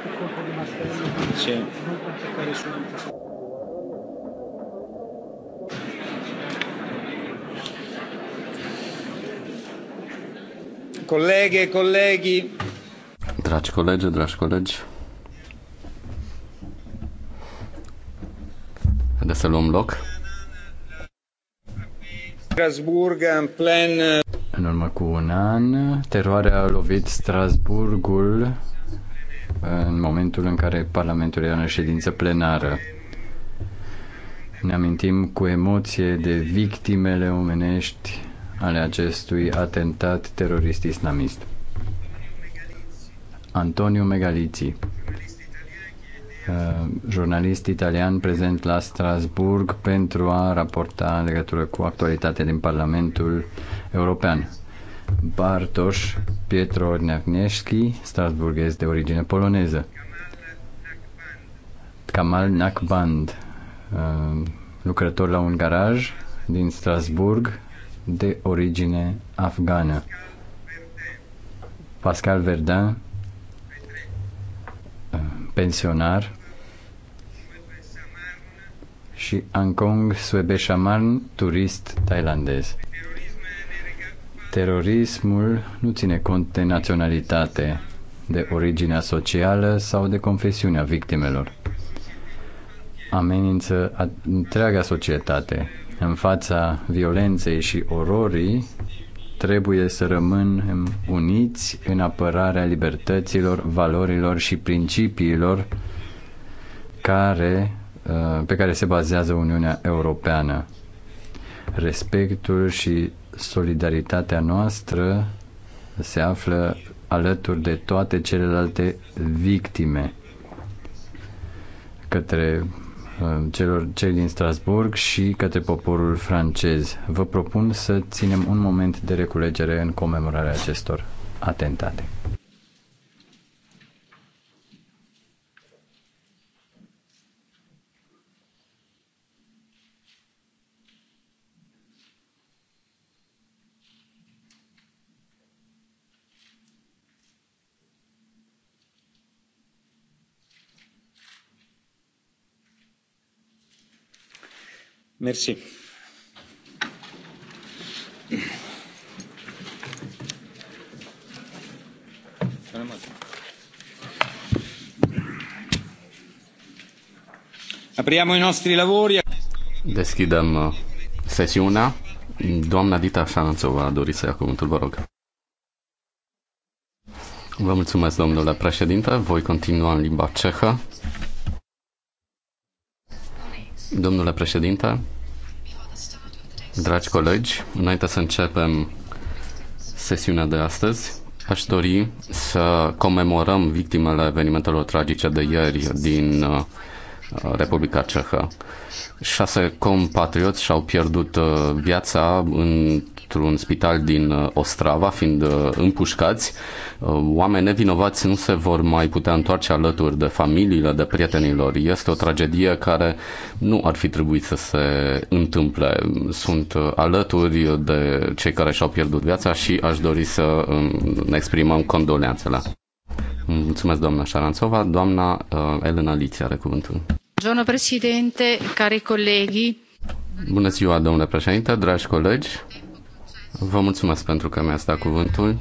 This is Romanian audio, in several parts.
Sì. colegi. Dragi colegi, dragi colegi. Haideți să luăm loc. Strasburg, în plen... În urmă cu un an, teroarea a lovit Strasburgul în momentul în care Parlamentul era în ședință plenară. Ne amintim cu emoție de victimele omenești ale acestui atentat terorist islamist. Antonio Megalizzi, uh, jurnalist italian prezent la Strasburg pentru a raporta în legătură cu actualitatea din Parlamentul European. Bartosz Pietro Nagnieszki, strasburghez de origine poloneză. Kamal Nakband, lucrător la un garaj din Strasburg, de origine afgană. Pascal Verdun, pensionar, și Ankong Suebeșaman, turist thailandez. Terorismul nu ține cont de naționalitate, de originea socială sau de confesiunea victimelor. Amenință întreaga societate. În fața violenței și ororii, trebuie să rămânem uniți în apărarea libertăților, valorilor și principiilor care, uh, pe care se bazează Uniunea Europeană. Respectul și solidaritatea noastră se află alături de toate celelalte victime către uh, celor cei din Strasburg și către poporul francez. Vă propun să ținem un moment de reculegere în comemorarea acestor atentate. Mersi. Apriamo i nostri lavori. Deschidem uh, sesiunea. Doamna Dita Șanțova a dorit să ia cuvântul, vă rog. Vă mulțumesc, domnule președinte. Voi continua în limba cehă. Domnule președinte, dragi colegi, înainte să începem sesiunea de astăzi, aș dori să comemorăm victimele evenimentelor tragice de ieri din uh, Republica Cehă. Șase compatrioți și-au pierdut uh, viața într-un spital din uh, Ostrava, fiind uh, împușcați. Oameni nevinovați nu se vor mai putea întoarce alături de familiile, de prietenilor. Este o tragedie care nu ar fi trebuit să se întâmple. Sunt alături de cei care și-au pierdut viața și aș dori să um, ne exprimăm condoleanțele. Mulțumesc, doamna Șaranțova. Doamna Elena Liți are cuvântul. Doamnă președinte, cari colegi. Bună ziua, domnule președinte, dragi colegi. Vă mulțumesc pentru că mi-ați dat cuvântul,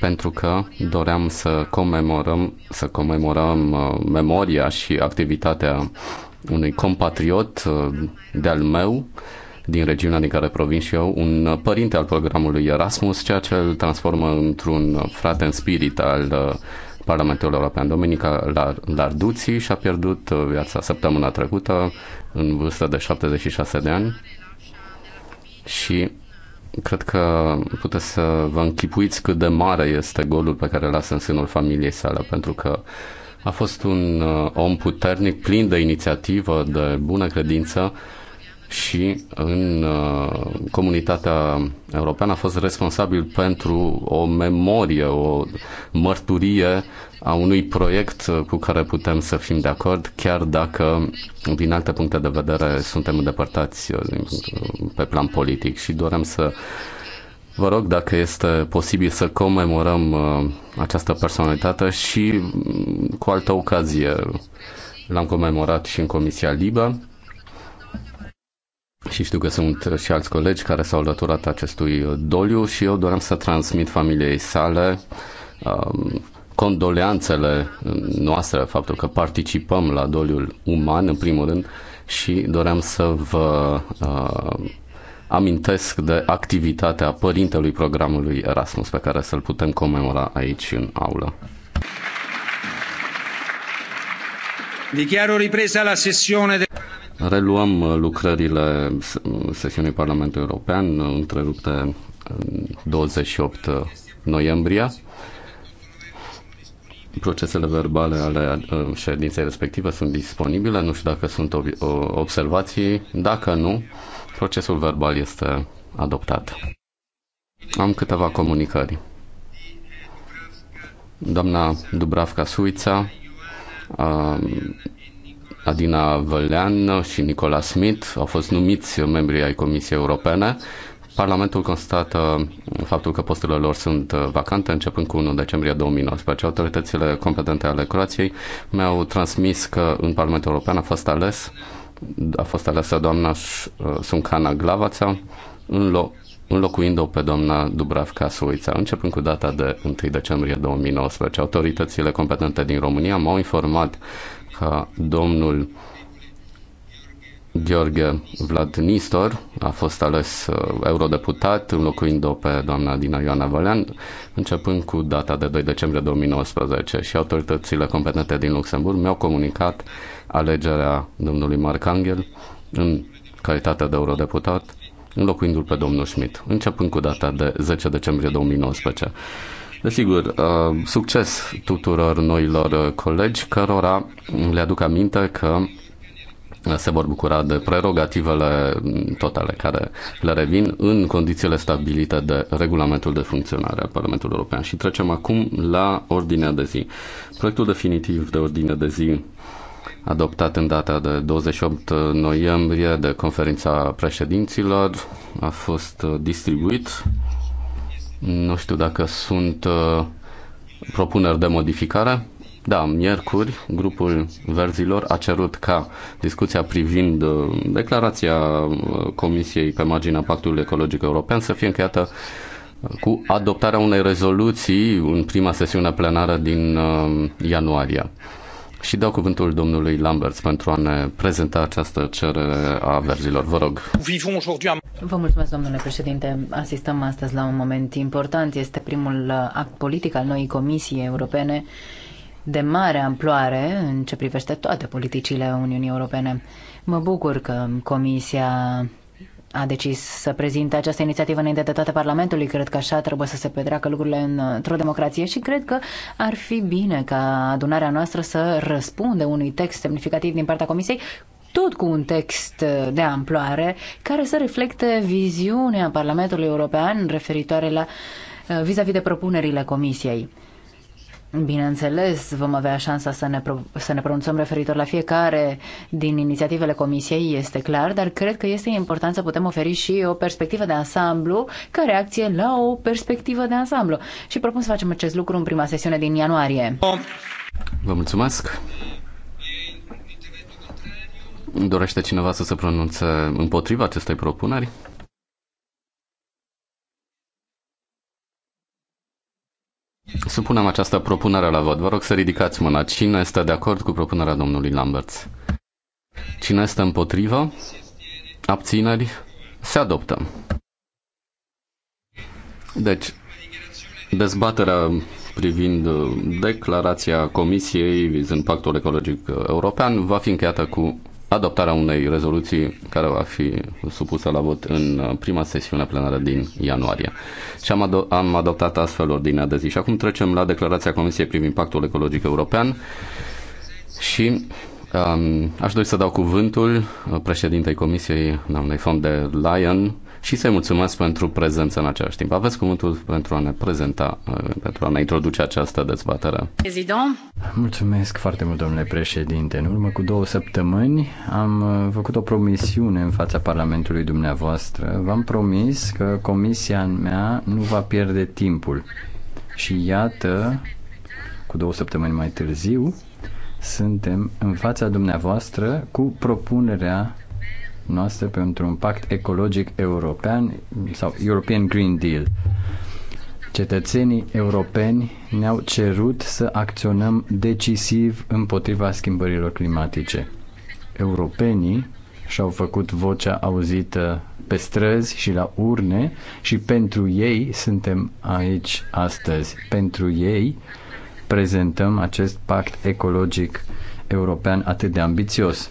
pentru că doream să comemorăm, să comemorăm uh, memoria și activitatea unui compatriot uh, de-al meu, din regiunea din care provin și eu, un uh, părinte al programului Erasmus, ceea ce îl transformă într-un frate în spirit al Parlamentul European. Dominica Larduții și-a pierdut uh, viața săptămâna trecută în vârstă de 76 de ani și cred că puteți să vă închipuiți cât de mare este golul pe care lasă în sânul familiei sale, pentru că a fost un uh, om puternic, plin de inițiativă, de bună credință, și în uh, comunitatea europeană a fost responsabil pentru o memorie, o mărturie a unui proiect cu care putem să fim de acord, chiar dacă din alte puncte de vedere suntem îndepărtați uh, uh, pe plan politic și dorem să Vă rog dacă este posibil să comemorăm această personalitate și mm, cu altă ocazie l-am comemorat și în Comisia Libă și știu că sunt și alți colegi care s-au alăturat acestui doliu și eu doream să transmit familiei sale um, condoleanțele noastre, faptul că participăm la doliul uman, în primul rând, și doream să vă uh, amintesc de activitatea părintelui programului Erasmus, pe care să-l putem comemora aici, în aulă. Dichiaro ripresa la sesiune de... Reluăm uh, lucrările uh, sesiunii Parlamentului European, uh, întrerupte 28 noiembrie. Procesele verbale ale ședinței respective sunt disponibile, nu știu dacă sunt observații. Dacă nu, procesul verbal este adoptat. Am câteva comunicări. Doamna Dubravka Suița Adina Vălean și Nicola Smith au fost numiți membri ai Comisiei Europene. Parlamentul constată faptul că posturile lor sunt vacante începând cu 1 decembrie 2019. Autoritățile competente ale Croației mi-au transmis că în Parlamentul European a fost ales a fost alesă doamna uh, Suncana Glavața înlocuind-o pe doamna Dubravka Suița. Începând cu data de 1 decembrie 2019, autoritățile competente din România m-au informat ca domnul Gheorghe Vlad Nistor a fost ales uh, eurodeputat, înlocuind-o pe doamna Dina Ioana Valean, începând cu data de 2 decembrie 2019 și autoritățile competente din Luxemburg mi-au comunicat alegerea domnului Marc Angel în calitate de eurodeputat, înlocuindu-l pe domnul Schmidt, începând cu data de 10 decembrie 2019. Desigur, uh, succes tuturor noilor uh, colegi, cărora le aduc aminte că se vor bucura de prerogativele mm, totale care le revin în condițiile stabilite de regulamentul de funcționare al Parlamentului European. Și trecem acum la ordinea de zi. Proiectul definitiv de ordine de zi adoptat în data de 28 noiembrie de conferința președinților a fost uh, distribuit nu știu dacă sunt uh, propuneri de modificare. Da, miercuri, grupul verzilor a cerut ca discuția privind uh, declarația uh, Comisiei pe marginea Pactului Ecologic European să fie încheiată cu adoptarea unei rezoluții în prima sesiune plenară din ianuarie. Și dau cuvântul domnului Lambert pentru a ne prezenta această cerere a verzilor. Vă rog. Vă mulțumesc, domnule președinte. Asistăm astăzi la un moment important. Este primul uh, act politic al noii Comisii Europene de mare amploare în ce privește toate politicile Uniunii Europene. Mă bucur că Comisia a decis să prezinte această inițiativă înainte de toate Parlamentului. Cred că așa trebuie să se petreacă lucrurile într-o democrație și cred că ar fi bine ca adunarea noastră să răspunde unui text semnificativ din partea Comisiei tot cu un text de amploare care să reflecte viziunea Parlamentului European referitoare la vis-a-vis -vis de propunerile Comisiei. Bineînțeles, vom avea șansa să ne, să ne pronunțăm referitor la fiecare din inițiativele Comisiei, este clar, dar cred că este important să putem oferi și o perspectivă de ansamblu ca reacție la o perspectivă de ansamblu. Și propun să facem acest lucru în prima sesiune din ianuarie. Vă mulțumesc. Dorește cineva să se pronunțe împotriva acestei propuneri? Supunem această propunere la vot. Vă rog să ridicați mâna. Cine este de acord cu propunerea domnului Lamberts? Cine este împotrivă? Abțineri? Se adoptă. Deci, dezbaterea privind uh, declarația Comisiei vizând pactul ecologic european va fi încheiată cu adoptarea unei rezoluții care va fi supusă la vot în uh, prima sesiune plenară din ianuarie. Și am, ado- am adoptat astfel ordinea de zi. Și acum trecem la declarația Comisiei privind impactul Ecologic European și um, aș dori să dau cuvântul uh, președintei Comisiei, doamnei von der Leyen, și să-i mulțumesc pentru prezență în același timp. Aveți cuvântul pentru a ne prezenta, uh, pentru a ne introduce această dezbatere. Mulțumesc foarte mult, domnule președinte. În urmă cu două săptămâni am uh, făcut o promisiune în fața Parlamentului dumneavoastră. V-am promis că comisia mea nu va pierde timpul. Și iată, cu două săptămâni mai târziu, suntem în fața dumneavoastră cu propunerea noastre pentru un pact ecologic european sau European Green Deal. Cetățenii europeni ne-au cerut să acționăm decisiv împotriva schimbărilor climatice. Europenii și-au făcut vocea auzită pe străzi și la urne și pentru ei suntem aici astăzi. Pentru ei prezentăm acest pact ecologic european atât de ambițios.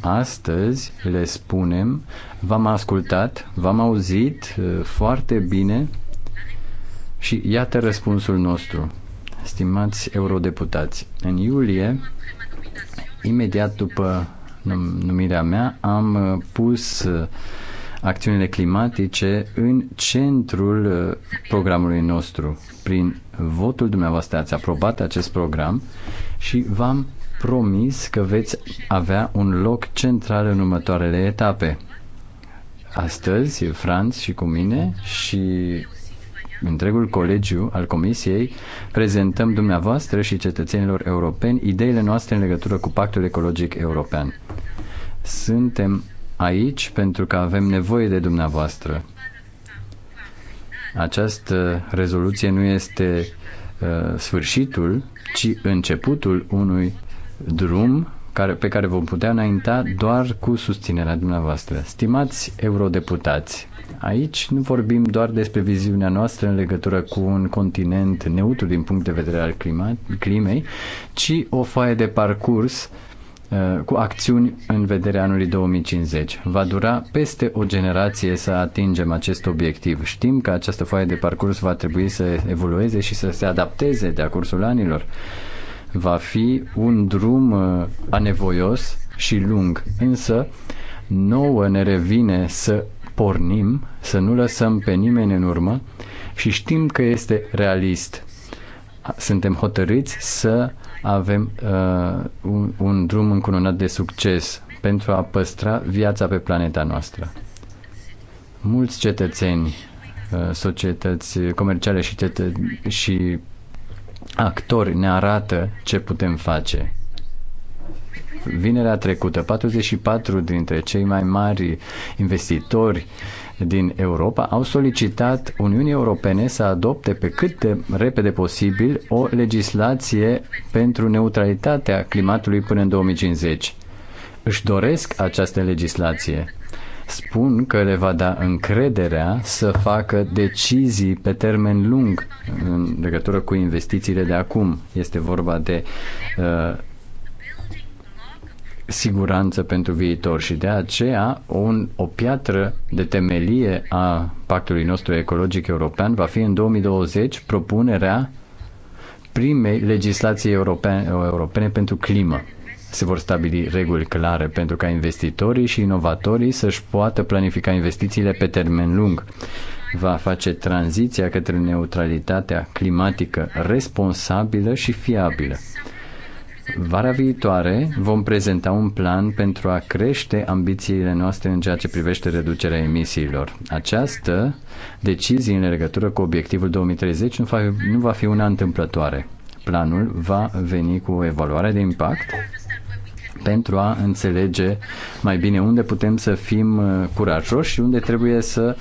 Astăzi le spunem, v-am ascultat, v-am auzit uh, foarte bine și iată răspunsul nostru. Stimați eurodeputați, în iulie, imediat după numirea mea, am uh, pus uh, acțiunile climatice în centrul programului nostru. Prin votul dumneavoastră ați aprobat acest program și v-am promis că veți avea un loc central în următoarele etape. Astăzi, Franz și cu mine și întregul colegiu al Comisiei prezentăm dumneavoastră și cetățenilor europeni ideile noastre în legătură cu Pactul Ecologic European. Suntem aici pentru că avem nevoie de dumneavoastră. Această rezoluție nu este uh, sfârșitul, ci începutul unui drum care, pe care vom putea înainta doar cu susținerea dumneavoastră. Stimați eurodeputați, aici nu vorbim doar despre viziunea noastră în legătură cu un continent neutru din punct de vedere al climat, climei, ci o foaie de parcurs uh, cu acțiuni în vederea anului 2050. Va dura peste o generație să atingem acest obiectiv. Știm că această foaie de parcurs va trebui să evolueze și să se adapteze de-a cursul anilor. Uh, va fi un drum uh, anevoios și lung, însă nouă ne revine să pornim, să nu lăsăm pe nimeni în urmă și știm că este realist. Suntem hotărâți să avem uh, un, un drum încununat de succes pentru a păstra viața pe planeta noastră. Mulți cetățeni, uh, societăți comerciale și, cetă- și actori ne arată ce putem face. Vinerea trecută, 44 dintre cei mai mari investitori din Europa au solicitat Uniunii Europene să adopte pe cât de repede posibil o legislație pentru neutralitatea climatului până în 2050. Își doresc această legislație spun că le va da încrederea să facă decizii pe termen lung în legătură cu investițiile de acum. Este vorba de uh, siguranță pentru viitor și de aceea un, o piatră de temelie a pactului nostru ecologic european va fi în 2020 propunerea primei legislații europene, europene pentru climă. Se vor stabili reguli clare pentru ca investitorii și inovatorii să-și poată planifica investițiile pe termen lung. Va face tranziția către neutralitatea climatică responsabilă și fiabilă. Vara viitoare vom prezenta un plan pentru a crește ambițiile noastre în ceea ce privește reducerea emisiilor. Această decizie în legătură cu obiectivul 2030 nu, va fi una întâmplătoare. Planul va veni cu o evaluare de impact pentru a înțelege mai bine unde putem să fim uh, curajoși și unde trebuie să,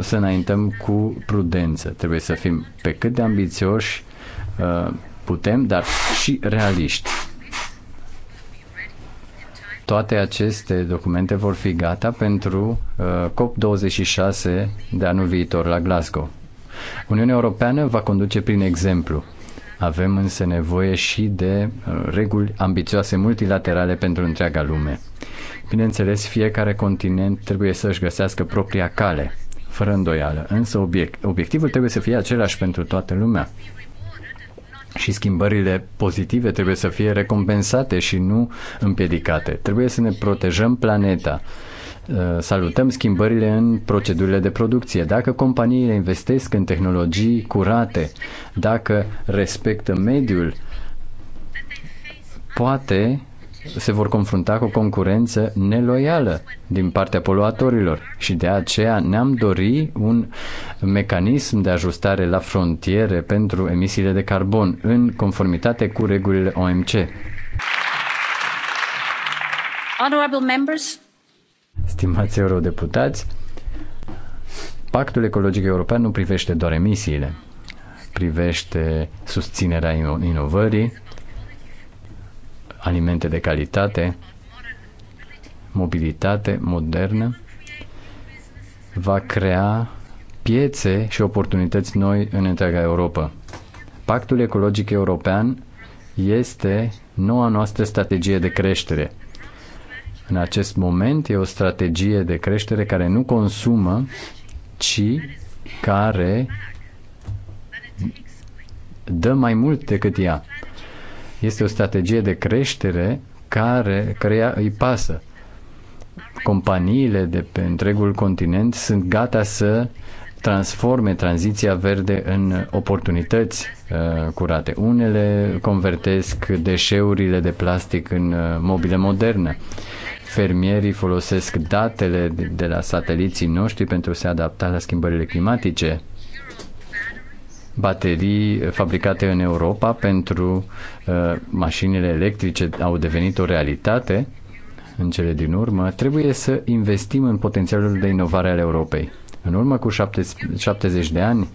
să înaintăm cu prudență. Trebuie să fim pe cât de ambițioși uh, putem, dar și realiști. Toate aceste documente vor fi gata pentru uh, COP26 de anul viitor la Glasgow. Uniunea Europeană va conduce prin exemplu avem însă nevoie și de uh, reguli ambițioase multilaterale pentru întreaga lume. Bineînțeles, fiecare continent trebuie să-și găsească propria cale, fără îndoială, însă obiectivul trebuie să fie același pentru toată lumea. Și schimbările pozitive trebuie să fie recompensate și nu împiedicate. Trebuie să ne protejăm planeta Eh, salutăm schimbările în procedurile de producție. Dacă companiile investesc în tehnologii curate, dacă respectă mediul, poate se vor confrunta cu o concurență neloială din partea poluatorilor și de aceea ne-am dori un mecanism de ajustare la frontiere pentru emisiile de carbon în conformitate cu regulile OMC. Honorable members, Stimați eurodeputați, Pactul Ecologic European nu privește doar emisiile, privește susținerea inovării, alimente de calitate, mobilitate modernă, va crea piețe și oportunități noi în întreaga Europa. Pactul Ecologic European este noua noastră strategie de creștere – în acest moment e o strategie de creștere care nu consumă, ci care dă mai mult decât ea. Este o strategie de creștere care, care îi pasă. Companiile de pe întregul continent sunt gata să transforme tranziția verde în oportunități uh, curate. Unele convertesc deșeurile de plastic în uh, mobile moderne. Uh, Fermierii folosesc datele de la sateliții noștri pentru a se adapta la schimbările climatice. Baterii fabricate în Europa pentru uh, mașinile electrice au devenit o realitate în cele din urmă. Trebuie să investim în potențialul de inovare al Europei. În urmă cu 70 de ani,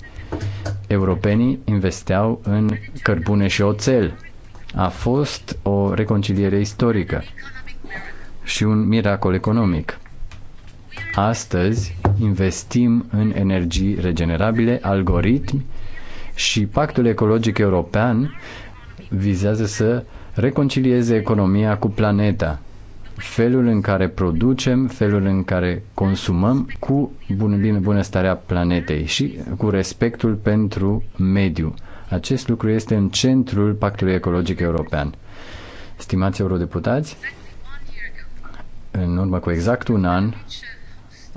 europenii investeau în cărbune și oțel. A fost o reconciliere istorică și un miracol economic. Astăzi investim în energii regenerabile, algoritmi și Pactul Ecologic European vizează să reconcilieze economia cu planeta. Felul în care producem, felul în care consumăm cu bun, bunăstarea planetei și cu respectul pentru mediu. Acest lucru este în centrul Pactului Ecologic European. Stimați eurodeputați, în urmă cu exact un an,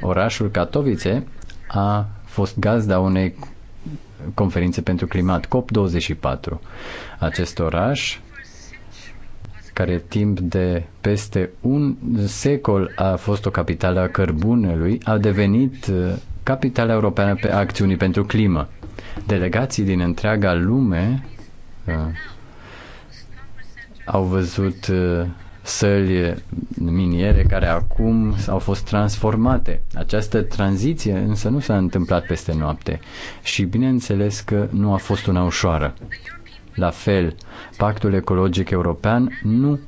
orașul Katowice a fost gazda unei conferințe pentru climat, COP24. Acest oraș, care timp de peste un secol a fost o capitală a cărbunelui, a devenit uh, capitala europeană pe acțiunii pentru climă. Delegații din întreaga lume uh, au văzut uh, săli miniere care acum au fost transformate. Această tranziție însă nu s-a întâmplat peste noapte și bineînțeles că nu a fost una ușoară. La fel, pactul ecologic european nu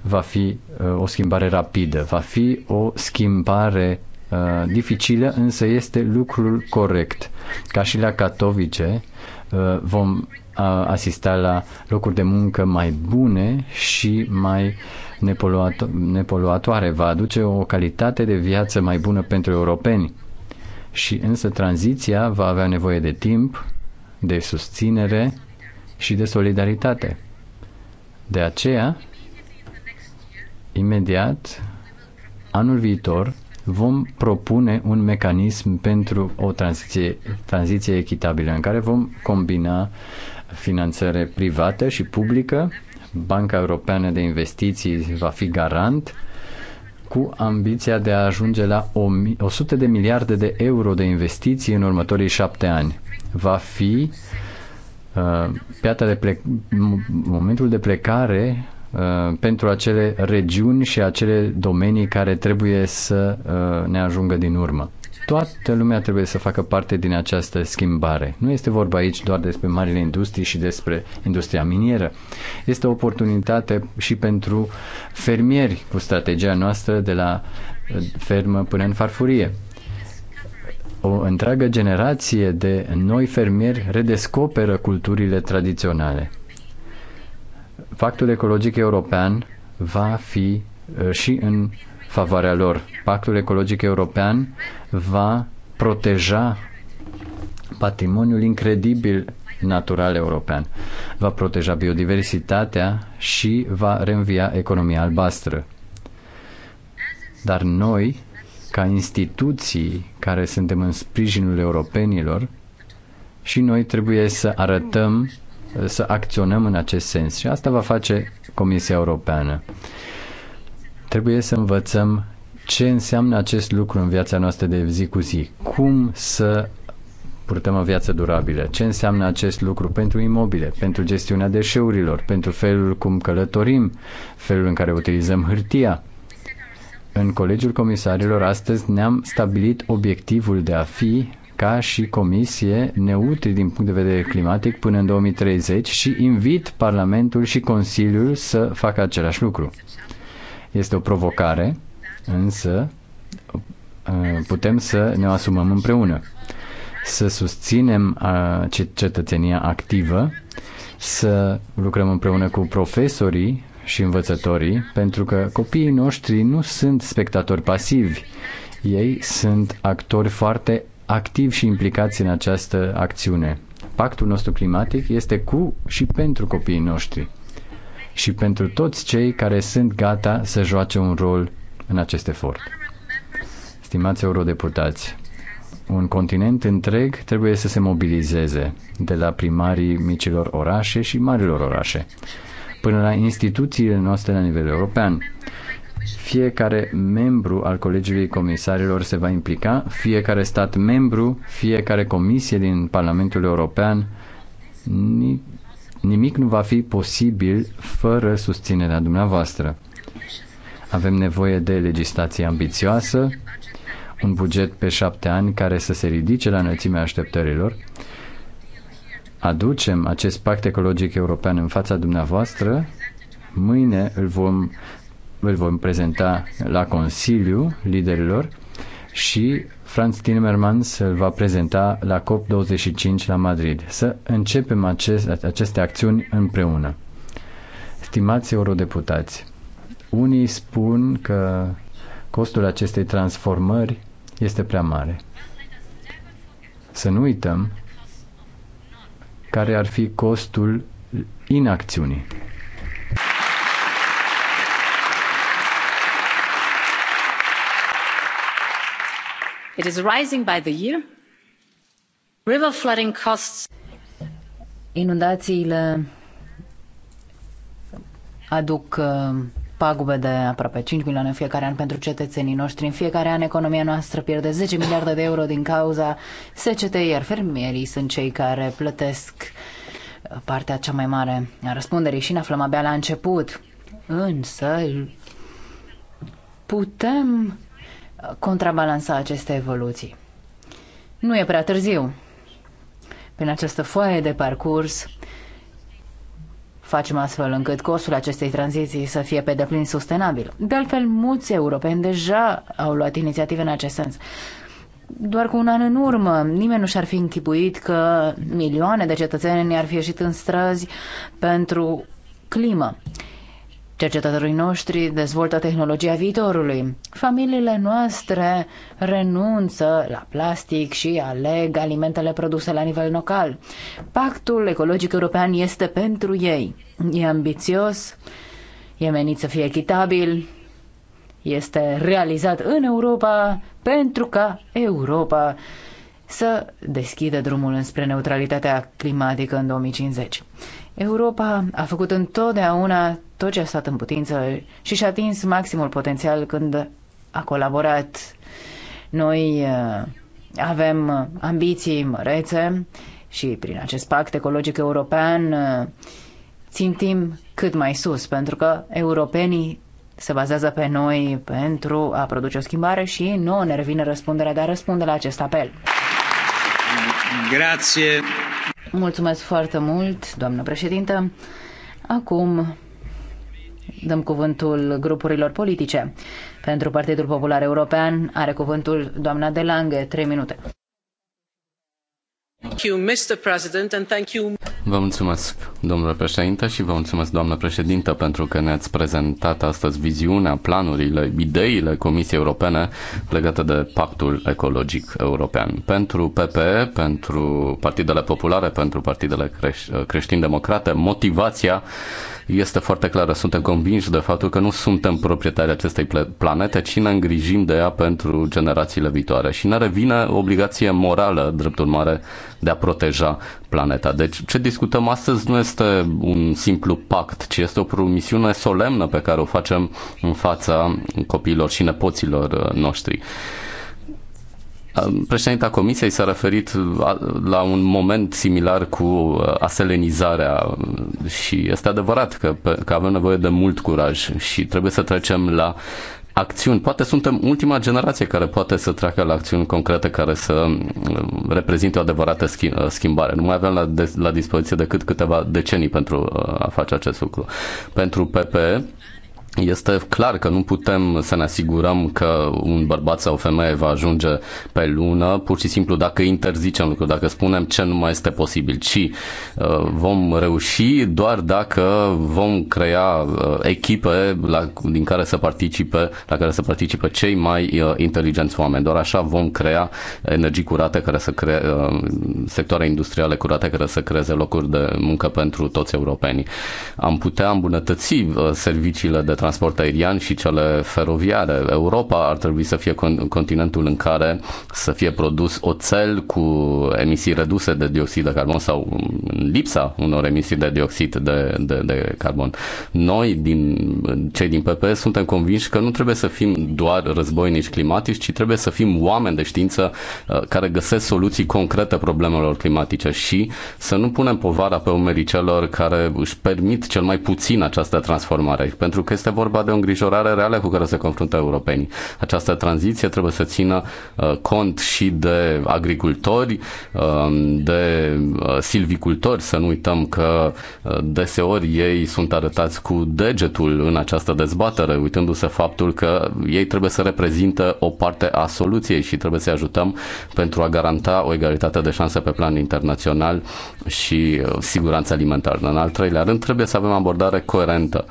va fi uh, o schimbare rapidă, va fi o schimbare uh, dificilă, însă este lucrul corect. Ca și la Katowice, uh, vom uh, asista la locuri de muncă mai bune și mai uh, nepoluato- nepoluatoare, va aduce o calitate de viață mai bună pentru europeni. Și însă tranziția va avea nevoie de timp, de susținere și de solidaritate. De aceea, imediat, anul viitor, vom propune un mecanism pentru o tranziție, tranziție echitabilă în care vom combina finanțare privată și publică Banca Europeană de Investiții va fi garant cu ambiția de a ajunge la 100 de miliarde de euro de investiții în următorii șapte ani. Va fi uh, piatra de plec- momentul de plecare Uh, pentru acele regiuni și acele domenii care trebuie să uh, ne ajungă din urmă. Toată lumea trebuie să facă parte din această schimbare. Nu este vorba aici doar despre marile industrii și despre industria minieră. Este o oportunitate și pentru fermieri cu strategia noastră de la uh, fermă până în farfurie o întreagă generație de noi fermieri redescoperă culturile tradiționale. Pactul ecologic european va fi uh, și în favoarea lor. Pactul ecologic european va proteja patrimoniul incredibil natural european. Va proteja biodiversitatea și va reînvia economia albastră. Dar noi, ca instituții care suntem în sprijinul europenilor, și noi trebuie să arătăm să acționăm în acest sens și asta va face Comisia Europeană. Trebuie să învățăm ce înseamnă acest lucru în viața noastră de zi cu zi, cum să purtăm o viață durabilă, ce înseamnă acest lucru pentru imobile, pentru gestiunea deșeurilor, pentru felul cum călătorim, felul în care utilizăm hârtia, în Colegiul Comisarilor astăzi ne-am stabilit obiectivul de a fi ca și comisie neutri din punct de vedere climatic până în 2030 și invit Parlamentul și Consiliul să facă același lucru. Este o provocare, însă uh, putem să ne o asumăm împreună, să susținem uh, cetățenia activă, să lucrăm împreună cu profesorii și învățătorii, pentru că copiii noștri nu sunt spectatori pasivi, ei sunt actori foarte activi și implicați în această acțiune. Pactul nostru climatic este cu și pentru copiii noștri și pentru toți cei care sunt gata să joace un rol în acest efort. Stimați eurodeputați, un continent întreg trebuie să se mobilizeze, de la primarii micilor orașe și marilor orașe, până la instituțiile noastre la nivel european. Fiecare membru al Colegiului Comisarilor se va implica, fiecare stat membru, fiecare comisie din Parlamentul European. Nimic nu va fi posibil fără susținerea dumneavoastră. Avem nevoie de legislație ambițioasă, un buget pe șapte ani care să se ridice la înălțimea așteptărilor. Aducem acest pact ecologic european în fața dumneavoastră. Mâine îl vom îl vom prezenta la Consiliu liderilor și Franz Timmermans îl va prezenta la COP25 la Madrid. Să începem acest, aceste acțiuni împreună. Stimați eurodeputați, unii spun că costul acestei transformări este prea mare. Să nu uităm care ar fi costul inacțiunii. it is rising by the year. River flooding costs. Inundațiile aduc uh, pagube de aproape 5 milioane în fiecare an pentru cetățenii noștri. În fiecare an economia noastră pierde 10 miliarde de euro din cauza secetei, iar fermierii sunt cei care plătesc uh, partea cea mai mare a răspunderii și ne aflăm abia la început. Însă putem contrabalansa aceste evoluții. Nu e prea târziu. Prin această foaie de parcurs facem astfel încât costul acestei tranziții să fie pe deplin sustenabil. De altfel, mulți europeni deja au luat inițiative în acest sens. Doar cu un an în urmă, nimeni nu și-ar fi închipuit că milioane de cetățeni ar fi ieșit în străzi pentru climă. Cercetătorii noștri dezvoltă tehnologia viitorului. Familiile noastre renunță la plastic și aleg alimentele produse la nivel local. Pactul ecologic european este pentru ei. E ambițios, e menit să fie echitabil, este realizat în Europa pentru ca Europa să deschidă drumul înspre neutralitatea climatică în 2050. Europa a făcut întotdeauna tot ce a stat în putință și și-a atins maximul potențial când a colaborat. Noi uh, avem ambiții mărețe și prin acest pact ecologic european uh, țintim cât mai sus, pentru că europenii se bazează pe noi pentru a produce o schimbare și nouă ne revine răspunderea de a răspunde la acest apel. Grazie. Mulțumesc foarte mult, doamnă președintă. Acum dăm cuvântul grupurilor politice. Pentru Partidul Popular European are cuvântul doamna De Lange, 3 minute. Vă mulțumesc, domnule președinte, și vă mulțumesc, doamnă președintă, pentru că ne-ați prezentat astăzi viziunea, planurile, ideile Comisiei Europene legate de Pactul Ecologic European. Pentru PPE, pentru Partidele Populare, pentru Partidele Creș- Creștin-Democrate, motivația este foarte clară. Suntem convinși de faptul că nu suntem proprietari acestei planete, ci ne îngrijim de ea pentru generațiile viitoare. Și ne revine obligație morală, drept urmare, de a proteja planeta. Deci ce discutăm astăzi nu este un simplu pact, ci este o promisiune solemnă pe care o facem în fața copiilor și nepoților uh, noștri. Președinta Comisiei s-a referit la un moment similar cu uh, aselenizarea și este adevărat că, că avem nevoie de mult curaj și trebuie să trecem la acțiuni. Poate suntem ultima generație care poate să treacă la acțiuni concrete care să uh, reprezinte o adevărată uh, schimbare. Nu mai avem la, la dispoziție decât câteva decenii pentru a face acest lucru. Pentru PPE, este clar că nu putem să ne asigurăm că un bărbat sau o femeie va ajunge pe lună, pur și simplu dacă interzicem lucruri, dacă spunem ce nu mai este posibil, ci uh, vom reuși doar dacă vom crea uh, echipe la, din care să participe, la care să participe cei mai uh, inteligenți oameni. Doar așa vom crea energii curate care să crea sectoare industriale curate care să creeze locuri de muncă pentru toți europenii. Am putea îmbunătăți serviciile de transport transport aerian și cele feroviare. Europa ar trebui să fie continentul în care să fie produs oțel cu emisii reduse de dioxid de carbon sau mm, lipsa unor emisii de dioxid de, de, de carbon. Noi, din, cei din PP, suntem convinși că nu trebuie să fim doar războinici climatici, ci trebuie să fim oameni de știință uh, care găsesc soluții concrete problemelor climatice și să nu punem povara pe umerii celor care își permit cel mai puțin această transformare. Pentru că este vorba de o îngrijorare reală cu care se confruntă europenii. Această tranziție trebuie să țină uh, cont și de agricultori, um, de uh, silvicultori, să nu uităm că uh, deseori ei sunt arătați cu degetul în această dezbatere, uitându-se faptul că ei trebuie să reprezintă o parte a soluției și trebuie să-i ajutăm pentru a garanta o egalitate de șanse pe plan internațional și siguranță alimentară. În al treilea rând, trebuie să avem abordare coerentă.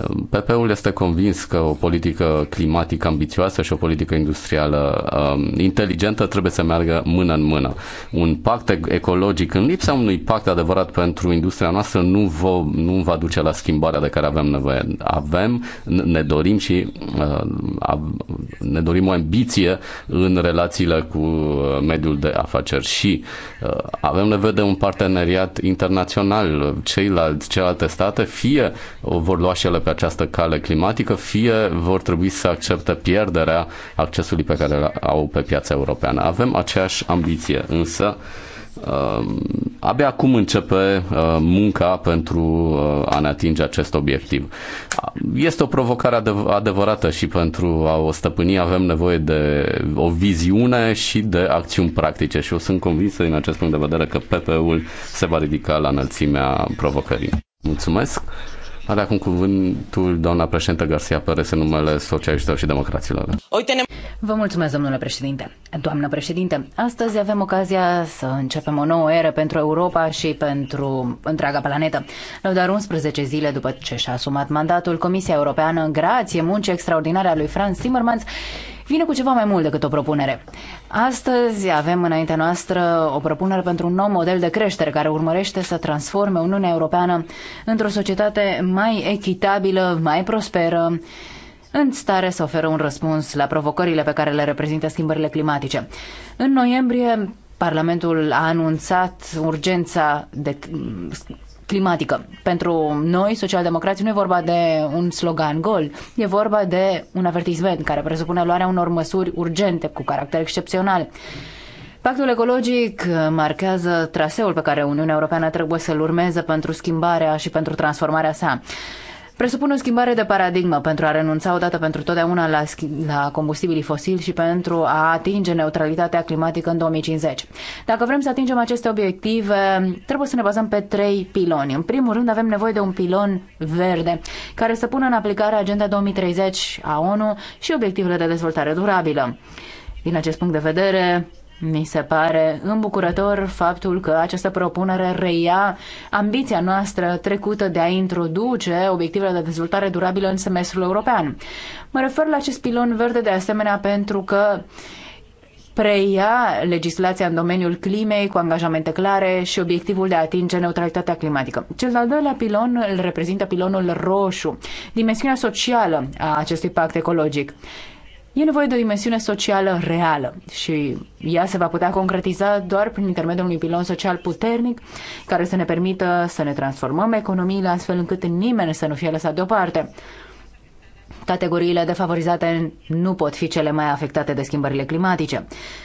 Ehm, PP-ul este convins că o politică climatică ambițioasă și o politică industrială um, inteligentă trebuie să meargă mână în mână. Un pact ecologic în lipsa unui pact adevărat pentru industria noastră nu, vă, nu va duce la schimbarea de care avem nevoie. Avem, ne dorim și uh, ne dorim o ambiție în relațiile cu mediul de afaceri și uh, avem nevoie de un parteneriat internațional. Ceilalți, celelalte state fie vor lua și ele pe această cale climatică, fie vor trebui să accepte pierderea accesului pe care îl au pe piața europeană. Avem aceeași ambiție, însă um, abia acum începe uh, munca pentru uh, a ne atinge acest obiectiv. Este o provocare adev- adevărată și pentru a o stăpâni avem nevoie de o viziune și de acțiuni practice și eu sunt convins din acest punct de vedere că PP-ul se va ridica la înălțimea provocării. Mulțumesc! Are acum cuvântul doamna președintă Garcia Pérez în numele Socialiștilor și Democraților. Vă mulțumesc, domnule președinte. Doamnă președinte, astăzi avem ocazia să începem o nouă eră pentru Europa și pentru întreaga planetă. La doar 11 zile după ce și-a asumat mandatul, Comisia Europeană, grație muncii extraordinare a lui Franz Timmermans, vine cu ceva mai mult decât o propunere. Astăzi avem înaintea noastră o propunere pentru un nou model de creștere care urmărește să transforme Uniunea Europeană într-o societate mai echitabilă, mai prosperă, în stare să oferă un răspuns la provocările pe care le reprezintă schimbările climatice. În noiembrie, Parlamentul a anunțat urgența de climatică. Pentru noi, socialdemocrații, nu e vorba de un slogan gol, e vorba de un avertisment care presupune luarea unor măsuri urgente cu caracter excepțional. Pactul ecologic marchează traseul pe care Uniunea Europeană trebuie să-l urmeze pentru schimbarea și pentru transformarea sa presupune o schimbare de paradigmă pentru a renunța odată pentru totdeauna la, la combustibilii fosili și pentru a atinge neutralitatea climatică în 2050. Dacă vrem să atingem aceste obiective, trebuie să ne bazăm pe trei piloni. În primul rând, avem nevoie de un pilon verde care să pună în aplicare Agenda 2030 a ONU și obiectivele de dezvoltare durabilă. Din acest punct de vedere, mi se pare îmbucurător faptul că această propunere reia ambiția noastră trecută de a introduce obiectivele de dezvoltare durabilă în semestrul european. Mă refer la acest pilon verde de asemenea pentru că preia legislația în domeniul climei cu angajamente clare și obiectivul de a atinge neutralitatea climatică. Cel de-al doilea pilon îl reprezintă pilonul roșu, dimensiunea socială a acestui pact ecologic. E nevoie de o dimensiune socială reală și ea se va putea concretiza doar prin intermediul unui pilon social puternic care să ne permită să ne transformăm economiile astfel încât nimeni să nu fie lăsat deoparte. Categoriile defavorizate nu pot fi cele mai afectate de schimbările climatice.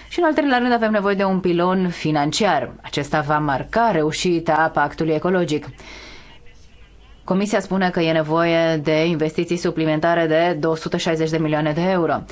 Și în al treilea rând avem nevoie de un pilon financiar. Acesta va marca reușita pactului ecologic. Comisia spune că e nevoie de investiții suplimentare de 260 de milioane de euro.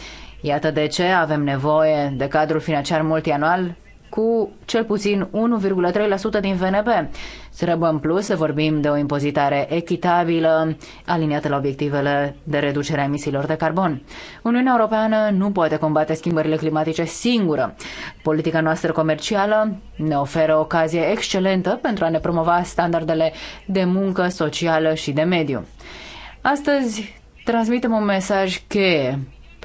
Iată de ce avem nevoie de cadrul financiar multianual cu cel puțin 1,3% din VNB. Trebuie în plus să vorbim de o impozitare echitabilă, aliniată la obiectivele de reducere a emisiilor de carbon. Uniunea Europeană nu poate combate schimbările climatice singură. Politica noastră comercială ne oferă o ocazie excelentă pentru a ne promova standardele de muncă socială și de mediu. Astăzi transmitem un mesaj cheie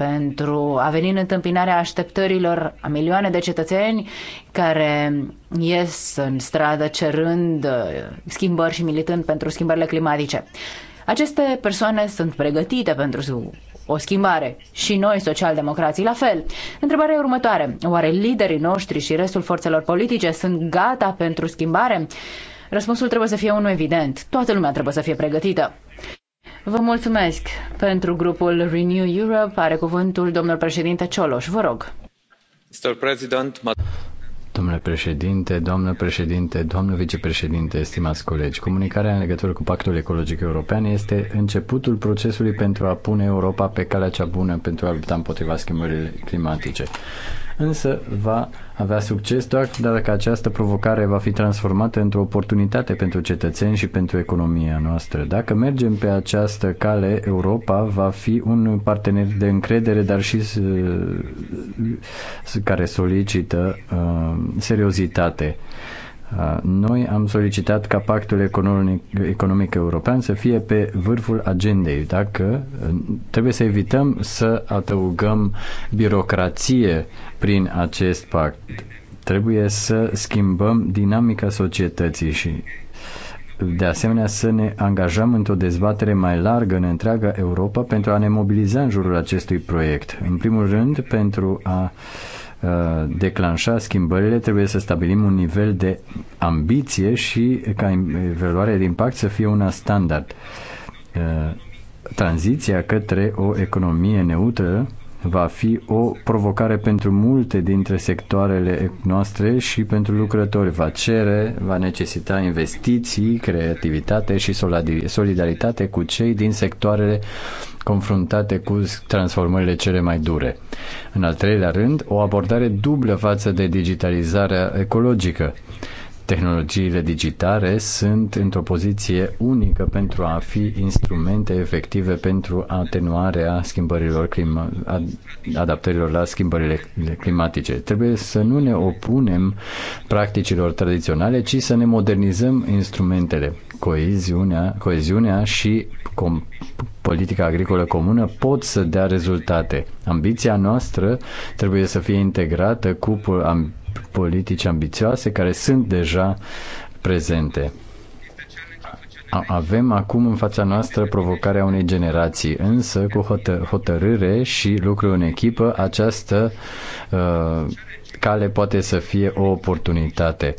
pentru a veni în întâmpinarea așteptărilor a milioane de cetățeni care ies în stradă cerând uh, schimbări și militând pentru schimbările climatice. Aceste persoane sunt pregătite pentru o schimbare și noi, socialdemocrații, la fel. Întrebarea e următoare. Oare liderii noștri și restul forțelor politice sunt gata pentru schimbare? Răspunsul trebuie să fie unul evident. Toată lumea trebuie să fie pregătită. Vă mulțumesc pentru grupul Renew Europe. Are cuvântul domnul președinte Cioloș. Vă rog. Domnule președinte, domnule președinte, doamnă vicepreședinte, stimați colegi, comunicarea în legătură cu Pactul Ecologic European este începutul procesului pentru a pune Europa pe calea cea bună pentru a lupta împotriva schimbările climatice. Însă va avea succes doar dacă această provocare va fi transformată într-o oportunitate pentru cetățeni și pentru economia noastră. Dacă mergem pe această cale, Europa va fi un partener de încredere, dar și uh, care solicită uh, seriozitate. Uh, noi am solicitat ca pactul economic, economic european să fie pe vârful agendei. Dacă trebuie să evităm să adăugăm birocrație prin acest pact, trebuie să schimbăm dinamica societății și de asemenea să ne angajăm într-o dezbatere mai largă în întreaga Europa pentru a ne mobiliza în jurul acestui proiect. În primul rând pentru a Uh, declanșa schimbările, trebuie să stabilim un nivel de ambiție și ca evaluarea de impact să fie una standard. Uh, tranziția către o economie neutră va fi o provocare pentru multe dintre sectoarele noastre și pentru lucrători. Va cere, va necesita investiții, creativitate și solidaritate cu cei din sectoarele confruntate cu transformările cele mai dure. În al treilea rând, o abordare dublă față de digitalizarea ecologică Tehnologiile digitale sunt într-o poziție unică pentru a fi instrumente efective pentru atenuarea schimbărilor clima, adaptărilor la schimbările climatice. Trebuie să nu ne opunem practicilor tradiționale, ci să ne modernizăm instrumentele. Coeziunea, coeziunea și com, politica agricolă comună pot să dea rezultate. Ambiția noastră trebuie să fie integrată cu politici ambițioase care sunt deja prezente. Avem acum în fața noastră provocarea unei generații, însă cu hotărâre și lucru în echipă, această uh, cale poate să fie o oportunitate.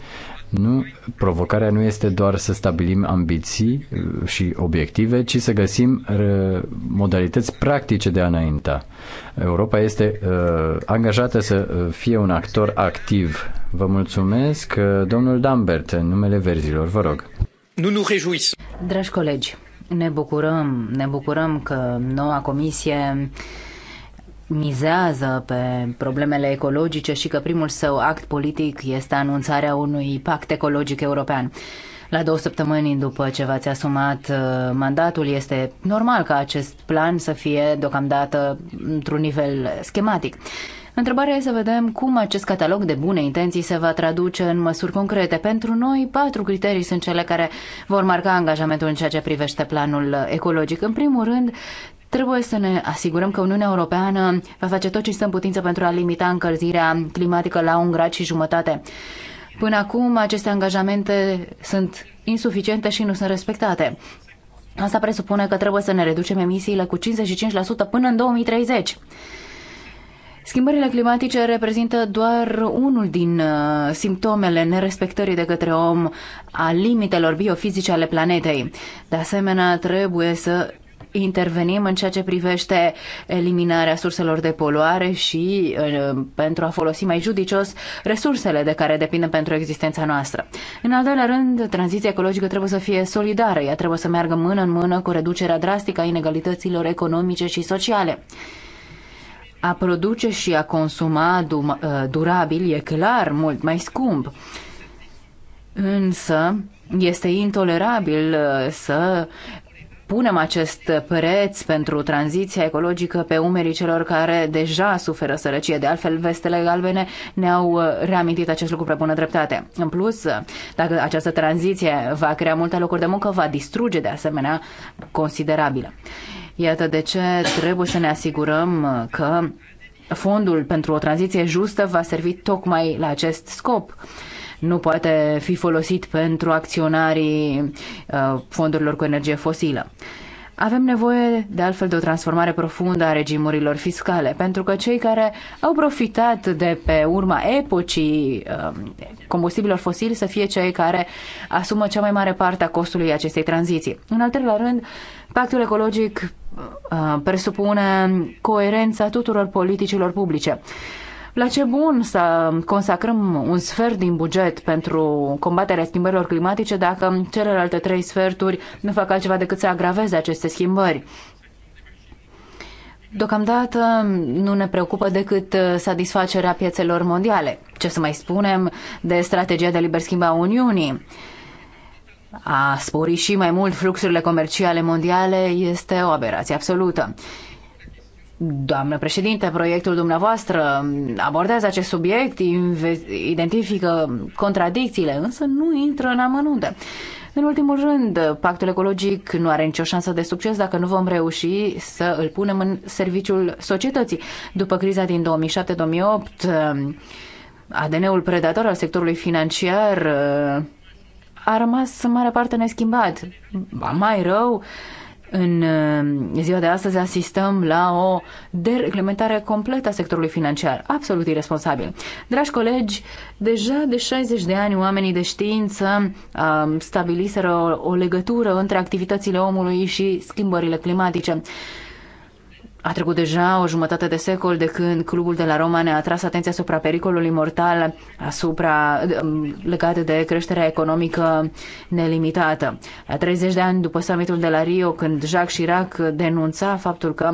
Nu, provocarea nu este doar să stabilim ambiții uh, și obiective, ci să găsim uh, modalități practice de a înainta. Europa este uh, angajată să uh, fie un actor activ. Vă mulțumesc, domnul Dambert, în numele verzilor, vă rog. Nu nu rejuis. Dragi colegi, ne bucurăm, ne bucurăm că noua comisie mizează pe problemele ecologice și că primul său act politic este anunțarea unui pact ecologic european. La două săptămâni după ce v-ați asumat uh, mandatul, este normal ca acest plan să fie deocamdată într-un nivel schematic. Întrebarea e să vedem cum acest catalog de bune intenții se va traduce în măsuri concrete. Pentru noi, patru criterii sunt cele care vor marca angajamentul în ceea ce privește planul ecologic. În primul rând, Trebuie să ne asigurăm că Uniunea Europeană va face tot ce stă în putință pentru a limita încălzirea climatică la un grad și jumătate. Până acum, aceste angajamente sunt insuficiente și nu sunt respectate. Asta presupune că trebuie să ne reducem emisiile cu 55% până în 2030. Schimbările climatice reprezintă doar unul din uh, simptomele nerespectării de către om a limitelor biofizice ale planetei. De asemenea, trebuie să intervenim în ceea ce privește eliminarea surselor de poluare și uh, pentru a folosi mai judicios resursele de care depindem pentru existența noastră. În al doilea rând, tranziția ecologică trebuie să fie solidară. Ea trebuie să meargă mână în mână cu reducerea drastică a inegalităților economice și sociale. A produce și a consuma uh, durabil e clar mult mai scump. Însă, este intolerabil uh, să punem acest preț pentru tranziția ecologică pe umerii celor care deja suferă sărăcie. De altfel, vestele galbene ne-au reamintit acest lucru pe bună dreptate. În plus, dacă această tranziție va crea multe locuri de muncă, va distruge de asemenea considerabilă. Iată de ce trebuie să ne asigurăm că fondul pentru o tranziție justă va servi tocmai la acest scop nu poate fi folosit pentru acționarii uh, fondurilor cu energie fosilă. Avem nevoie, de altfel, de o transformare profundă a regimurilor fiscale, pentru că cei care au profitat de pe urma epocii uh, combustibilor fosili să fie cei care asumă cea mai mare parte a costului acestei tranziții. În al treilea rând, pactul ecologic uh, presupune coerența tuturor politicilor publice. La ce bun să consacrăm un sfert din buget pentru combaterea schimbărilor climatice dacă celelalte trei sferturi nu fac altceva decât să agraveze aceste schimbări? Deocamdată nu ne preocupă decât uh, satisfacerea piețelor mondiale. Ce să mai spunem de strategia de liber schimb a Uniunii? A spori și mai mult fluxurile comerciale mondiale este o aberație absolută. Doamnă președinte, proiectul dumneavoastră abordează acest subiect, identifică contradicțiile, însă nu intră în amănunte. În ultimul rând, pactul ecologic nu are nicio șansă de succes dacă nu vom reuși să îl punem în serviciul societății. După criza din 2007-2008, ADN-ul predator al sectorului financiar uh, a rămas în mare parte neschimbat. Ba mai rău, în uh, ziua de astăzi asistăm la o dereglementare completă a sectorului financiar, absolut irresponsabil. Dragi colegi, deja de 60 de ani oamenii de știință um, stabiliseră o legătură între activitățile omului și schimbările climatice. A trecut deja o jumătate de secol de când clubul de la Roma ne-a atras atenția asupra pericolului mortal asupra um, legat de creșterea economică nelimitată. La 30 de ani după summitul de la Rio, când Jacques Chirac denunța faptul că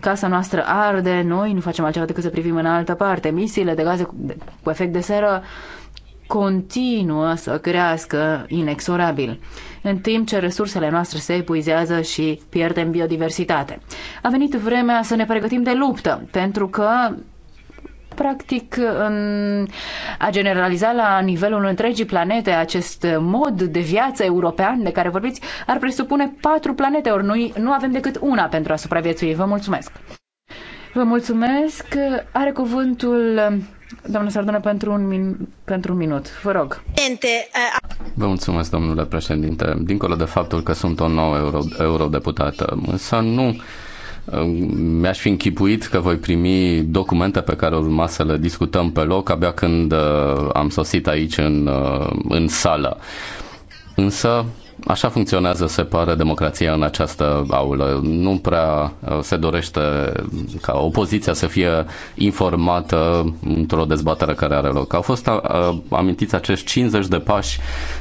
casa noastră arde, noi nu facem altceva decât să privim în altă parte. Emisiile de gaze cu efect de seră continuă să crească inexorabil în timp ce resursele noastre se epuizează și pierdem biodiversitate. A venit vremea să ne pregătim de luptă, pentru că practic în a generaliza la nivelul întregii planete acest mod de viață european de care vorbiți ar presupune patru planete, ori noi nu avem decât una pentru a supraviețui. Vă mulțumesc! Vă mulțumesc! Are cuvântul Doamna Sardone, pentru un, min- pentru un minut, vă rog. Vă mulțumesc, domnule președinte. Dincolo de faptul că sunt o nouă euro, eurodeputată, însă nu uh, mi-aș fi închipuit că voi primi documente pe care urma să le discutăm pe loc abia când uh, am sosit aici în, uh, în sală. Însă Așa funcționează, se pare, democrația în această aulă. Nu prea uh, se dorește ca opoziția să fie informată într-o dezbatere care are loc. Au fost uh, amintiți acești 50 de pași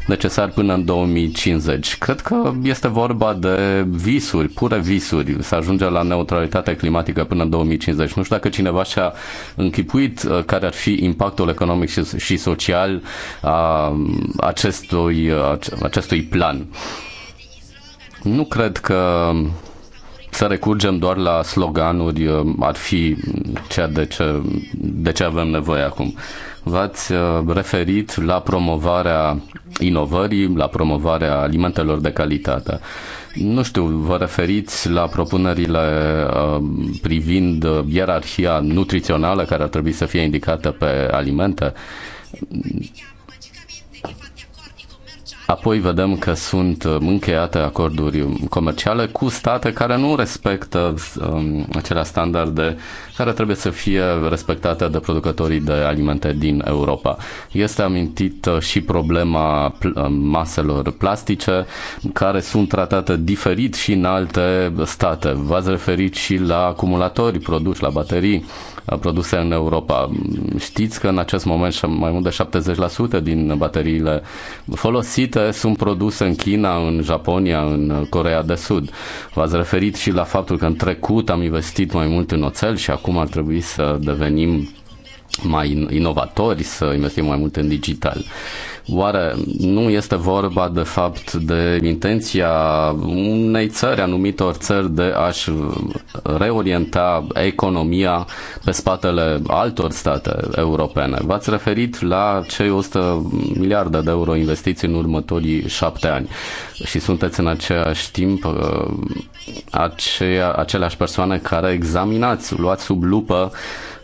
necesari până în 2050. Cred că este vorba de visuri, pure visuri, să ajunge la neutralitate climatică până în 2050. Nu știu dacă cineva și-a închipuit uh, care ar fi impactul economic și, social a acestui, acestui plan nu cred că să recurgem doar la sloganuri uh, ar fi ceea de ce, de ce avem nevoie acum. V-ați uh, referit la promovarea inovării, la promovarea alimentelor de calitate. Nu știu, vă referiți la propunerile uh, privind ierarhia nutrițională care ar trebui să fie indicată pe alimente? Apoi vedem că sunt uh, încheiate acorduri comerciale cu state care nu respectă um, acelea standarde care trebuie să fie respectate de producătorii de alimente din Europa. Este amintit uh, și problema uh, maselor plastice care sunt tratate diferit și în alte state. V-ați referit și la acumulatori produși, la baterii uh, produse în Europa. Știți că în acest moment mai mult de 70% din bateriile folosite sunt produse în China, în Japonia, în Corea de Sud. V-ați referit și la faptul că în trecut am investit mai mult în oțel și acum cum ar trebui să devenim mai inovatori, să investim mai mult în digital. Oare nu este vorba de fapt de intenția unei țări, anumitor țări, de a-și reorienta economia pe spatele altor state europene? V-ați referit la cei 100 miliarde de euro investiții în următorii șapte ani și sunteți în același timp uh, aceea, aceleași persoane care examinați, luați sub lupă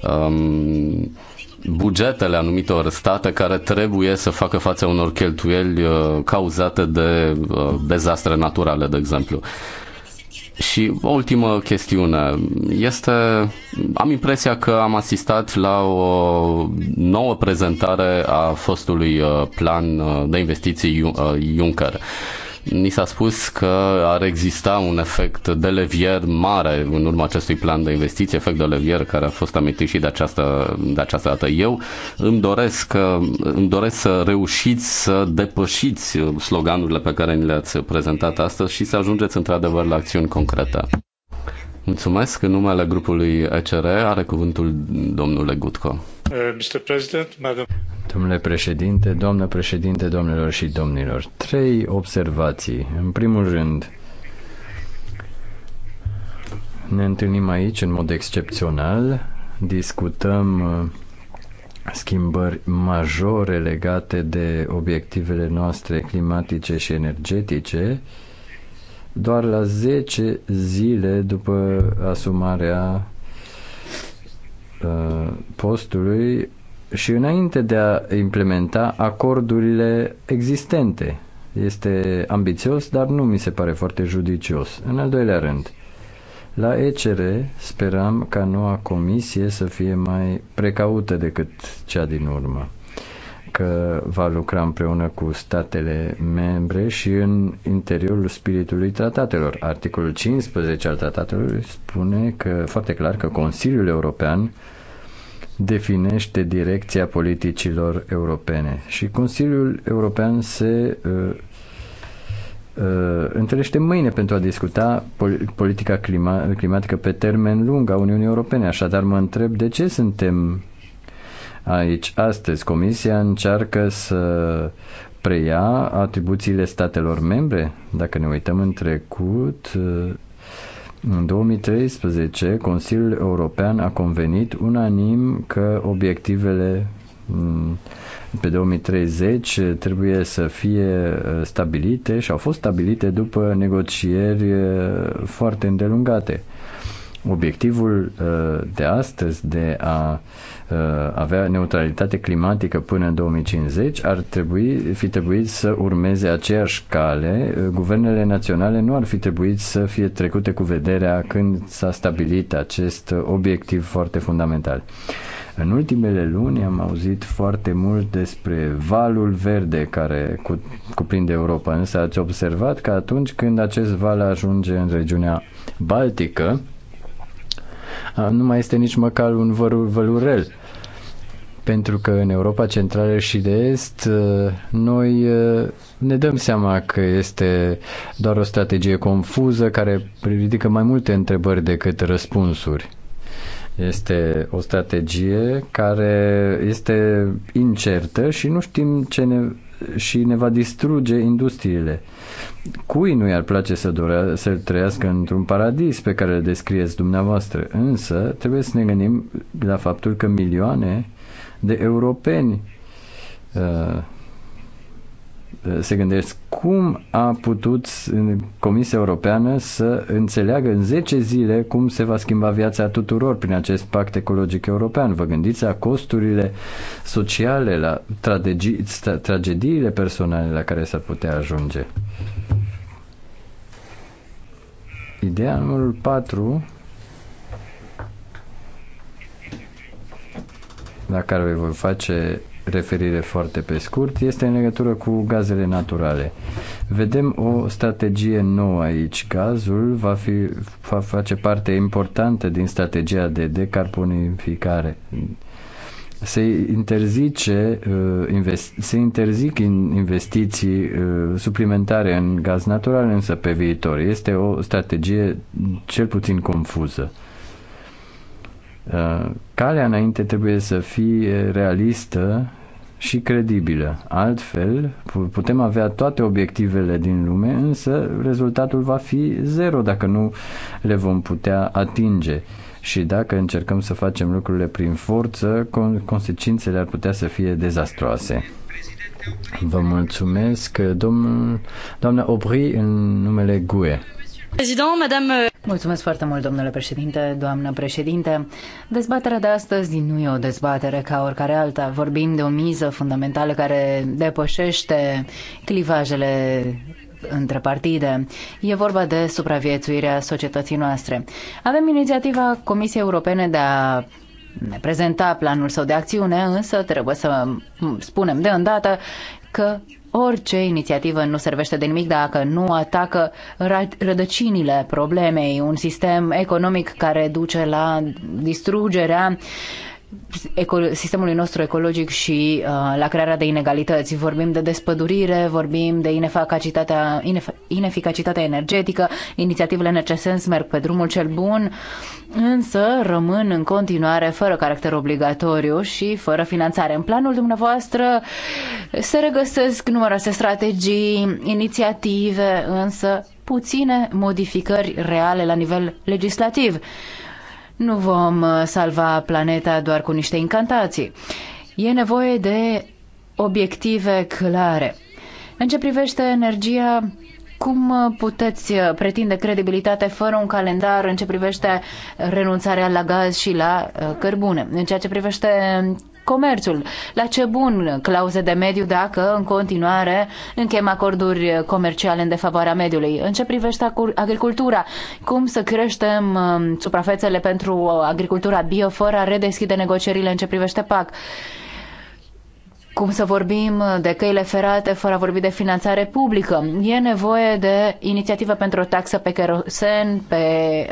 um, bugetele anumitor state care trebuie să facă față unor cheltuieli uh, cauzate de uh, dezastre naturale, de exemplu. Și o ultimă chestiune. Este, am impresia că am asistat la o nouă prezentare a fostului uh, plan uh, de investiții uh, Juncker. Ni s-a spus că ar exista un efect de levier mare în urma acestui plan de investiție, efect de levier care a fost amintit și de această, de această dată. Eu îmi doresc, îmi doresc să reușiți să depășiți sloganurile pe care ni le-ați prezentat astăzi și să ajungeți într-adevăr la acțiuni concrete. Mulțumesc. În numele grupului ECR are cuvântul domnul Gutco. Domnule președinte, doamnă președinte, domnilor și domnilor, trei observații. În primul rând, ne întâlnim aici în mod excepțional, discutăm uh, schimbări majore legate de obiectivele noastre climatice și energetice, doar la 10 zile după asumarea Uh, postului și înainte de a implementa acordurile existente. Este ambițios, dar nu mi se pare foarte judicios. În al doilea rând, la ECR speram ca noua comisie să fie mai precaută decât cea din urmă că va lucra împreună cu statele membre și în interiorul spiritului tratatelor. Articolul 15 al tratatelor spune că foarte clar că Consiliul European definește direcția politicilor europene și Consiliul European se uh, uh, întâlnește mâine pentru a discuta politica clima- climatică pe termen lung a Uniunii Europene. Așadar mă întreb de ce suntem aici astăzi. Comisia încearcă să preia atribuțiile statelor membre. Dacă ne uităm în trecut, în 2013, Consiliul European a convenit unanim că obiectivele mm, pe 2030 trebuie să fie uh, stabilite și au fost stabilite după negocieri uh, foarte îndelungate. Obiectivul uh, de astăzi de a uh, avea neutralitate climatică până în 2050 ar trebui, fi trebuit să urmeze aceeași cale. Guvernele naționale nu ar fi trebuit să fie trecute cu vederea când s-a stabilit acest obiectiv foarte fundamental. În ultimele luni am auzit foarte mult despre valul verde care cuprinde Europa, însă ați observat că atunci când acest val ajunge în regiunea Baltică, nu mai este nici măcar un vălurel. Pentru că în Europa Centrală și de Est noi ne dăm seama că este doar o strategie confuză care ridică mai multe întrebări decât răspunsuri. Este o strategie care este incertă și nu știm ce ne și ne va distruge industriile. Cui nu i-ar place să, dorea, să trăiască într-un paradis pe care îl descrieți dumneavoastră? Însă trebuie să ne gândim la faptul că milioane de europeni uh, Eh, se gândesc cum a putut Comisia Europeană să înțeleagă în 10 zile cum se va schimba viața tuturor prin acest pact ecologic european. Vă gândiți la costurile sociale, la tragedii, tragediile personale la care s-ar putea ajunge. Ideea numărul 4 la care voi face referire foarte pe scurt, este în legătură cu gazele naturale. Vedem o strategie nouă aici. Gazul va, fi, va face parte importantă din strategia de decarbonificare. Se, interzice, uh, se interzic investiții uh, suplimentare în gaz natural, însă pe viitor. Este o strategie cel puțin confuză. Uh, calea înainte trebuie să fie realistă și credibilă. Altfel, putem avea toate obiectivele din lume, însă rezultatul va fi zero dacă nu le vom putea atinge. Și dacă încercăm să facem lucrurile prin forță, consecințele ar putea să fie dezastroase. Vă mulțumesc, domnul, doamna Obri, în numele GUE. Madame... Euh, Mulțumesc foarte mult, domnule președinte, doamnă președinte. Dezbaterea de astăzi nu e o dezbatere ca oricare alta. Vorbim de o miză fundamentală care depășește clivajele între partide. E vorba de supraviețuirea societății noastre. Avem inițiativa Comisiei Europene de a ne prezenta planul său de acțiune, însă trebuie să spunem de îndată că Orice inițiativă nu servește de nimic dacă nu atacă rădăcinile problemei, un sistem economic care duce la distrugerea sistemului nostru ecologic și uh, la crearea de inegalități. Vorbim de despădurire, vorbim de inefacacitatea, inef- ineficacitatea energetică, inițiativele în acest sens merg pe drumul cel bun, însă rămân în continuare fără caracter obligatoriu și fără finanțare. În planul dumneavoastră se regăsesc numeroase strategii, inițiative, însă puține modificări reale la nivel legislativ. Nu vom uh, salva planeta doar cu niște incantații. E nevoie de obiective clare. În ce privește energia, cum uh, puteți uh, pretinde credibilitate fără un calendar în ce privește renunțarea la gaz și la cărbune? În ceea ce privește comerțul. La ce bun clauze de mediu dacă în continuare închem acorduri comerciale în defavoarea mediului? În ce privește agricultura? Cum să creștem um, suprafețele pentru uh, agricultura bio fără a redeschide negocierile în ce privește PAC? cum să vorbim de căile ferate fără a vorbi de finanțare publică. E nevoie de inițiativă pentru o taxă pe kerosen, pe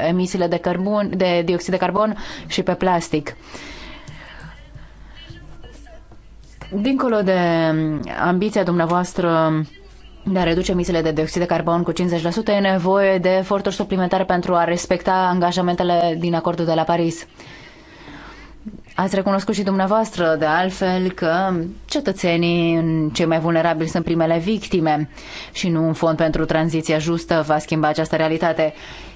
emisiile de, carbon, de dioxid de carbon și pe plastic. Dincolo de mm, ambiția dumneavoastră de a reduce emisiile de dioxid de carbon cu 50%, e nevoie de eforturi suplimentare pentru a respecta angajamentele din acordul de la Paris. Ați recunoscut și dumneavoastră, de altfel, că cetățenii cei mai vulnerabili sunt primele victime și nu un fond pentru tranziția justă va schimba această realitate.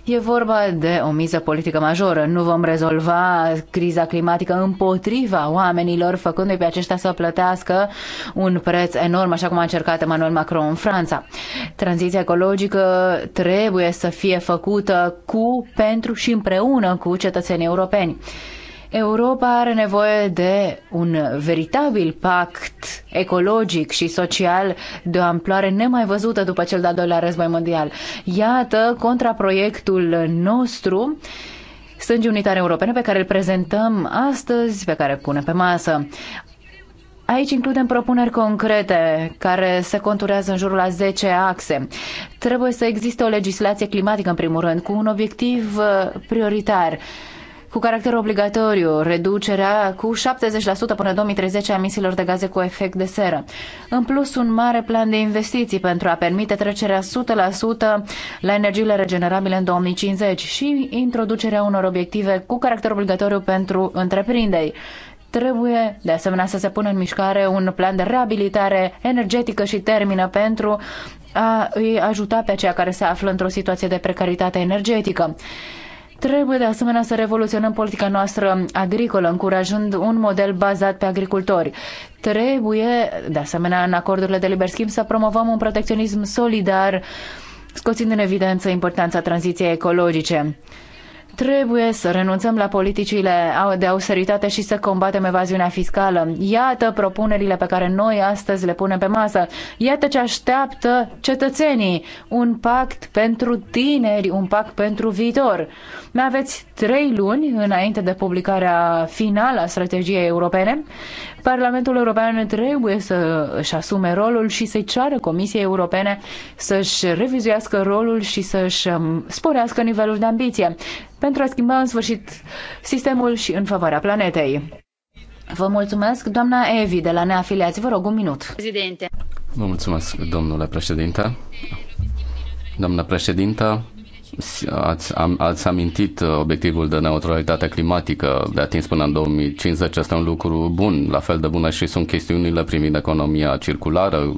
E vorba de o miză politică majoră. Nu vom rezolva criza climatică împotriva oamenilor, făcându-i pe aceștia să plătească un preț enorm, așa cum a încercat Emmanuel Macron în Franța. Tranziția ecologică trebuie să fie făcută cu, pentru și împreună cu cetățenii europeni. Europa are nevoie de un veritabil pact ecologic și social de o amploare nemai văzută după cel de-al doilea război mondial. Iată contraproiectul nostru sângi unitare europene pe care îl prezentăm astăzi, pe care îl punem pe masă. Aici includem propuneri concrete care se conturează în jurul a 10 axe. Trebuie să existe o legislație climatică, în primul rând, cu un obiectiv uh, prioritar cu caracter obligatoriu, reducerea cu 70% până 2030 a emisiilor de gaze cu efect de seră. În plus, un mare plan de investiții pentru a permite trecerea 100% la energiile regenerabile în 2050 și introducerea unor obiective cu caracter obligatoriu pentru întreprinderi trebuie de asemenea să se pună în mișcare un plan de reabilitare energetică și termină pentru a îi ajuta pe aceia care se află într-o situație de precaritate energetică. Trebuie de asemenea să revoluționăm politica noastră agricolă, încurajând un model bazat pe agricultori. Trebuie, de asemenea, în acordurile de liber schimb să promovăm un protecționism solidar, scoțind în evidență importanța tranziției ecologice. Trebuie să renunțăm la politicile de austeritate și să combatem evaziunea fiscală. Iată propunerile pe care noi astăzi le punem pe masă. Iată ce așteaptă cetățenii. Un pact pentru tineri, un pact pentru viitor. Mai aveți trei luni înainte de publicarea finală a strategiei europene Parlamentul European trebuie să își asume rolul și să-i ceară Comisiei Europene să-și revizuiască rolul și să-și um, sporească nivelul de ambiție pentru a schimba în sfârșit sistemul și în favoarea planetei. Vă mulțumesc, doamna Evi de la Neafiliați. Vă rog un minut. Președinte. Vă mulțumesc, domnule președinte. Doamna președinte. Ați, am, ați amintit uh, obiectivul de neutralitate climatică de atins până în 2050. Este un lucru bun, la fel de bună și sunt chestiunile privind economia circulară,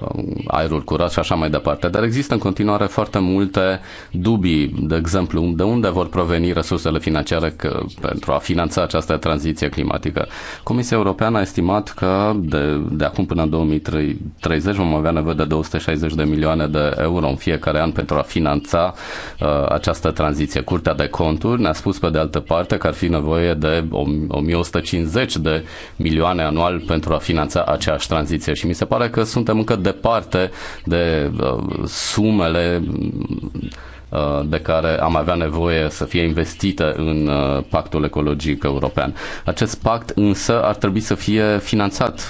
Um, aerul curat și așa mai departe. Dar există în continuare foarte multe dubii, de exemplu, de unde vor proveni resursele financiare că, pentru a finanța această tranziție climatică. Comisia Europeană a estimat că de, de acum până în 2030 vom avea nevoie de 260 de milioane de euro în fiecare an pentru a finanța uh, această tranziție. Curtea de conturi ne-a spus pe de altă parte că ar fi nevoie de 1150 de milioane anual pentru a finanța aceeași tranziție și mi se pare că suntem încă încă departe de uh, sumele uh, de care am avea nevoie să fie investite în uh, pactul ecologic european. Acest pact însă ar trebui să fie finanțat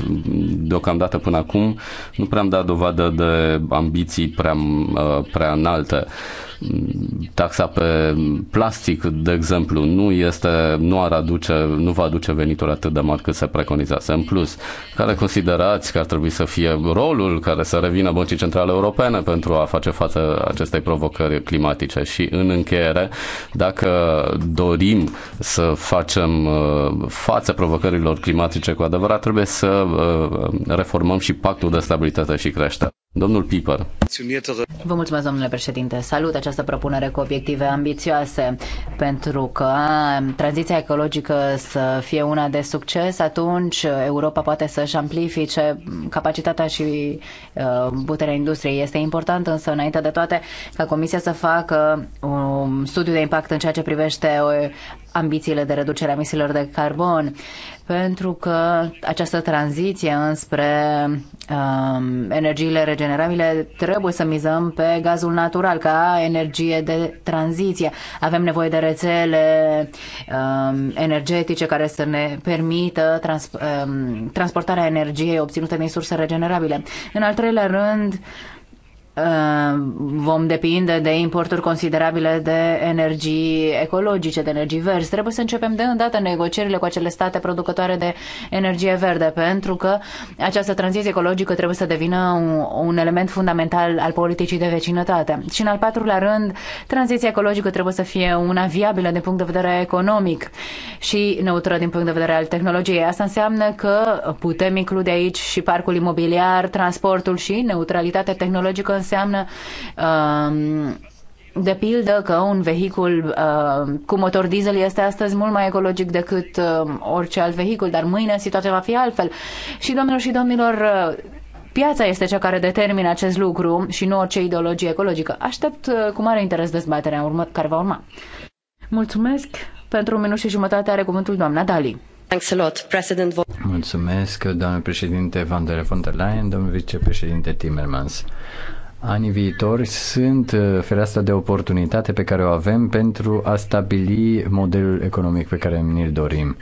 deocamdată până acum. Nu prea am dat dovadă de ambiții prea, prea înalte taxa pe plastic, de exemplu, nu este, nu ar aduce, nu va aduce venituri atât de mari cât se preconizase. În plus, care considerați că ar trebui să fie rolul care să revină Băncii Centrale Europene pentru a face față acestei provocări climatice? Și în încheiere, dacă dorim să facem uh, față provocărilor climatice cu adevărat, trebuie să uh, reformăm și pactul de stabilitate și creștere. Domnul Piper. Vă mulțumesc, domnule președinte. Salut această propunere cu obiective ambițioase, pentru că um, tranziția ecologică să fie una de succes, atunci Europa poate să-și amplifice capacitatea și uh, puterea industriei. Este important însă, înainte de toate, ca Comisia să facă un um, studiu de impact în ceea ce privește uh, ambițiile de reducere a emisiilor de carbon, pentru că această tranziție înspre um, energiile regenerabile trebuie să mizăm pe gazul natural ca energie de tranziție. Avem nevoie de rețele um, energetice care să ne permită trans, um, transportarea energiei obținute din surse regenerabile. În al treilea rând, uh, Uh, vom depinde de importuri considerabile de energii ecologice, de energii verzi. Trebuie să începem de îndată negocierile cu acele state producătoare de energie verde, pentru că această tranziție ecologică trebuie să devină un, un element fundamental al politicii de vecinătate. Și în al patrulea rând, tranziția ecologică trebuie să fie una viabilă din punct de vedere economic și neutră din punct de vedere al tehnologiei. Asta înseamnă că putem include aici și parcul imobiliar, transportul și neutralitatea tehnologică înseamnă um, de pildă că un vehicul uh, cu motor diesel este astăzi mult mai ecologic decât uh, orice alt vehicul, dar mâine situația va fi altfel. Și domnilor și domnilor, uh, piața este cea care determină acest lucru și nu orice ideologie ecologică. Aștept uh, cu mare interes dezbaterea urmă, care va urma. Mulțumesc pentru un minut și jumătate are cuvântul doamna Dali. Mulțumesc, doamnă președinte Van der von der Leyen, domnul vicepreședinte Timmermans anii viitori sunt uh, fereastra de oportunitate pe care o avem pentru a stabili modelul economic pe care ne l dorim.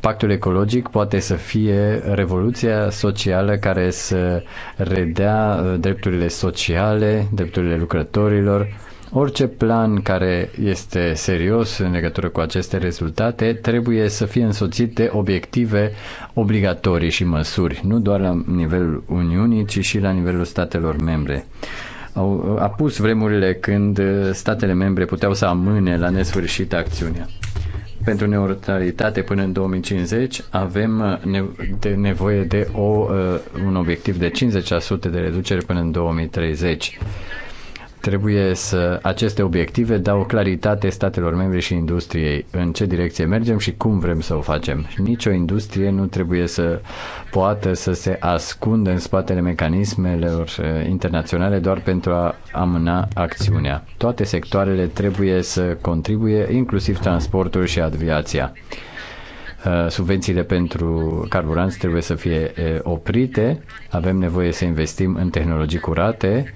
Pactul ecologic poate să fie revoluția socială care să redea uh, drepturile sociale, drepturile lucrătorilor, Orice plan care este serios în legătură cu aceste rezultate trebuie să fie însoțit de obiective obligatorii și măsuri, nu doar la nivelul Uniunii, ci și la nivelul statelor membre. Au apus vremurile când statele membre puteau să amâne la nesfârșit acțiunea pentru neutralitate până în 2050 avem nevoie de o, uh, un obiectiv de 50% de reducere până în 2030. Trebuie să aceste obiective dau claritate statelor membre și industriei în ce direcție mergem și cum vrem să o facem. Nici o industrie nu trebuie să poată să se ascundă în spatele mecanismelor eh, internaționale doar pentru a amâna acțiunea. Toate sectoarele trebuie să contribuie, inclusiv transportul și aviația eh, subvențiile pentru carburanți trebuie să fie eh, oprite, avem nevoie să investim în tehnologii curate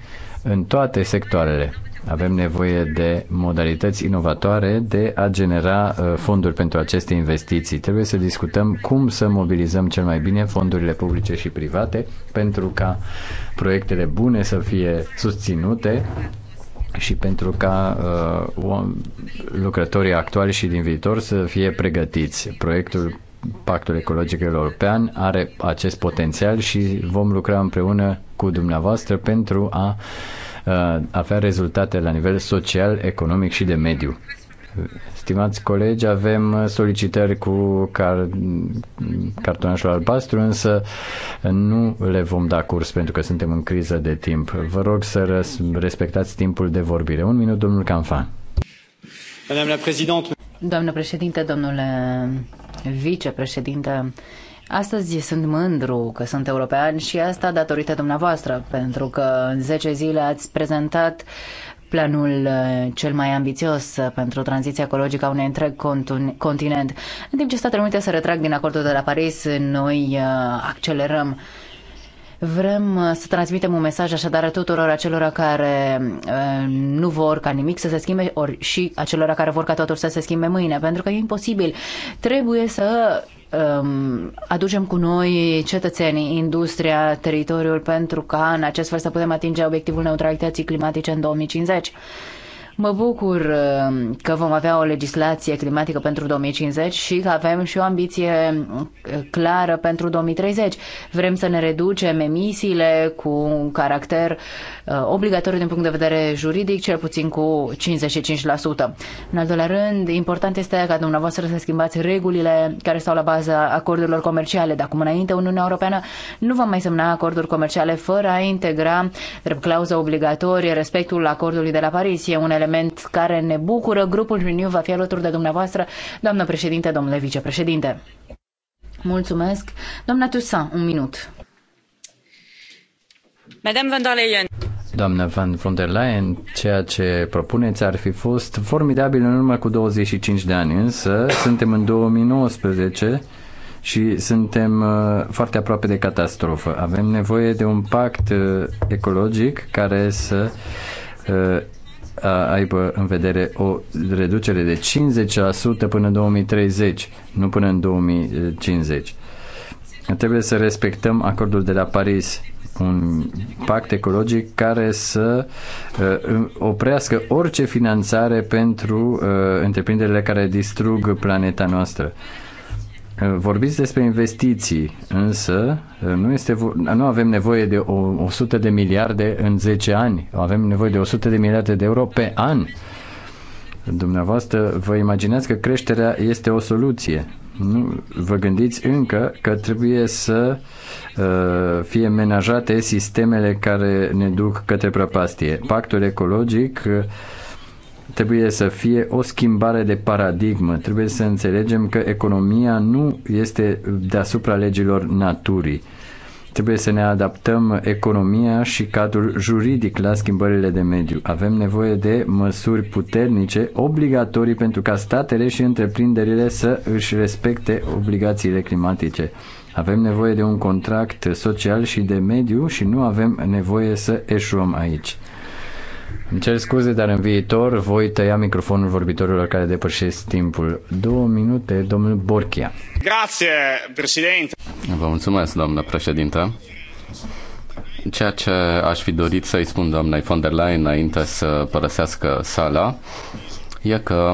în toate sectoarele. Avem nevoie de modalități inovatoare de a genera uh, fonduri pentru aceste investiții. Trebuie să discutăm cum să mobilizăm cel mai bine fondurile publice și private pentru ca proiectele bune să fie susținute și pentru ca uh, lucrătorii actuali și din viitor să fie pregătiți. Proiectul Pactul Ecologic European are acest potențial și vom lucra împreună cu dumneavoastră pentru a avea rezultate la nivel social, economic și de mediu. Stimați colegi, avem solicitări cu car- cartonașul albastru, însă nu le vom da curs pentru că suntem în criză de timp. Vă rog să respectați timpul de vorbire. Un minut, domnul Canfan. Doamnă președinte, domnule vicepreședinte, Astăzi sunt mândru că sunt european și asta datorită dumneavoastră, pentru că în 10 zile ați prezentat planul eh, cel mai ambițios eh, pentru tranziția ecologică a unui întreg continent. În timp ce Statele Unite se retrag din acordul de la Paris, noi eh, accelerăm. Vrem să transmitem un mesaj așadar tuturor acelora care nu vor ca nimic să se schimbe ori și acelora care vor ca totul să se schimbe mâine, pentru că e imposibil. Trebuie să um, aducem cu noi cetățenii, industria, teritoriul, pentru ca în acest fel să putem atinge obiectivul neutralității climatice în 2050. Mă bucur uh, că vom avea o legislație climatică pentru 2050 și că avem și o ambiție uh, clară pentru 2030. Vrem să ne reducem emisiile cu un caracter uh, obligatoriu din punct de vedere juridic, cel puțin cu 55%. În al doilea rând, important este ca dumneavoastră să schimbați regulile care stau la baza acordurilor comerciale. De acum înainte, Uniunea Europeană nu va mai semna acorduri comerciale fără a integra drept clauză obligatorie respectul acordului de la Paris. E un element element care ne bucură. Grupul Renew va fi alături de dumneavoastră, doamnă președinte, domnule vicepreședinte. Mulțumesc. Doamna Tusa, un minut. Madame van der Leyen. Doamna Van von der Leyen, ceea ce propuneți ar fi fost formidabil în urmă cu 25 de ani, însă suntem în 2019 și suntem uh, foarte aproape de catastrofă. Avem nevoie de un pact uh, ecologic care să uh, aibă în vedere o reducere de 50% până în 2030, nu până în 2050. Trebuie să respectăm acordul de la Paris, un pact ecologic care să uh, oprească orice finanțare pentru uh, întreprinderile care distrug planeta noastră. Uh, Vorbiți despre investiții, însă uh, nu, este, nu avem nevoie de 100 de miliarde în 10 ani, avem nevoie de 100 de miliarde de euro pe an. Dumneavoastră, vă imaginați că creșterea este o soluție. Nu vă gândiți încă că trebuie să uh, fie menajate sistemele care ne duc către prăpastie. Pactul ecologic uh, Trebuie să fie o schimbare de paradigmă. Trebuie să înțelegem că economia nu este deasupra legilor naturii. Trebuie să ne adaptăm economia și cadrul juridic la schimbările de mediu. Avem nevoie de măsuri puternice, obligatorii pentru ca statele și întreprinderile să își respecte obligațiile climatice. Avem nevoie de un contract social și de mediu și nu avem nevoie să eșuăm aici. Îmi cer scuze, dar în viitor voi tăia microfonul vorbitorilor care depășesc timpul. Două minute, domnul Borchia. Grație, președinte. Vă mulțumesc, doamnă președinte. Ceea ce aș fi dorit să-i spun doamnei von der Leyen înainte să părăsească sala e că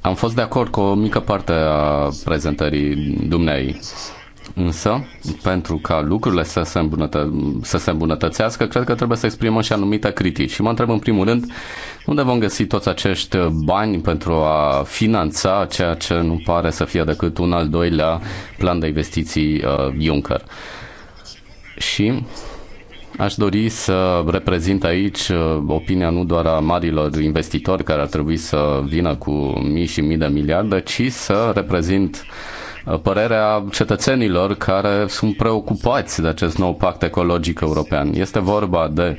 am fost de acord cu o mică parte a prezentării dumneai Însă, pentru ca lucrurile să se, îmbunătă- să se îmbunătățească, cred că trebuie să exprimăm și anumite critici. Și mă întreb în primul rând, unde vom găsi toți acești bani pentru a finanța ceea ce nu pare să fie decât un al doilea plan de investiții uh, Juncker? Și Aș dori să reprezint aici uh, opinia nu doar a marilor investitori care ar trebui să vină cu mii și mii de miliarde, ci să reprezint uh, părerea cetățenilor care sunt preocupați de acest nou pact ecologic european. Este vorba de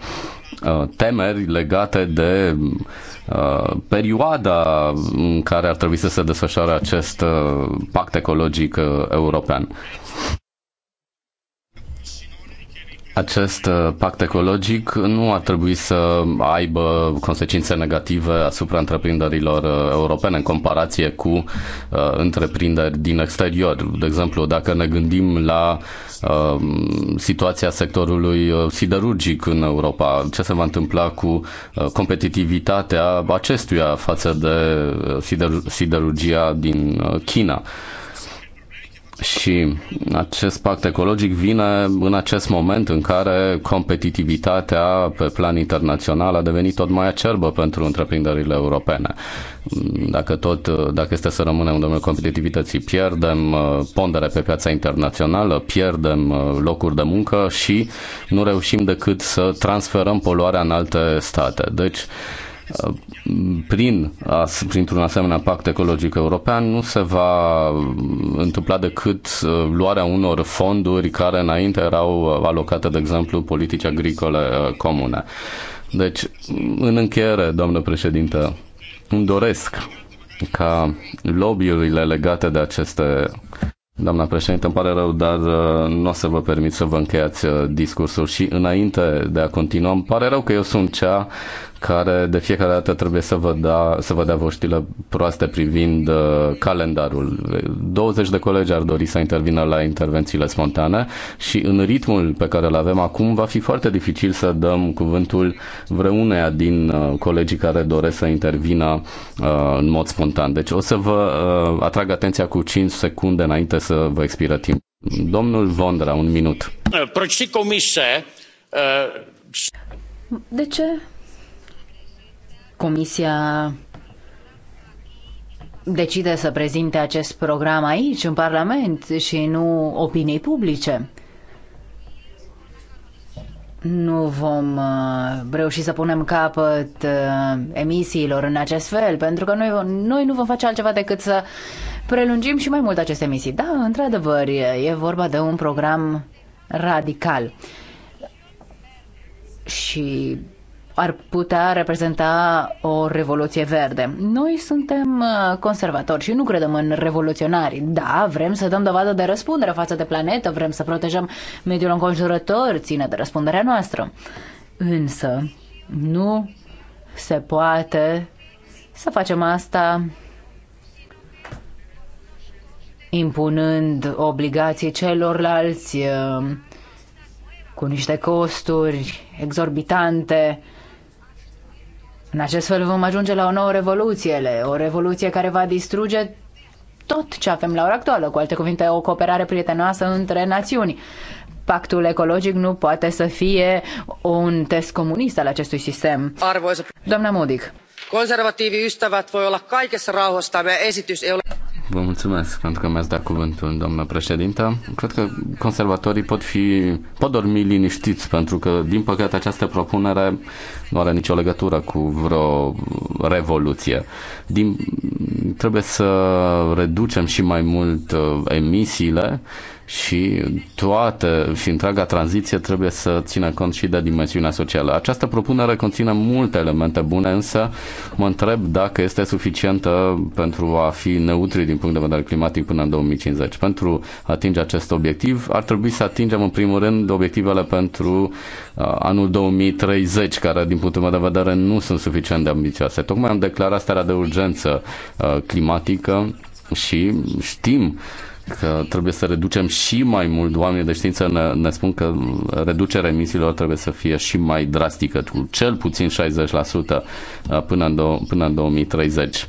uh, temeri legate de uh, perioada în care ar trebui să se desfășoare acest uh, pact ecologic uh, european. Acest uh, pact ecologic nu ar trebui să aibă consecințe negative asupra întreprinderilor uh, europene în comparație cu uh, întreprinderi din exterior. De exemplu, dacă ne gândim la uh, situația sectorului uh, siderurgic în Europa, ce se va întâmpla cu competitivitatea acestuia față de sider- siderurgia din China? Și acest pact ecologic vine în acest moment în care competitivitatea pe plan internațional a devenit tot mai acerbă pentru întreprinderile europene. Dacă tot, dacă este să rămânem în domeniul competitivității, pierdem uh, pondere pe piața internațională, pierdem uh, locuri de muncă și nu reușim decât să transferăm poluarea în alte state. Deci, Uh, prin, printr-un asemenea pact ecologic european nu se va uh, întâmpla decât uh, luarea unor fonduri care înainte erau alocate, de exemplu, politici agricole comune. Deci, în încheiere, domnule președinte, îmi doresc ca lobby-urile legate de aceste Doamna președinte, îmi pare rău, dar nu o să vă permit să vă încheiați discursul și înainte de a continua, îmi pare rău că eu sunt cea care de fiecare dată trebuie să vă, da, să vă dea voștile proaste privind uh, calendarul. 20 de colegi ar dori să intervină la intervențiile spontane și în ritmul pe care îl avem acum va fi foarte dificil să dăm cuvântul vreuneia din uh, colegii care doresc să intervină uh, în mod spontan. Deci o să vă uh, atrag atenția cu 5 secunde înainte să vă expiră timp. Domnul Vondra, un minut. Proști comise... Uh, de ce Comisia decide să prezinte acest program aici, în Parlament, și nu opinii publice. Nu vom uh, reuși să punem capăt uh, emisiilor în acest fel, pentru că noi, noi nu vom face altceva decât să prelungim și mai mult aceste emisii. Da, într-adevăr, e vorba de un program radical. Și ar putea reprezenta o revoluție verde. Noi suntem uh, conservatori și nu credem în revoluționari. Da, vrem să dăm dovadă de răspundere față de planetă, vrem să protejăm mediul înconjurător, ține de răspunderea noastră. Însă, nu se poate să facem asta impunând obligații celorlalți uh, cu niște costuri exorbitante în acest fel vom ajunge la o nouă revoluție, o revoluție care va distruge tot ce avem la ora actuală, cu alte cuvinte, o cooperare prietenoasă între națiuni. Pactul ecologic nu poate să fie un test comunist al acestui sistem. Arvoisa. Doamna Modic. ystävät voi olla kaikessa rauhassa. Tämä esitys ei ole... Vă mulțumesc pentru că mi-ați dat cuvântul, doamnă președintă. Cred că conservatorii pot, fi, pot dormi liniștiți, pentru că, din păcate, această propunere nu are nicio legătură cu vreo revoluție. Din, trebuie să reducem și mai mult uh, emisiile și toată și întreaga tranziție trebuie să țină cont și de dimensiunea socială. Această propunere conține multe elemente bune, însă mă întreb dacă este suficientă pentru a fi neutri din punct de vedere climatic până în 2050. Pentru a atinge acest obiectiv, ar trebui să atingem în primul rând obiectivele pentru uh, anul 2030, care din punctul meu de vedere nu sunt suficient de ambițioase. Tocmai am declarat starea de urgență uh, climatică și știm că trebuie să reducem și mai mult. Oamenii de știință ne, ne spun că reducerea emisiilor trebuie să fie și mai drastică, cu cel puțin 60% până în, do- până în 2030.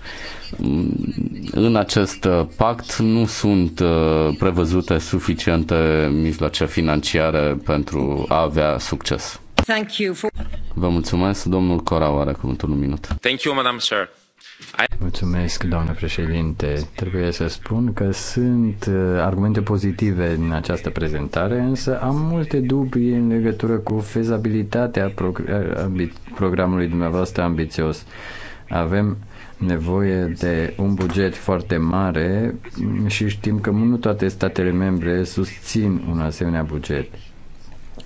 În acest pact nu sunt uh, prevăzute suficiente mijloace financiare pentru a avea succes. Thank you for... Vă mulțumesc, domnul Corau are cuvântul un minut. Thank you, Madam sir. Mulțumesc, doamnă președinte. Trebuie să spun că sunt uh, argumente pozitive în această prezentare, însă am multe dubii în legătură cu fezabilitatea programului dumneavoastră ambițios. Avem nevoie de un buget foarte mare și știm că nu toate statele membre susțin un asemenea buget.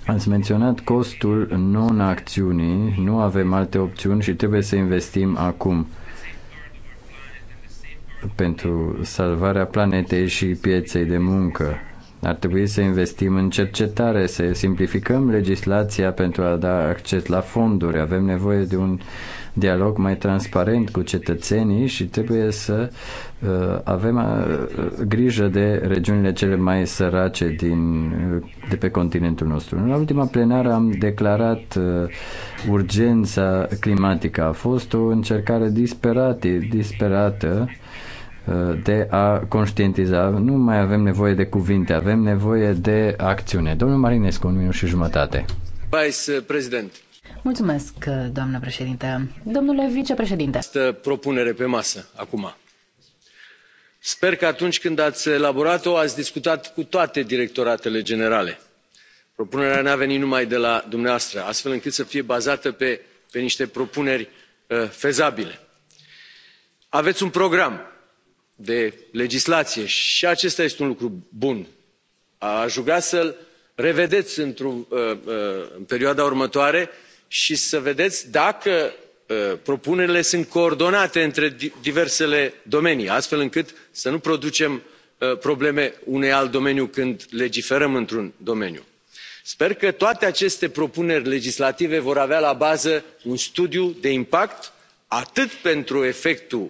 Ați menționat costul non-acțiunii, nu avem alte opțiuni și trebuie să investim acum pentru salvarea planetei și pieței de muncă. Ar trebui să investim în cercetare, să simplificăm legislația pentru a da acces la fonduri. Avem nevoie de un dialog mai transparent cu cetățenii și trebuie să uh, avem uh, grijă de regiunile cele mai sărace din, uh, de pe continentul nostru. În ultima plenară am declarat uh, urgența climatică. A fost o încercare disperată, disperată de a conștientiza. Nu mai avem nevoie de cuvinte, avem nevoie de acțiune. Domnul Marinescu, un minut și jumătate. Vice President. Mulțumesc, doamnă președinte. Domnule vicepreședinte. Este propunere pe masă, acum. Sper că atunci când ați elaborat-o, ați discutat cu toate directoratele generale. Propunerea n-a venit numai de la dumneavoastră, astfel încât să fie bazată pe, pe niște propuneri uh, fezabile. Aveți un program de legislație și acesta este un lucru bun. aș ruga să l revedeți uh, uh, în perioada următoare și să vedeți dacă uh, propunerile sunt coordonate între diversele domenii astfel încât să nu producem probleme unui alt domeniu când legiferăm într un domeniu. sper că toate aceste propuneri legislative vor avea la bază un studiu de impact atât pentru efectul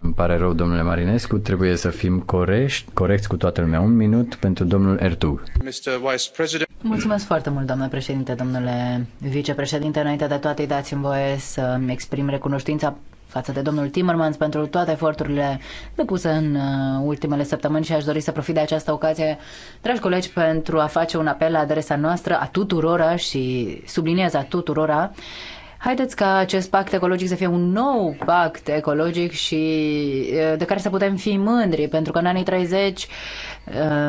Îmi pare rău, domnule Marinescu, trebuie să fim corești, corecți cu toată lumea. Un minut pentru domnul Ertug. Mulțumesc foarte mult, doamnă președinte, domnule vicepreședinte. Înainte de toate, dați-mi voie să-mi exprim recunoștința față de domnul Timmermans pentru toate eforturile depuse în uh, ultimele săptămâni și aș dori să profit de această ocazie, dragi colegi, pentru a face un apel la adresa noastră a tuturora și subliniez a tuturora Haideți ca acest pact ecologic să fie un nou pact ecologic și de care să putem fi mândri, pentru că în anii 30,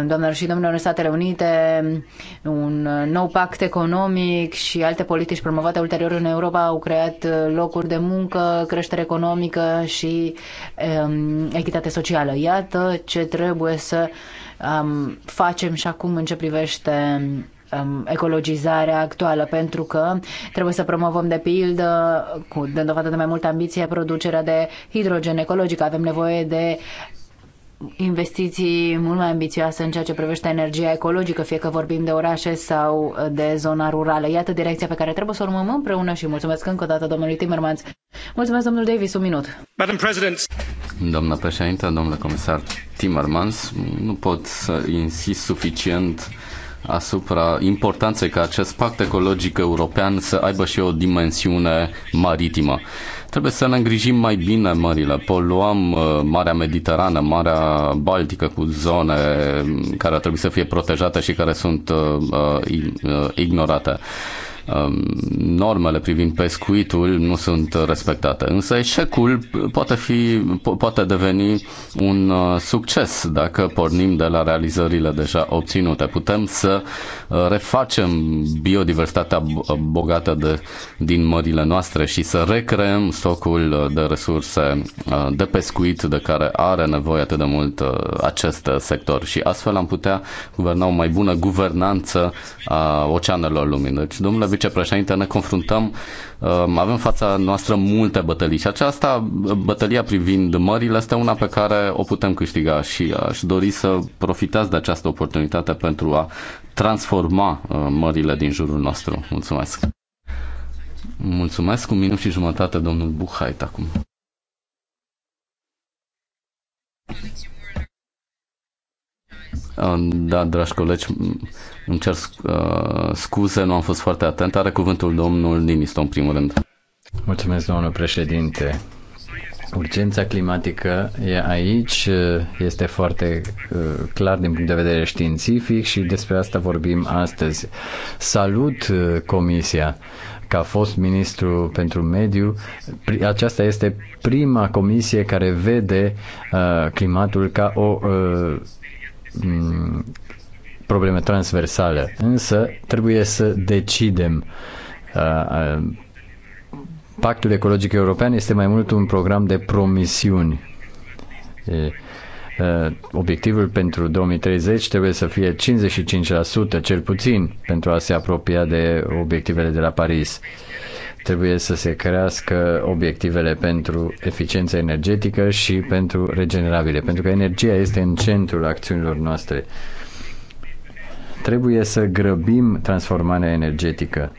doamnelor și domnilor, în Statele Unite, un nou pact economic și alte politici promovate ulterior în Europa au creat locuri de muncă, creștere economică și um, echitate socială. Iată ce trebuie să um, facem și acum în ce privește um, ecologizarea actuală, pentru că trebuie să promovăm de pildă, cu dovadă de mai multă ambiție, producerea de hidrogen ecologic. Avem nevoie de investiții mult mai ambițioase în ceea ce privește energia ecologică, fie că vorbim de orașe sau de zona rurală. Iată direcția pe care trebuie să o urmăm împreună și mulțumesc încă o dată domnului Timmermans. Mulțumesc, domnul Davis, un minut. Madam President. Doamna președintă, domnule comisar Timmermans, nu pot să insist suficient asupra importanței ca acest pact ecologic european să aibă și o dimensiune maritimă. Trebuie să ne îngrijim mai bine mările. Poluăm uh, Marea Mediterană, Marea Baltică cu zone care ar trebui să fie protejate și care sunt uh, uh, uh ignorate. Uh, Um, normele privind pescuitul nu sunt respectate. Însă eșecul poate, fi, poate deveni un uh, succes dacă pornim de la realizările deja obținute. Putem să uh, refacem biodiversitatea uh, bogată de, din mările noastre și să recreăm stocul de resurse de pescuit de care are nevoie atât de mult acest sector și astfel am putea guverna o mai bună guvernanță a oceanelor lumii. Deci, domnule vicepreședinte, ne confruntăm, uh, avem fața noastră multe bătălii și aceasta, uh, bătălia privind mările, este una pe care o putem câștiga și aș dori să profitați de această oportunitate pentru a transforma uh, mările din jurul nostru. Mulțumesc! Mulțumesc, un minut și jumătate, domnul Buhait, acum. Thank you. Um, da, dragi colegi, îmi cer uh, scuze, nu am fost foarte atent. Are cuvântul domnul Ninisto, în primul rând. Mulțumesc, domnul președinte. Urgența climatică e aici, este foarte uh, clar din punct de vedere științific și despre asta vorbim astăzi. Salut uh, Comisia! ca fost ministru pentru mediu, aceasta este prima comisie care vede uh, climatul ca o uh, Mm, probleme transversale, însă trebuie să decidem. Uh, uh, Pactul ecologic european este mai mult un program de promisiuni. Uh, obiectivul pentru 2030 trebuie să fie 55% cel puțin pentru a se apropia de obiectivele de la Paris. Trebuie să se crească obiectivele pentru eficiență energetică și pentru regenerabile, pentru că energia este în centrul acțiunilor noastre. Trebuie să grăbim transformarea energetică.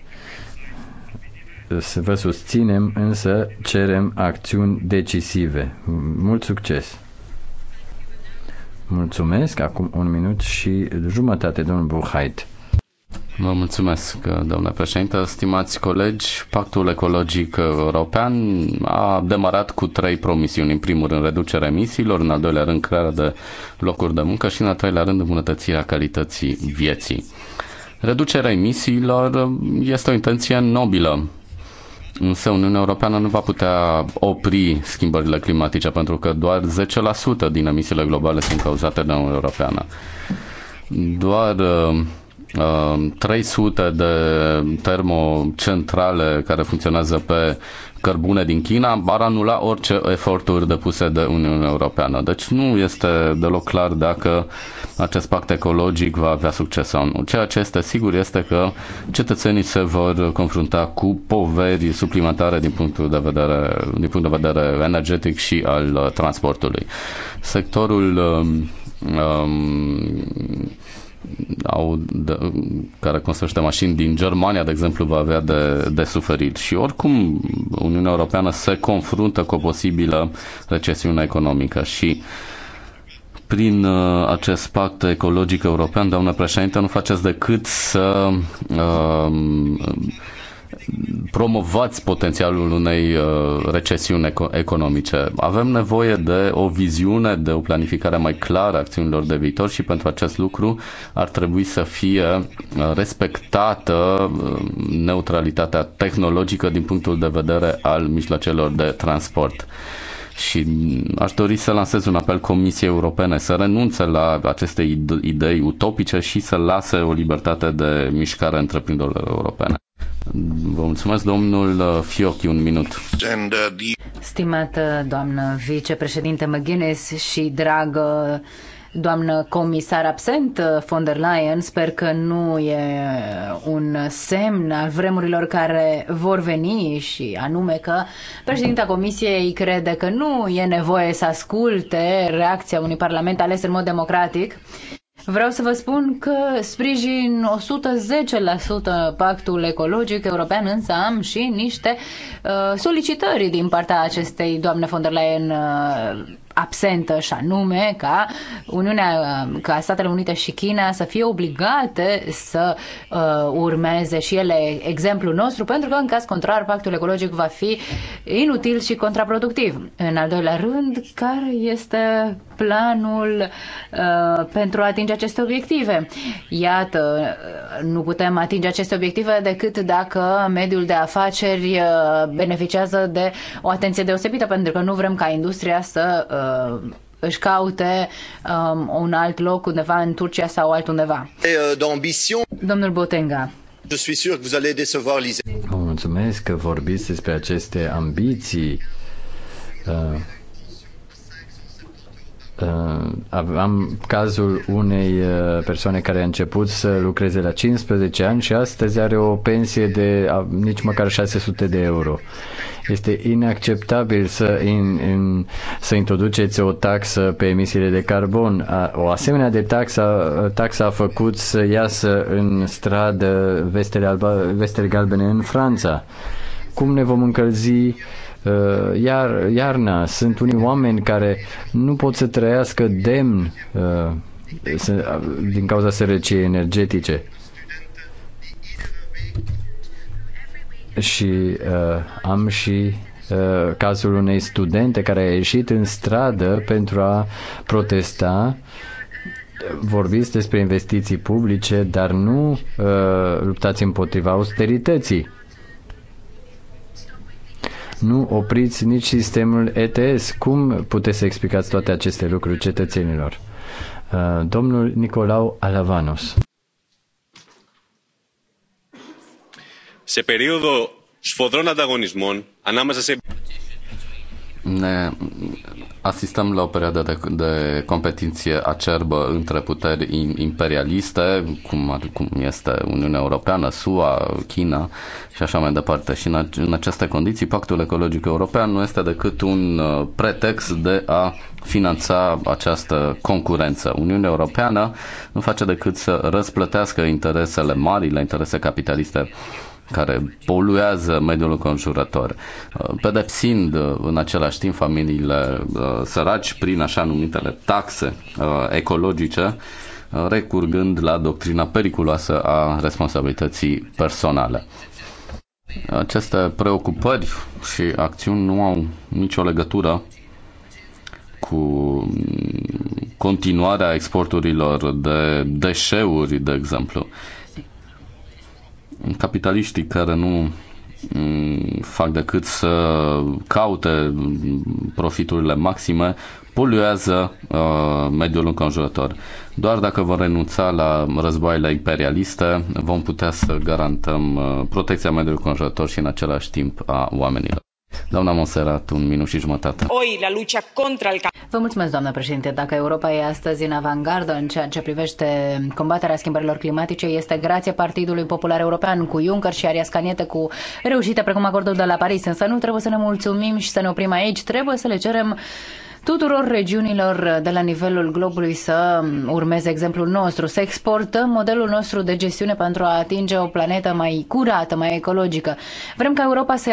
Să vă susținem, însă cerem acțiuni decisive. Mult succes! Mulțumesc. Acum un minut și jumătate, domnul Buhait. Vă mulțumesc, domnule președinte. Stimați colegi, Pactul Ecologic European a demarat cu trei promisiuni. În primul rând, reducerea emisiilor, în al doilea rând, crearea de locuri de muncă și, în al treilea rând, îmbunătățirea calității vieții. Reducerea emisiilor este o intenție nobilă, Însă Uniunea Europeană nu va putea opri schimbările climatice pentru că doar 10% din emisiile globale sunt cauzate de Uniunea Europeană. Doar uh, 300 ehm, de termocentrale care funcționează pe cărbune din China ar anula orice eforturi depuse de Uniunea Europeană. Deci nu este deloc clar dacă acest pact ecologic va avea succes sau nu. Ceea ce este sigur este că cetățenii se vor confrunta cu poveri suplimentare din punctul de vedere, din punct de vedere energetic și al uh, transportului. Sectorul um, um au de, care construiește mașini din Germania, de exemplu, va avea de, de suferit. Și oricum Uniunea Europeană se confruntă cu o posibilă recesiune economică și prin uh, acest pact ecologic european, doamnă președinte, nu faceți decât să uh, promovați potențialul unei uh, recesiuni economice. Avem nevoie de o viziune, de o planificare mai clară a acțiunilor de viitor și pentru acest lucru ar trebui să fie uh, respectată uh, neutralitatea tehnologică din punctul de vedere al mijloacelor de transport. Și mm, aș dori să lansez un apel Comisiei Europene să renunțe la aceste idei utopice și să lase o libertate de mișcare întreprinderilor europene. Vă mulțumesc, domnul uh, Fiocchi, un minut. Stimată doamnă vicepreședinte McGuinness și dragă doamnă comisar absent uh, von der Leyen, sper că nu e un semn al vremurilor care vor veni și anume că președinta comisiei crede că nu e nevoie să asculte reacția unui parlament ales în mod democratic Vreau să vă spun că sprijin 110% pactul ecologic european, însă am și niște uh, solicitări din partea acestei doamne von der Leyen uh, absentă și anume ca Uniunea, ca Statele Unite și China să fie obligate să uh, urmeze și ele exemplul nostru, pentru că în caz contrar pactul ecologic va fi inutil și contraproductiv. În al doilea rând, care este planul uh, pentru a atinge aceste obiective? Iată, uh, nu putem atinge aceste obiective decât dacă mediul de afaceri uh, beneficiază de o atenție deosebită, pentru că nu vrem ca industria să uh, Uh, își caute um, un alt loc undeva în Turcia sau altundeva. Uh, Domnul Botenga. Je suis sûr que vous allez décevoir Lise. Vă mulțumesc că vorbiți despre aceste ambiții. Uh, Uh, aveam cazul unei uh, persoane care a început să lucreze la 15 ani și astăzi are o pensie de nici măcar 600 de euro. Este inacceptabil să, in, in, să introduceți o taxă pe emisiile de carbon. O asemenea de taxă, taxa a făcut să iasă în stradă vestele, alba, vestele galbene în Franța. Cum ne vom încălzi Uh, iar, iarna. Sunt unii oameni care nu pot să trăiască demn uh, uh, din cauza sărăciei energetice. Și uh, am și uh, cazul unei studente care a ieșit în stradă pentru a protesta vorbiți despre investiții publice, dar nu uh, luptați împotriva austerității nu opriți nici sistemul ETS. Cum puteți să explicați toate aceste lucruri cetățenilor? Uh, domnul Nicolau Alavanos. Se periodo sfodron antagonismon, anamasa se asistăm la o perioadă de, de competiție acerbă între puteri imperialiste, cum, cum este Uniunea Europeană, SUA, China și așa mai departe. Și în, în aceste condiții, Pactul Ecologic European nu este decât un uh, pretext de a finanța această concurență. Uniunea Europeană nu face decât să răsplătească interesele mari, la interese capitaliste uh, care poluează mediul înconjurător, uh, pedepsind uh, în același timp familiile uh, săraci prin așa numitele taxe ecologice, recurgând la doctrina periculoasă a responsabilității personale. Aceste preocupări și acțiuni nu au nicio legătură cu continuarea exporturilor de deșeuri, de exemplu capitaliștii care nu mm, fac decât să caute profiturile maxime, poluează uh, mediul înconjurător. Doar dacă vom renunța la războaiele imperialiste, vom putea să garantăm uh, protecția mediului înconjurător și în același timp a oamenilor. Doamna Monserrat, un minut și jumătate. Oi, la contra el... Vă mulțumesc, doamnă președinte. Dacă Europa e astăzi în avangardă în ceea ce privește combaterea schimbărilor climatice, este grație Partidului Popular European cu Juncker și Arias Caniete cu reușite precum acordul de la Paris. Însă nu trebuie să ne mulțumim și să ne oprim aici. Trebuie să le cerem tuturor regiunilor de la nivelul globului să urmeze exemplul nostru, să exportăm modelul nostru de gestiune pentru a atinge o planetă mai curată, mai ecologică. Vrem ca Europa să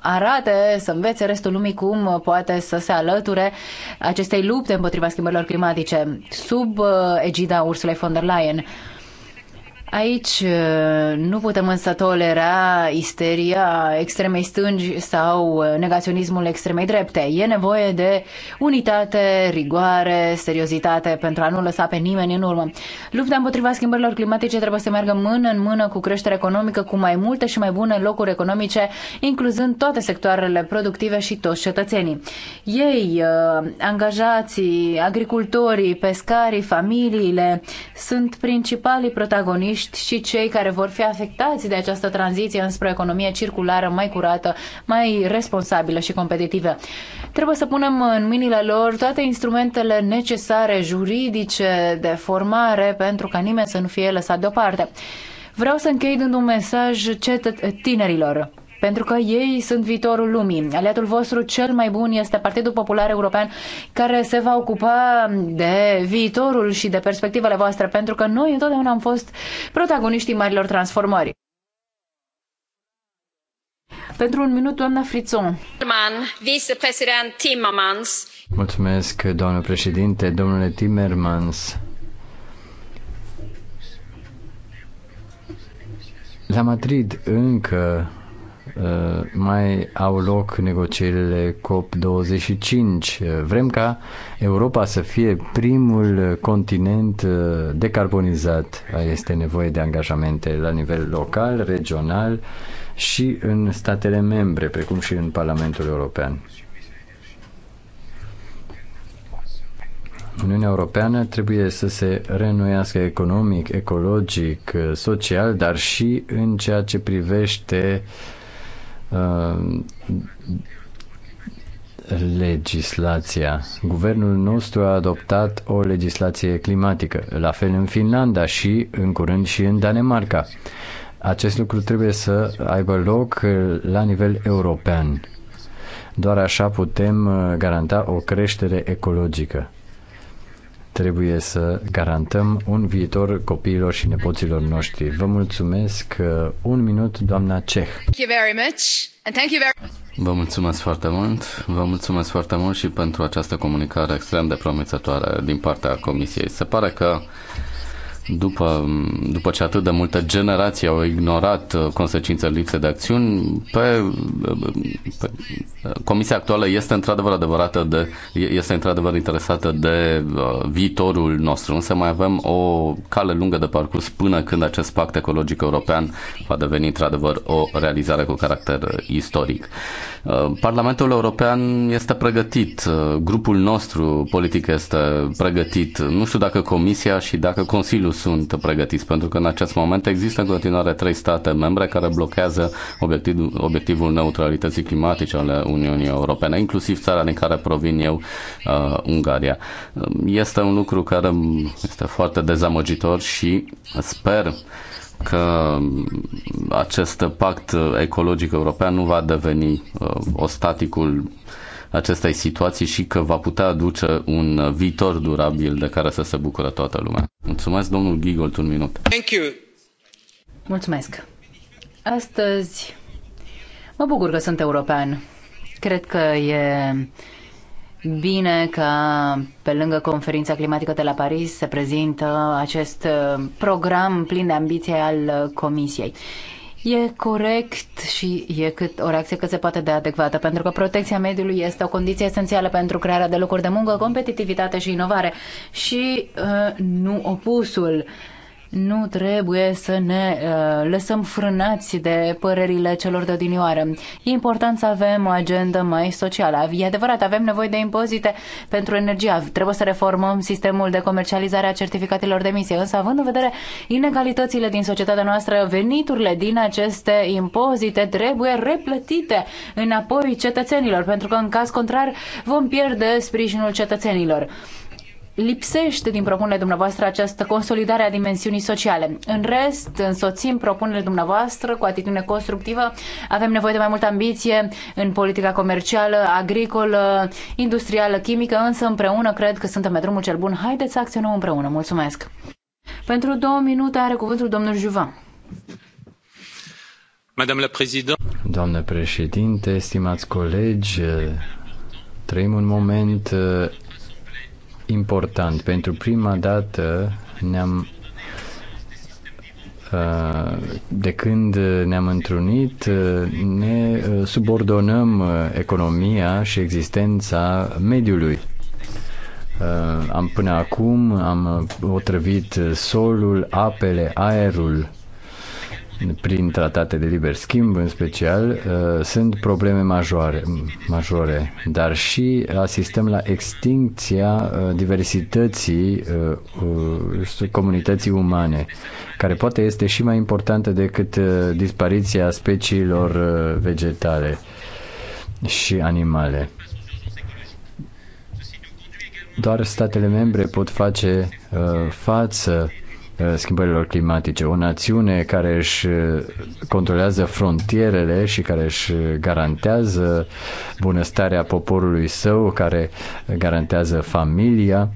arate, să învețe restul lumii cum poate să se alăture acestei lupte împotriva schimbărilor climatice sub uh, egida Ursulei von der Leyen. Aici uh, nu putem însă tolera isteria extremei stângi sau uh, negaționismul extremei drepte. E nevoie de unitate, rigoare, seriozitate pentru a nu lăsa pe nimeni în urmă. Lupta împotriva schimbărilor climatice trebuie să meargă mână în mână cu creșterea economică, cu mai multe și mai bune locuri economice, incluzând toate sectoarele productive și toți cetățenii. Ei, uh, angajații, agricultorii, pescarii, familiile sunt principalii protagoniști turiști și cei care vor fi afectați de această tranziție înspre o economie circulară mai curată, mai responsabilă și competitivă. Trebuie să punem în mâinile lor toate instrumentele necesare, juridice, de formare, pentru ca nimeni să nu fie lăsat deoparte. Vreau să închei dând un mesaj tinerilor pentru că ei sunt viitorul lumii. Aliatul vostru cel mai bun este Partidul Popular European, care se va ocupa de viitorul și de perspectivele voastre, pentru că noi întotdeauna am fost protagoniștii marilor transformări. Pentru un minut, doamna Frițon. Vicepreședinte Timmermans. Mulțumesc, doamnă președinte, domnule Timmermans. La Madrid încă Uh, mai au loc negocierile COP25. Vrem ca Europa să fie primul continent uh, decarbonizat. Este nevoie de angajamente la nivel local, regional și în statele membre, precum și în Parlamentul European. Uniunea Europeană trebuie să se reînnoiască economic, ecologic, uh, social, dar și în ceea ce privește Uh, legislația. Guvernul nostru a adoptat o legislație climatică, la fel în Finlanda și în curând și în Danemarca. Acest lucru trebuie să aibă loc uh, la nivel european. Doar așa putem uh, garanta o creștere ecologică trebuie să garantăm un viitor copiilor și nepoților noștri. Vă mulțumesc. Uh, un minut, doamna Ceh. Vă mulțumesc foarte mult. Vă mulțumesc foarte mult și pentru această comunicare extrem de promițătoare din partea Comisiei. Se pare că după, după ce atât de multe generații au ignorat uh, consecințele lipsei de acțiuni, pe, uh, pe, uh, comisia actuală este într-adevăr adevărată de, este într-adevăr interesată de viitorul nostru, însă mai avem o cale lungă de parcurs până când acest pact ecologic european va deveni într-adevăr o realizare cu caracter istoric. Parlamentul European este pregătit, grupul nostru politic este pregătit, nu știu dacă Comisia și dacă Consiliul sunt pregătiți, pentru că în acest moment există în continuare trei state membre care blochează obiectiv, obiectivul neutralității climatice ale Uniunii Europene, inclusiv țara din care provin eu, uh, Ungaria. Este un lucru care este foarte dezamăgitor și sper că acest pact ecologic european nu va deveni uh, ostaticul uh, acestei situații și că va putea aduce un viitor durabil de care să se bucură toată lumea. Mulțumesc, domnul Gigolt, un minut. Thank you. Mulțumesc. Astăzi mă bucur că sunt european. Cred că e bine că pe lângă conferința climatică de la Paris se prezintă acest program plin de ambiție al Comisiei. E corect și e cât o reacție cât se poate de adecvată, pentru că protecția mediului este o condiție esențială pentru crearea de locuri de muncă, competitivitate și inovare și uh, nu opusul. Uh, nu trebuie să ne uh, lăsăm frânați de părerile celor de odinioară. E important să avem o agendă mai socială. E adevărat, avem nevoie de impozite pentru energia. Trebuie să reformăm sistemul de comercializare a certificatelor de emisie. Însă, având în vedere inegalitățile din societatea noastră, veniturile din aceste impozite trebuie replătite înapoi cetățenilor, pentru că, în caz contrar, vom pierde sprijinul cetățenilor lipsește din propunerea dumneavoastră această consolidare a dimensiunii sociale. În rest, însoțim propunerile dumneavoastră cu atitudine constructivă. Avem nevoie de mai multă ambiție în politica comercială, agricolă, industrială, chimică, însă împreună cred că suntem pe drumul cel bun. Haideți să acționăm împreună. Mulțumesc! Pentru două minute are cuvântul domnul Juvan. Madame la Présidente. Doamnă președinte, stimați colegi, trăim un moment important. Pentru prima dată ne-am uh, de când ne-am întrunit, uh, ne uh, subordonăm economia și existența mediului. Am până acum am otrăvit solul, apele, aerul, prin tratate de liber schimb, în special, uh, sunt probleme majore, majore, dar și asistăm la extincția uh, diversității uh, comunității umane, care poate este și mai importantă decât dispariția speciilor vegetale și animale. Doar statele membre pot face față uh, Uh, schimbărilor climatice. O națiune care își uh, controlează frontierele și care își uh, garantează bunăstarea poporului său, care garantează familia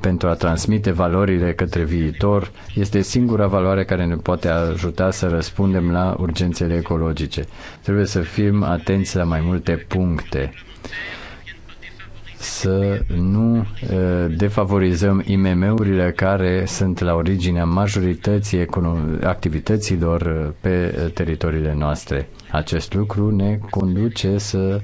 pentru a transmite valorile către viitor, este singura valoare care ne poate ajuta să răspundem la urgențele ecologice. Trebuie să fim atenți la mai multe puncte să nu defavorizăm IMM-urile care sunt la originea majorității activităților pe teritoriile noastre. Acest lucru ne conduce să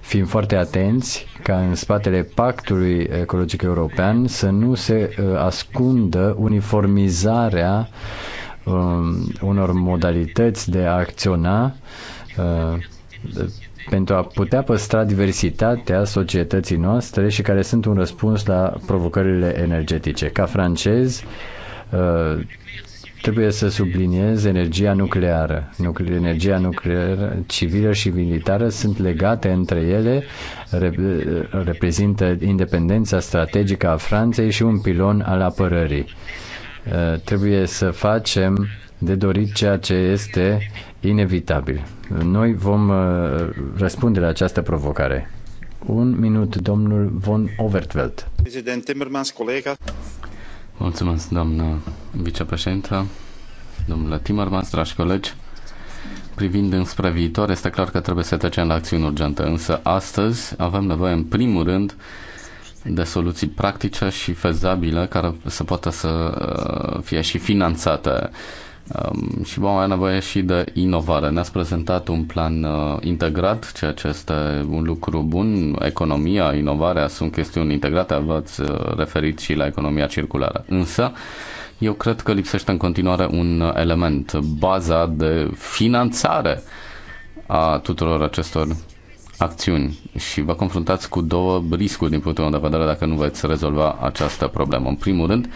fim foarte atenți ca în spatele pactului ecologic european să nu se ascundă uniformizarea um, unor modalități de a acționa pentru a putea păstra diversitatea societății noastre și care sunt un răspuns la provocările energetice. Ca francez, uh, trebuie să subliniez energia nucleară. energia nucleară civilă și militară sunt legate între ele, reprezintă independența strategică a Franței și un pilon al apărării. Uh, trebuie să facem de dorit ceea ce este inevitabil. Noi vom uh, răspunde la această provocare. Un minut, domnul von Overtveld. Prezident Timmermans, colega. Mulțumesc, doamnă vicepreședintă, domnule Timmermans, dragi colegi. Privind înspre viitor, este clar că trebuie să trecem la acțiuni urgente, însă astăzi avem nevoie, în primul rând, de soluții practice și fezabile care să poată să uh, fie și finanțate um, și vom avea nevoie și de inovare. Ne-ați prezentat un plan uh, integrat, ceea ce este un lucru bun. Economia, inovarea sunt chestiuni integrate, v-ați uh, referit și la economia circulară. Însă, eu cred că lipsește în continuare un element, baza de finanțare a tuturor acestor acțiuni și vă confruntați cu două riscuri din punctul meu de vedere dacă nu veți rezolva această problemă. În primul rând,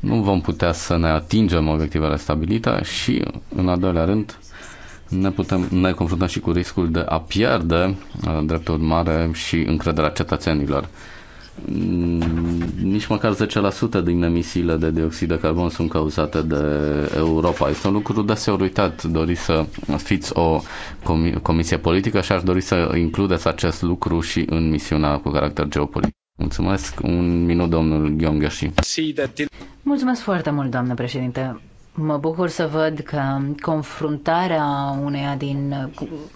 nu vom putea să ne atingem obiectivele stabilite și, în al doilea rând, ne, putem, ne confruntăm și cu riscul de a pierde, uh, dreptul mare și încrederea cetățenilor. Mm, nici măcar 10% din emisiile de dioxid de carbon sunt cauzate de Europa. Este un lucru deseori uitat. Doriți să fiți o comisie politică și aș dori să includeți acest lucru și în misiunea cu caracter geopolitic. Mulțumesc. Un minut, domnul Gheongăși. Mulțumesc foarte mult, doamnă președinte. Mă bucur să văd că confruntarea uneia din,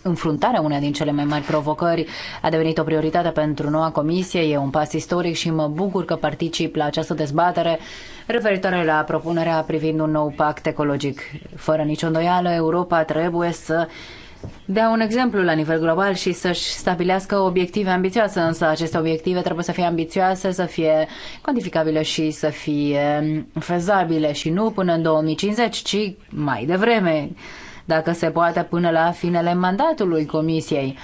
înfruntarea uneia din cele mai mari provocări a devenit o prioritate pentru noua comisie. E un pas istoric și mă bucur că particip la această dezbatere referitoare la propunerea privind un nou pact ecologic. Fără nicio îndoială, Europa trebuie să dea un exemplu la nivel global și să-și stabilească obiective ambițioase, însă aceste obiective trebuie să fie ambițioase, să fie cuantificabile și să fie fezabile și nu până în 2050, ci mai devreme, dacă se poate până la finele mandatului Comisiei.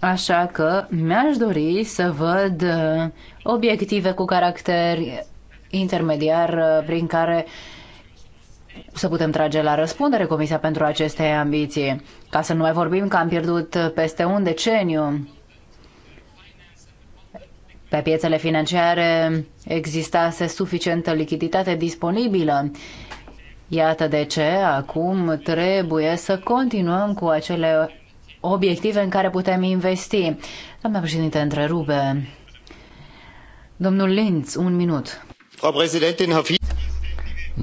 Așa că mi-aș dori să văd uh, obiective cu caracter intermediar uh, prin care uh, să putem trage la răspundere Comisia pentru aceste ambiții. Ca să nu mai vorbim că am pierdut peste un deceniu pe piețele financiare existase suficientă lichiditate disponibilă. Iată de ce acum trebuie să continuăm cu acele obiective în care putem investi. Doamna președinte, întrerupe. Domnul Linz, un minut.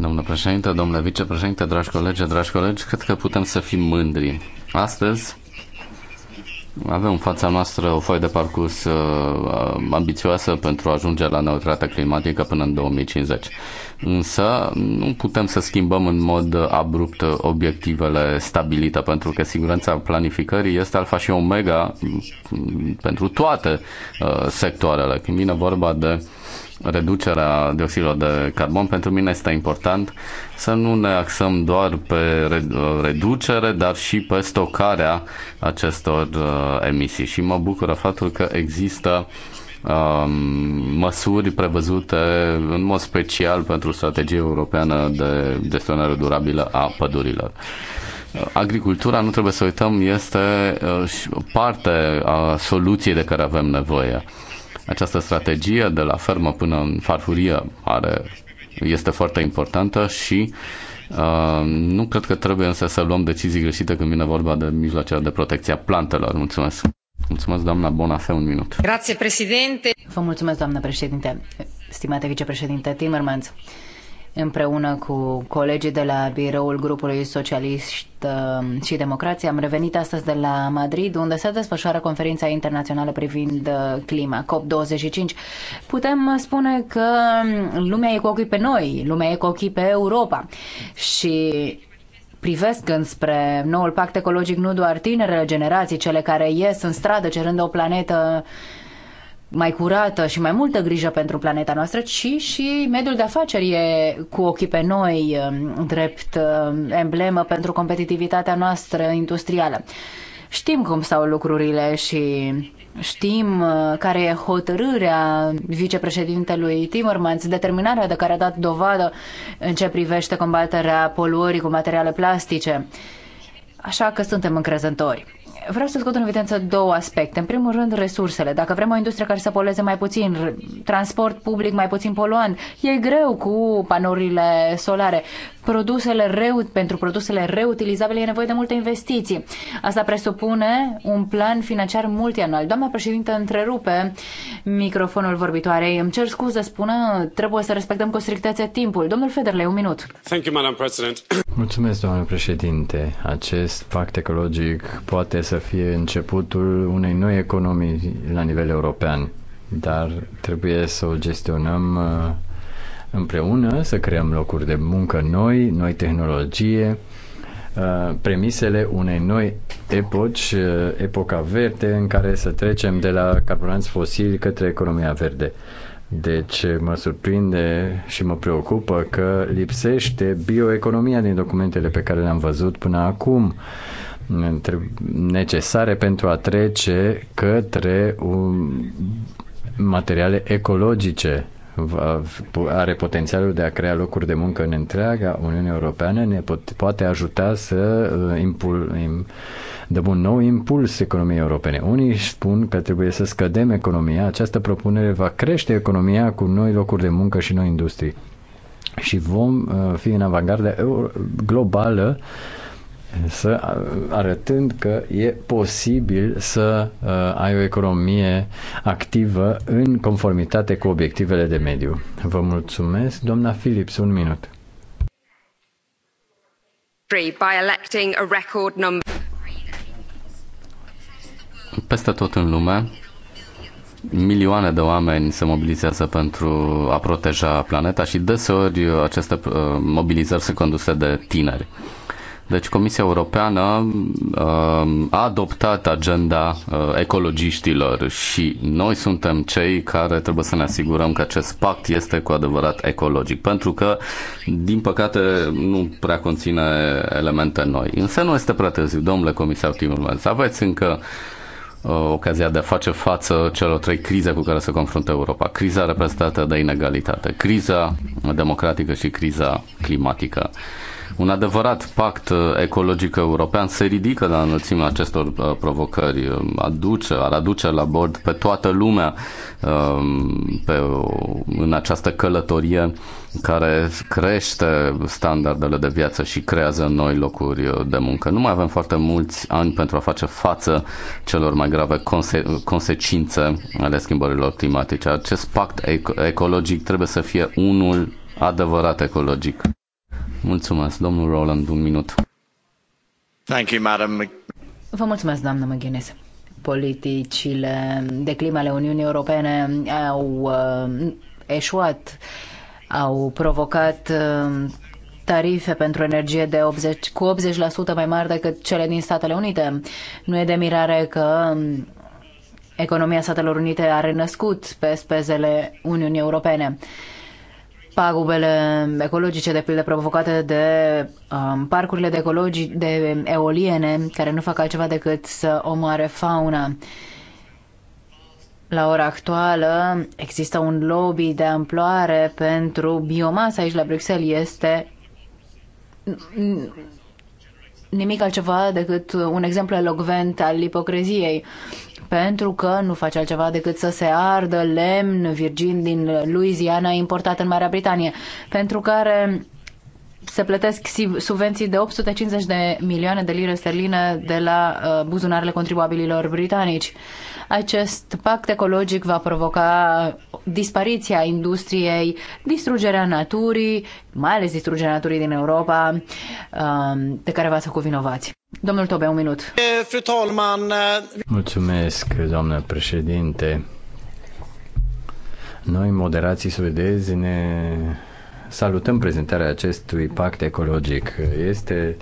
Domnule președinte, domnule vicepreședinte, dragi colegi, dragi colegi, cred că putem să fim mândri. Astăzi avem în fața noastră o foaie de parcurs uh, ambițioasă pentru a ajunge la neutralitatea climatică până în 2050. Însă nu putem să schimbăm în mod abrupt obiectivele stabilite, pentru că siguranța planificării este alfa și omega pentru toate uh, sectoarele. Când vine vorba de uh, reducerea dioxidului de carbon, pentru mine este important să nu ne axăm doar pe reducere, dar și pe stocarea acestor uh, emisii. Și mă bucură faptul că există um, măsuri prevăzute în mod special pentru strategia europeană de gestionare durabilă a pădurilor. Agricultura, nu trebuie să uităm, este uh, parte a soluției de care avem nevoie această strategie de la fermă până în farfurie are, este foarte importantă și uh, nu cred că trebuie însă să luăm decizii greșite când vine vorba de mijloacele de protecție a plantelor. Mulțumesc! Mulțumesc, doamna Bonafe, un minut. Grație, președinte! Vă mulțumesc, doamna președinte, stimate vicepreședinte Timmermans. Împreună cu colegii de la biroul grupului socialist um, și democrație am revenit astăzi de la Madrid, unde se desfășoară conferința internațională privind uh, clima, COP25. Putem spune că um, lumea e cu ochii pe noi, lumea e cu ochii pe Europa și privesc înspre noul pact ecologic nu doar tinerele generații, cele care ies în stradă cerând o planetă mai curată și mai multă grijă pentru planeta noastră, ci și mediul de afaceri e cu ochii pe noi, um, drept um, emblemă pentru competitivitatea noastră industrială. Știm cum stau lucrurile și știm uh, care e hotărârea vicepreședintelui Timmermans, determinarea de care a dat dovadă în ce privește combaterea poluării cu materiale plastice. Așa că suntem încrezători. Vreau să scot în evidență două aspecte. În primul rând, resursele. Dacă vrem o industrie care să poleze mai puțin, transport public mai puțin poluant, e greu cu panourile solare produsele reu, pentru produsele reutilizabile e nevoie de multe investiții. Asta presupune un plan financiar multianual. Doamna președintă întrerupe microfonul vorbitoarei. Îmi cer scuze, spune, trebuie să respectăm cu strictețe timpul. Domnul Federle, un minut. Thank you, Madam President. Mulțumesc, domnule președinte. Acest pact ecologic poate să fie începutul unei noi economii la nivel european, dar trebuie să o gestionăm uh, împreună să creăm locuri de muncă noi, noi tehnologie, uh, premisele unei noi epoci, uh, epoca verde, în care să trecem de la carburanți fosili către economia verde. Deci mă surprinde și mă preocupă că lipsește bioeconomia din documentele pe care le-am văzut până acum necesare pentru a trece către un materiale ecologice are potențialul de a crea locuri de muncă în întreaga Uniune Europeană, ne pot, poate ajuta să uh, impul, im, dăm un nou impuls economiei europene. Unii spun că trebuie să scădem economia. Această propunere va crește economia cu noi locuri de muncă și noi industrii. Și vom uh, fi în avangarda globală să arătând că e posibil să uh, ai o economie activă în conformitate cu obiectivele de mediu. Vă mulțumesc, doamna Philips, un minut. By electing a record number. Peste tot în lume, milioane de oameni se mobilizează pentru a proteja planeta și deseori aceste uh, mobilizări sunt conduse de tineri. Uh, deci Comisia Europeană um, a adoptat agenda uh, ecologiștilor și noi suntem cei care trebuie să ne asigurăm că acest pact este cu adevărat ecologic, pentru că, din păcate, nu prea conține elemente noi. Însă nu este prea târziu, domnule comisar Timmermans, aveți încă uh, ocazia de a face față celor trei crize cu care se confruntă Europa. Criza reprezentată de inegalitate, criza democratică și criza climatică. Un adevărat pact uh, ecologic european se ridică la înălțimea acestor uh, provocări, um, aduce, ar aduce la bord pe toată lumea um, pe, în această călătorie care crește standardele de viață și creează noi locuri uh, de muncă. Nu mai avem foarte mulți ani pentru a face față celor mai grave conse- consecințe ale schimbărilor climatice. Acest pact ec- ecologic trebuie să fie unul adevărat ecologic. Mulțumesc, domnul Roland, un minut. Thank you, madam. Vă mulțumesc, doamnă McGuinness politicile de clima ale Uniunii Europene au uh, eșuat, au provocat uh, tarife pentru energie de 80, cu 80% mai mari decât cele din Statele Unite. Nu e de mirare că um, economia Statelor Unite a renăscut pe spezele Uniunii Europene. Uh, pagubele ecologice, de pildă provocate de um, parcurile de, ecologi, de eoliene, care nu fac altceva decât să omoare fauna. La ora actuală există un lobby de amploare pentru biomasa aici la Bruxelles. Este nimic altceva decât un exemplu elogvent al ipocreziei pentru că nu face altceva decât să se ardă lemn virgin din Louisiana importat în Marea Britanie, pentru care se plătesc subvenții de 850 de milioane de lire sterline de la uh, buzunarele contribuabililor britanici. Acest pact ecologic va provoca dispariția industriei, distrugerea naturii, mai ales distrugerea naturii din Europa, um, de care va să cuvinovați. Domnul Tobe, un minut. Mulțumesc, doamnă președinte. Noi, moderații suedezi, ne salutăm prezentarea acestui pact ecologic. Este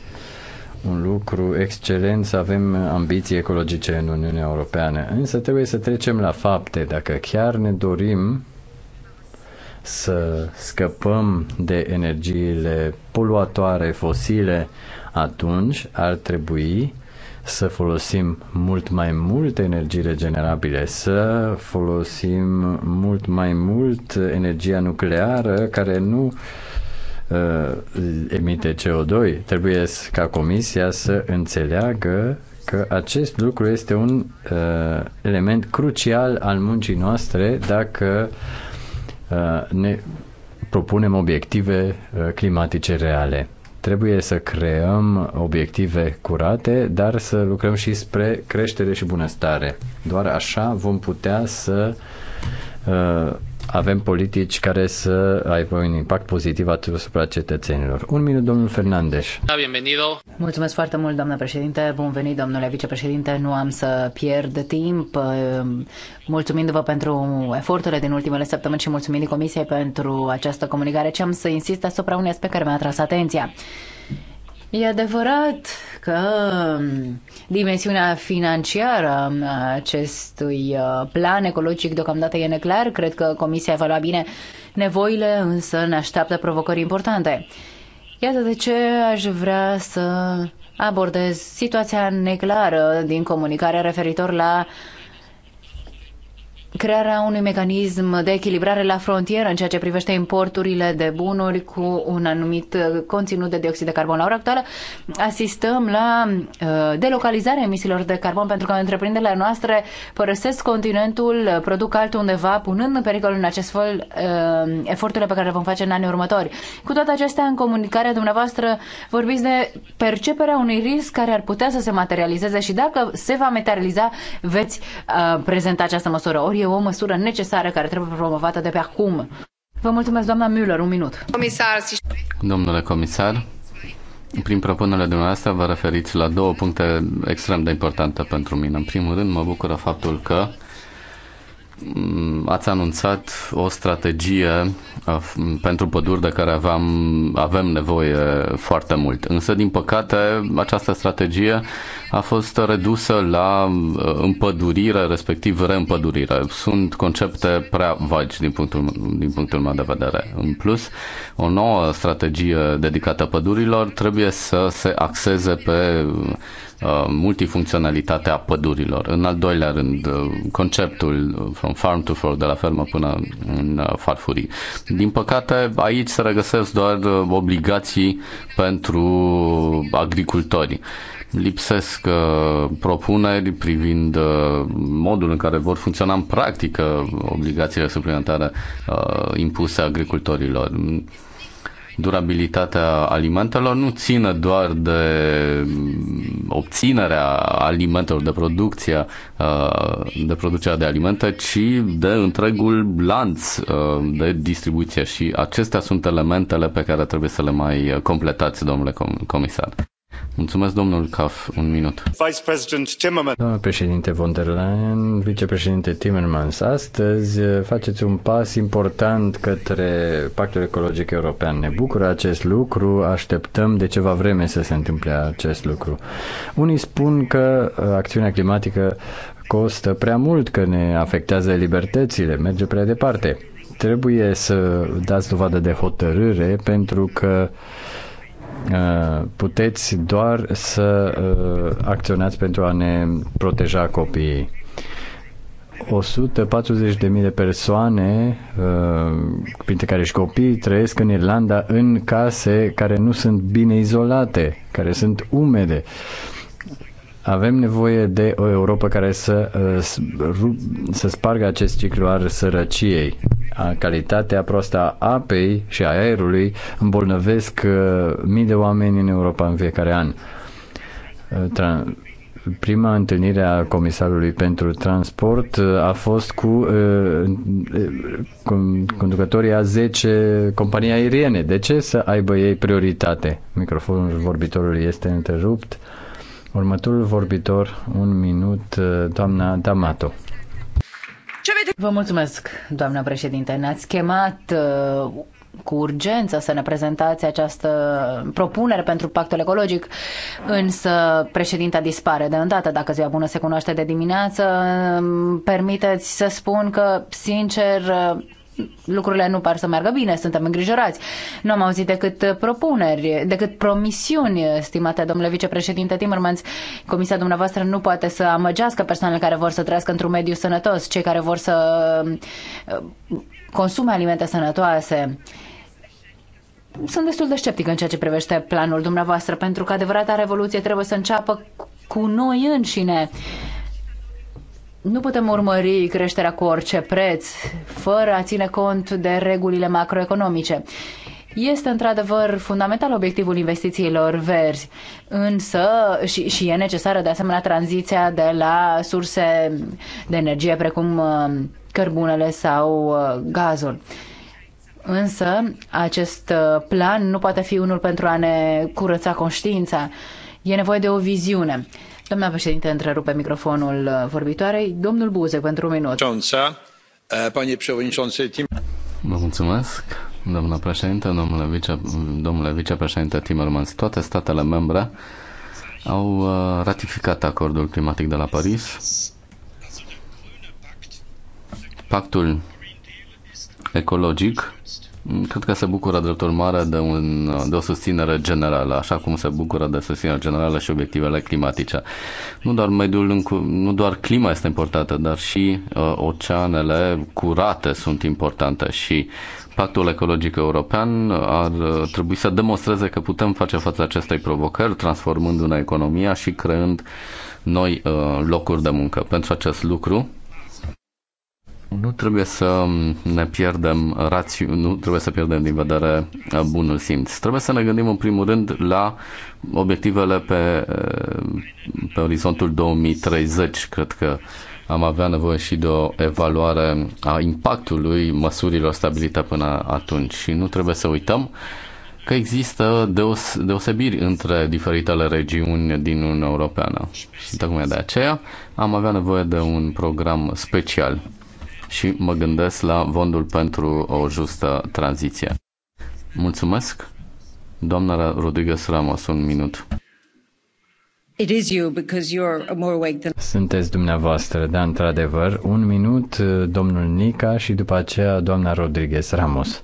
un lucru excelent să avem ambiții ecologice în Uniunea Europeană, însă trebuie să trecem la fapte. Dacă chiar ne dorim să scăpăm de energiile poluatoare fosile, atunci ar trebui să folosim mult mai multe energii regenerabile, să folosim mult mai mult energia nucleară care nu uh, emite CO2. Trebuie ca Comisia să înțeleagă că acest lucru este un uh, element crucial al muncii noastre dacă uh, ne propunem obiective uh, climatice reale. Trebuie să creăm obiective curate, dar să lucrăm și spre creștere și bunăstare. Doar așa vom putea să uh, avem politici care să aibă un impact pozitiv asupra cetățenilor. Un minut, domnul Fernandes. Da, Mulțumesc foarte mult, doamnă președinte. Bun venit, domnule vicepreședinte. Nu am să pierd timp. Ehm, mulțumindu-vă pentru eforturile din ultimele săptămâni și mulțumind Comisiei pentru această comunicare, ce am să insist asupra unui aspect care mi-a atras atenția. E adevărat că um, dimensiunea financiară a acestui uh, plan ecologic deocamdată e neclar. Cred că Comisia lua bine nevoile, însă ne așteaptă provocări importante. Iată de ce aș vrea să abordez situația neclară din comunicare referitor la uh, crearea unui mecanism de echilibrare la frontieră în ceea ce privește importurile de bunuri cu un anumit uh, conținut de dioxid de carbon. La ora actuală asistăm la uh, delocalizarea emisiilor de carbon pentru că întreprinderile noastre părăsesc continentul, produc altundeva, punând în pericol în acest fel uh, eforturile pe care le vom face în anii următori. Cu toate acestea, în comunicarea dumneavoastră vorbiți de perceperea unui risc care ar putea să se materializeze și dacă se va materializa, veți prezenta această măsură. Ori fie o măsură necesară care trebuie promovată de pe acum. Vă mulțumesc, doamna Müller, un minut. Comisar, Domnule comisar, prin propunerea dumneavoastră vă referiți la două puncte extrem de importante pentru mine. În primul rând, mă bucură faptul că Mm, ați anunțat o strategie uh, pentru păduri de care aveam, avem nevoie foarte mult. Însă, din păcate, această strategie a fost redusă la uh, împădurire, respectiv reîmpădurire. Sunt concepte prea vagi din punctul, din punctul meu de vedere. În plus, o nouă strategie dedicată pădurilor trebuie să se axeze pe Uh, multifuncționalitatea pădurilor. În al doilea rând, uh, conceptul uh, from farm to fork, de la fermă până în farfurii. Din păcate, aici se regăsesc doar obligații pentru agricultori. Lipsesc propuneri privind modul în care vor funcționa în practică obligațiile suplimentare impuse agricultorilor durabilitatea alimentelor nu ține doar de obținerea alimentelor, de producția, uh, de producția de alimente, ci de întregul lanț uh, de distribuție și acestea sunt elementele pe care trebuie să le mai uh, completați, domnule comisar. Mulțumesc, domnul Kaf. Un minut. Vice President Timmermans. Doamna președinte von der Leyen, vicepreședinte Timmermans, astăzi eh, faceți un pas important către Pactul Ecologic European. Ne bucură acest lucru, așteptăm de ceva vreme să se întâmple acest lucru. Unii spun că eh, acțiunea climatică costă prea mult, că ne afectează libertățile, merge prea departe. Trebuie să dați dovadă de hotărâre pentru că uh, Uh, puteți doar să uh, acționați pentru a ne proteja copiii. 140.000 de persoane, uh, printre care și copii, trăiesc în Irlanda în case care nu sunt bine izolate, care sunt umede. Avem nevoie de o Europa care să, uh, să spargă acest ciclu al sărăciei. Calitatea proastă a apei și a aerului îmbolnăvesc uh, mii de oameni în Europa în fiecare an. Uh, prima întâlnire a comisarului pentru transport a fost cu conducătorii a 10 companii aeriene. De ce să aibă ei prioritate? Microfonul vorbitorului este întrerupt. Uh, Următorul vorbitor, un minut, uh, doamna D'Amato. Vă mulțumesc, doamna președinte. Ne-ați chemat uh, cu urgență să ne prezentați această propunere pentru pactul ecologic, însă președinta dispare de îndată. Dacă ziua bună se cunoaște de dimineață, permiteți să spun că, sincer, lucrurile nu par să meargă bine, suntem îngrijorați. Nu am auzit decât propuneri, decât promisiuni, stimate domnule vicepreședinte Timmermans. Comisia dumneavoastră nu poate să amăgească persoanele care vor să trăiască într-un mediu sănătos, cei care vor să uh, consume alimente sănătoase. Sunt destul de sceptic în ceea ce privește planul dumneavoastră, pentru că adevărata revoluție trebuie să înceapă cu noi înșine nu putem urmări creșterea cu orice preț, fără a ține cont de regulile macroeconomice. Este într-adevăr fundamental obiectivul investițiilor verzi, însă și, și e necesară de asemenea tranziția de la surse de energie precum uh, cărbunele sau uh, gazul. Însă acest uh, plan nu poate fi unul pentru a ne curăța conștiința. E nevoie de o viziune. Doamna președinte, întrerupe microfonul uh, vorbitoarei. Domnul Buzek, pentru un minut. Uh, Vă mulțumesc, doamna președinte, domnule, vice, domnule vicepreședinte Timmermans. Toate statele membre au uh, ratificat acordul climatic de la Paris. Pactul ecologic cred că se bucură drept urmare de, un, de o susținere generală, așa cum se bucură de susținere generală și obiectivele climatice. Nu doar mediul, nu doar clima este importantă, dar și uh, oceanele curate sunt importante și Pactul ecologic european ar uh, trebui să demonstreze că putem face față acestei provocări, transformând una economia și creând noi uh, locuri de muncă. Pentru acest lucru, nu trebuie să ne pierdem rațiu, nu trebuie să pierdem din vedere uh, bunul simț. Trebuie să ne gândim în primul rând la obiectivele pe, uh, pe orizontul 2030. Cred că am avea nevoie și de o evaluare a impactului măsurilor stabilite până atunci și nu trebuie să uităm că există deosebiri între diferitele regiuni din Uniunea Europeană. Și tocmai de aceea am avea nevoie de un program special și mă gândesc la fondul pentru o justă tranziție. Mulțumesc. Doamna Rodriguez Ramos, un minut. It is you because you're more awake than... Sunteți dumneavoastră, da, într-adevăr. Un minut, domnul Nica și după aceea doamna Rodriguez Ramos.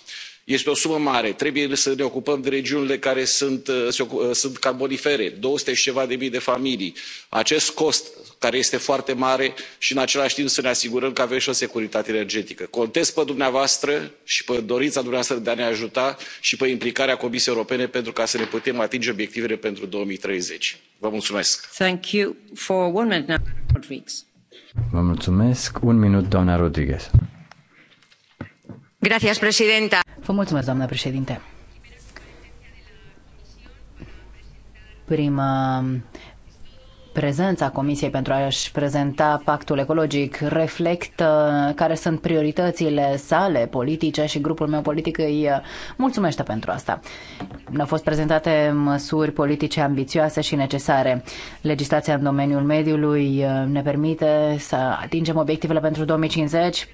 este o sumă mare trebuie să ne ocupăm de regiunile care uh, uh, sunt carbonifere două sute și ceva de mii de familii acest cost care este foarte mare și în același timp să ne asigurăm că avem și o securitate energetică. contez pe dumneavoastră și pe dorința dumneavoastră de a ne ajuta și pe implicarea comisiei europene pentru ca să ne putem atinge obiectivele pentru. două mii treizeci vă mulțumesc. Vă mulțumesc. Un minut, Gracias, presidenta. Vă mulțumesc, doamnă președinte. Prima prezența Comisiei pentru a-și prezenta pactul ecologic reflectă care sunt prioritățile sale politice și grupul meu politic îi mulțumește pentru asta. ne Au fost prezentate măsuri politice ambițioase și necesare. Legislația în domeniul mediului ne permite să atingem obiectivele pentru 2050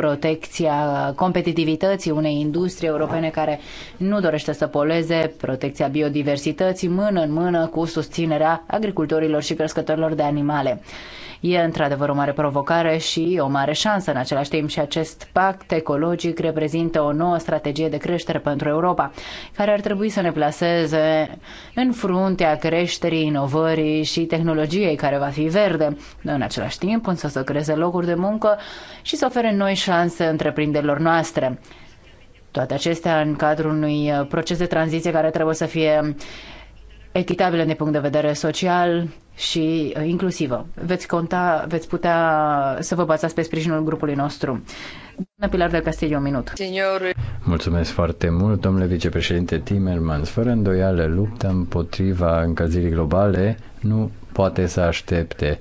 protecția competitivității unei industrie europene care nu dorește să poleze, protecția biodiversității mână în mână cu susținerea agricultorilor și crescătorilor de animale. E într-adevăr o mare provocare și o mare șansă în același timp și acest pact ecologic reprezintă o nouă strategie de creștere pentru Europa, care ar trebui să ne plaseze în fruntea creșterii, inovării și tehnologiei care va fi verde, în același timp însă să creeze locuri de muncă și să ofere noi șanse întreprinderilor noastre. Toate acestea în cadrul unui proces de tranziție care trebuie să fie echitabilă din punct de vedere social și uh, inclusivă. Veți conta, veți putea să vă bazați pe sprijinul grupului nostru. Doamna Pilar del Castillo, un minut. Senior. Mulțumesc foarte mult, domnule vicepreședinte Timmermans. Fără îndoială, lupta împotriva încălzirii globale nu poate să aștepte,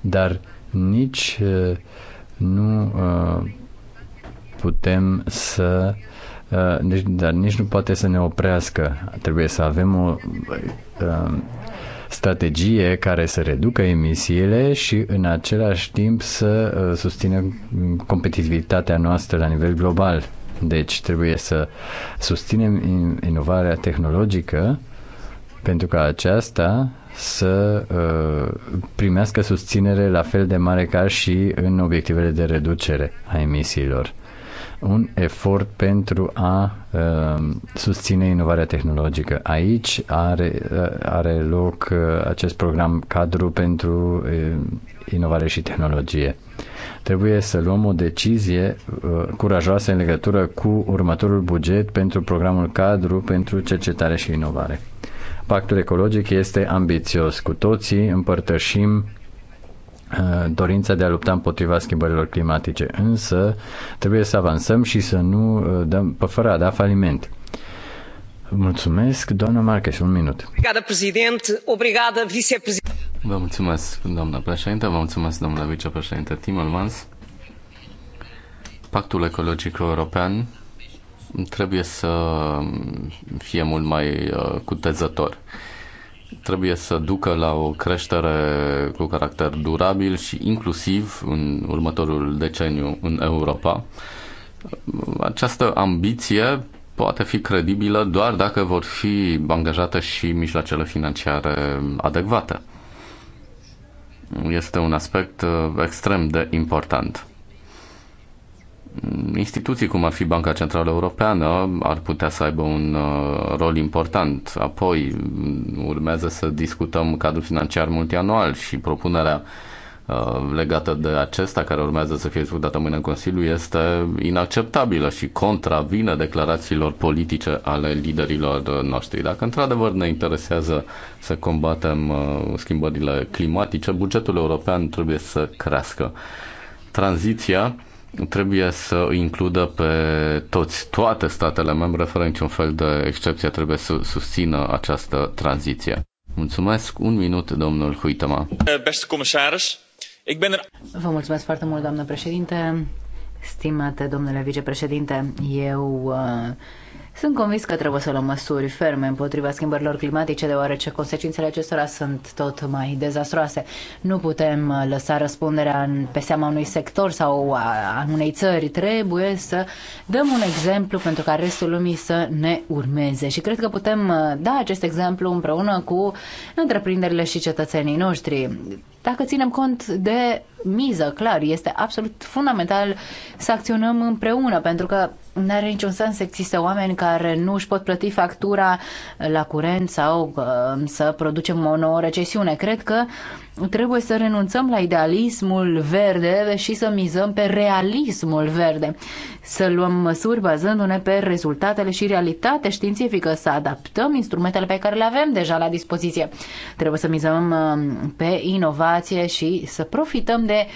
dar nici uh, nu uh, putem să uh, deci, dar nici nu poate să ne oprească. Trebuie să avem o uh, strategie care să reducă emisiile și în același timp să uh, susțină competitivitatea noastră la nivel global. Deci trebuie să susținem inovarea tehnologică pentru ca aceasta să uh, primească susținere la fel de mare ca și în obiectivele de reducere a emisiilor un efort pentru a uh, susține inovarea tehnologică. Aici are, uh, are loc uh, acest program cadru pentru uh, inovare și tehnologie. Trebuie să luăm o decizie uh, curajoasă în legătură cu următorul buget pentru programul cadru pentru cercetare și inovare. Pactul ecologic este ambițios. Cu toții împărtășim Uh, dorința de a lupta împotriva schimbărilor climatice, însă trebuie să avansăm și să nu uh, dăm, pe fără a da faliment. Mulțumesc, doamna Marques, un minut. Obrigada, președinte. Obrigada, vicepreședinte. Vă mulțumesc, doamna președinte, vă mulțumesc, domnule vicepreședinte Timmermans. Pactul ecologic european trebuie să fie mult mai uh, cutezător. Uh, trebuie să ducă la o creștere cu caracter durabil și inclusiv în următorul deceniu în Europa. Această ambiție poate fi credibilă doar dacă vor fi angajate și mijloacele financiare adecvate. Este un aspect uh, extrem de important instituții cum ar fi Banca Centrală Europeană ar putea să aibă un uh, rol important. Apoi mm, urmează să discutăm cadrul financiar multianual și propunerea uh, legată de acesta, care urmează să fie discutată mâine în Consiliu, este inacceptabilă și contravine declarațiilor politice ale liderilor uh, noștri. Dacă într-adevăr ne interesează să combatem schimbările climatice, bugetul european trebuie să crească. Tranziția trebuie să includă pe toți, toate statele membre, fără niciun fel de excepție, trebuie să susțină această tranziție. Mulțumesc. Un minut, domnul Huitema. Er- Vă mulțumesc foarte mult, doamnă președinte. Stimate domnule vicepreședinte, eu uh, sunt convins că trebuie să luăm măsuri ferme împotriva schimbărilor climatice, deoarece consecințele acestora sunt tot mai dezastroase. Nu putem uh, lăsa răspunderea pe seama unui sector sau a, a unei țări. Trebuie să dăm un exemplu pentru ca restul lumii să ne urmeze. Și cred că putem uh, da acest exemplu împreună cu întreprinderile și cetățenii noștri. Dacă ținem cont de miză, clar, este absolut fundamental să acționăm împreună, pentru că nu are niciun sens să existe oameni care nu își pot plăti factura la curent sau uh, să producem o nouă recesiune. Cred că trebuie să renunțăm la idealismul verde și să mizăm pe realismul verde. Să luăm măsuri bazându-ne pe rezultatele și realitatea științifică, să adaptăm instrumentele pe care le avem deja la dispoziție. Trebuie să mizăm uh, pe inovație și să profităm de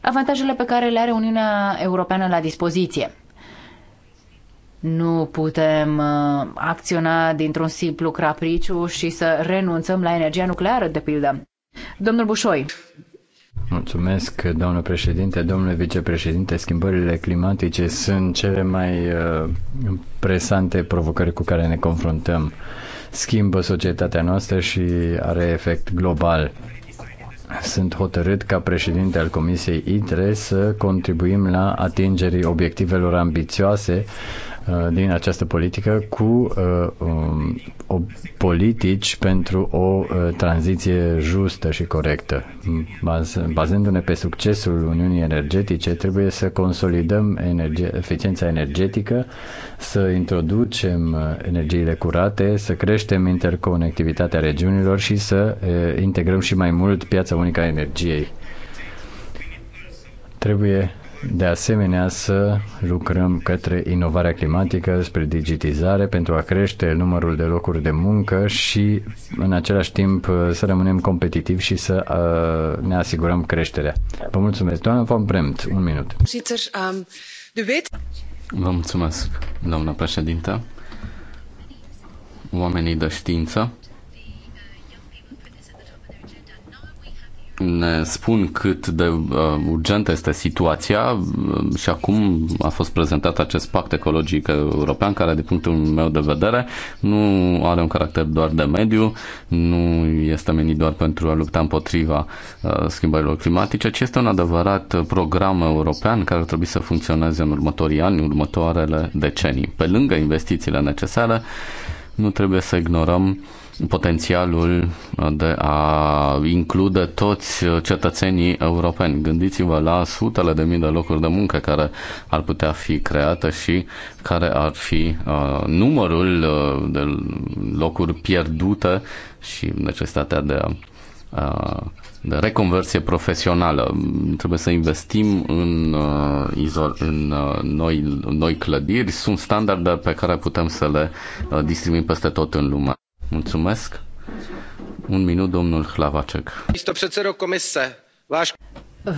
avantajele pe care le are Uniunea Europeană la dispoziție. Nu putem uh, acționa dintr-un simplu capriciu și să renunțăm la energia nucleară, de pildă. Domnul Bușoi. Mulțumesc, domnul președinte, domnule vicepreședinte. Schimbările climatice sunt cele mai uh, presante provocări cu care ne confruntăm. Schimbă societatea noastră și are efect global. Sunt hotărât ca președinte al Comisiei ITRE să contribuim la atingerii obiectivelor ambițioase Uh, din această politică cu uh, um, o politici pentru o uh, tranziție justă și corectă. Bazându-ne pe succesul Uniunii Energetice, trebuie să consolidăm energie, eficiența energetică, să introducem energiile curate, să creștem interconectivitatea regiunilor și să integrăm și mai mult piața unică a energiei. Trebuie de asemenea să lucrăm către inovarea climatică, spre digitizare, pentru a crește numărul de locuri de muncă și în același timp să rămânem competitivi și să uh, ne asigurăm creșterea. Vă mulțumesc. Doamna Van Bremt, un minut. Vă mulțumesc, doamna președintă. Oamenii de știință ne spun cât de uh, urgentă este situația uh, și acum a fost prezentat acest pact ecologic european care, din punctul meu de vedere, nu are un caracter doar de mediu, nu este menit doar pentru a lupta împotriva uh, schimbărilor climatice, ci este un adevărat program european care ar trebui să funcționeze în următorii ani, în următoarele decenii. Pe lângă investițiile necesare, nu trebuie să ignorăm uh, potențialul uh, de a include toți uh, cetățenii europeni. Gândiți-vă la sutele de mii de locuri de muncă care ar putea fi create și care ar fi uh, numărul uh, de locuri pierdute și necesitatea de a de reconversie profesională. Trebuie să investim în, izol, în noi, noi clădiri. Sunt standarde pe care putem să le distribuim peste tot în lume. Mulțumesc. Un minut, domnul Hlavacek.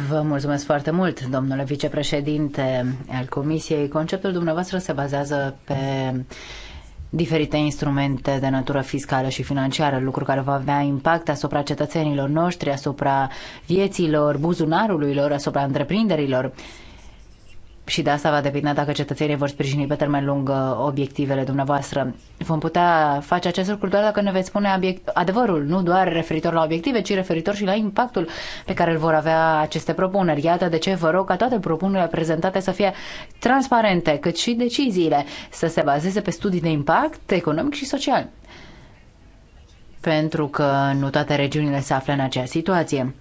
Vă mulțumesc foarte mult, domnule vicepreședinte al Comisiei. Conceptul dumneavoastră se bazează pe diferite instrumente de natură fiscală și financiară, lucru care va avea impact asupra cetățenilor noștri, asupra vieților, buzunarului lor, asupra întreprinderilor și de asta va depinde dacă cetățenii vor sprijini pe termen lung uh, obiectivele dumneavoastră. Vom putea face acest lucru doar dacă ne veți spune adevărul, nu doar referitor la obiective, ci referitor și la impactul pe care îl vor avea aceste propuneri. Iată de ce vă rog ca toate propunerile prezentate să fie transparente, cât și deciziile să se bazeze pe studii de impact economic și social. Pentru că nu toate regiunile se află în aceeași situație.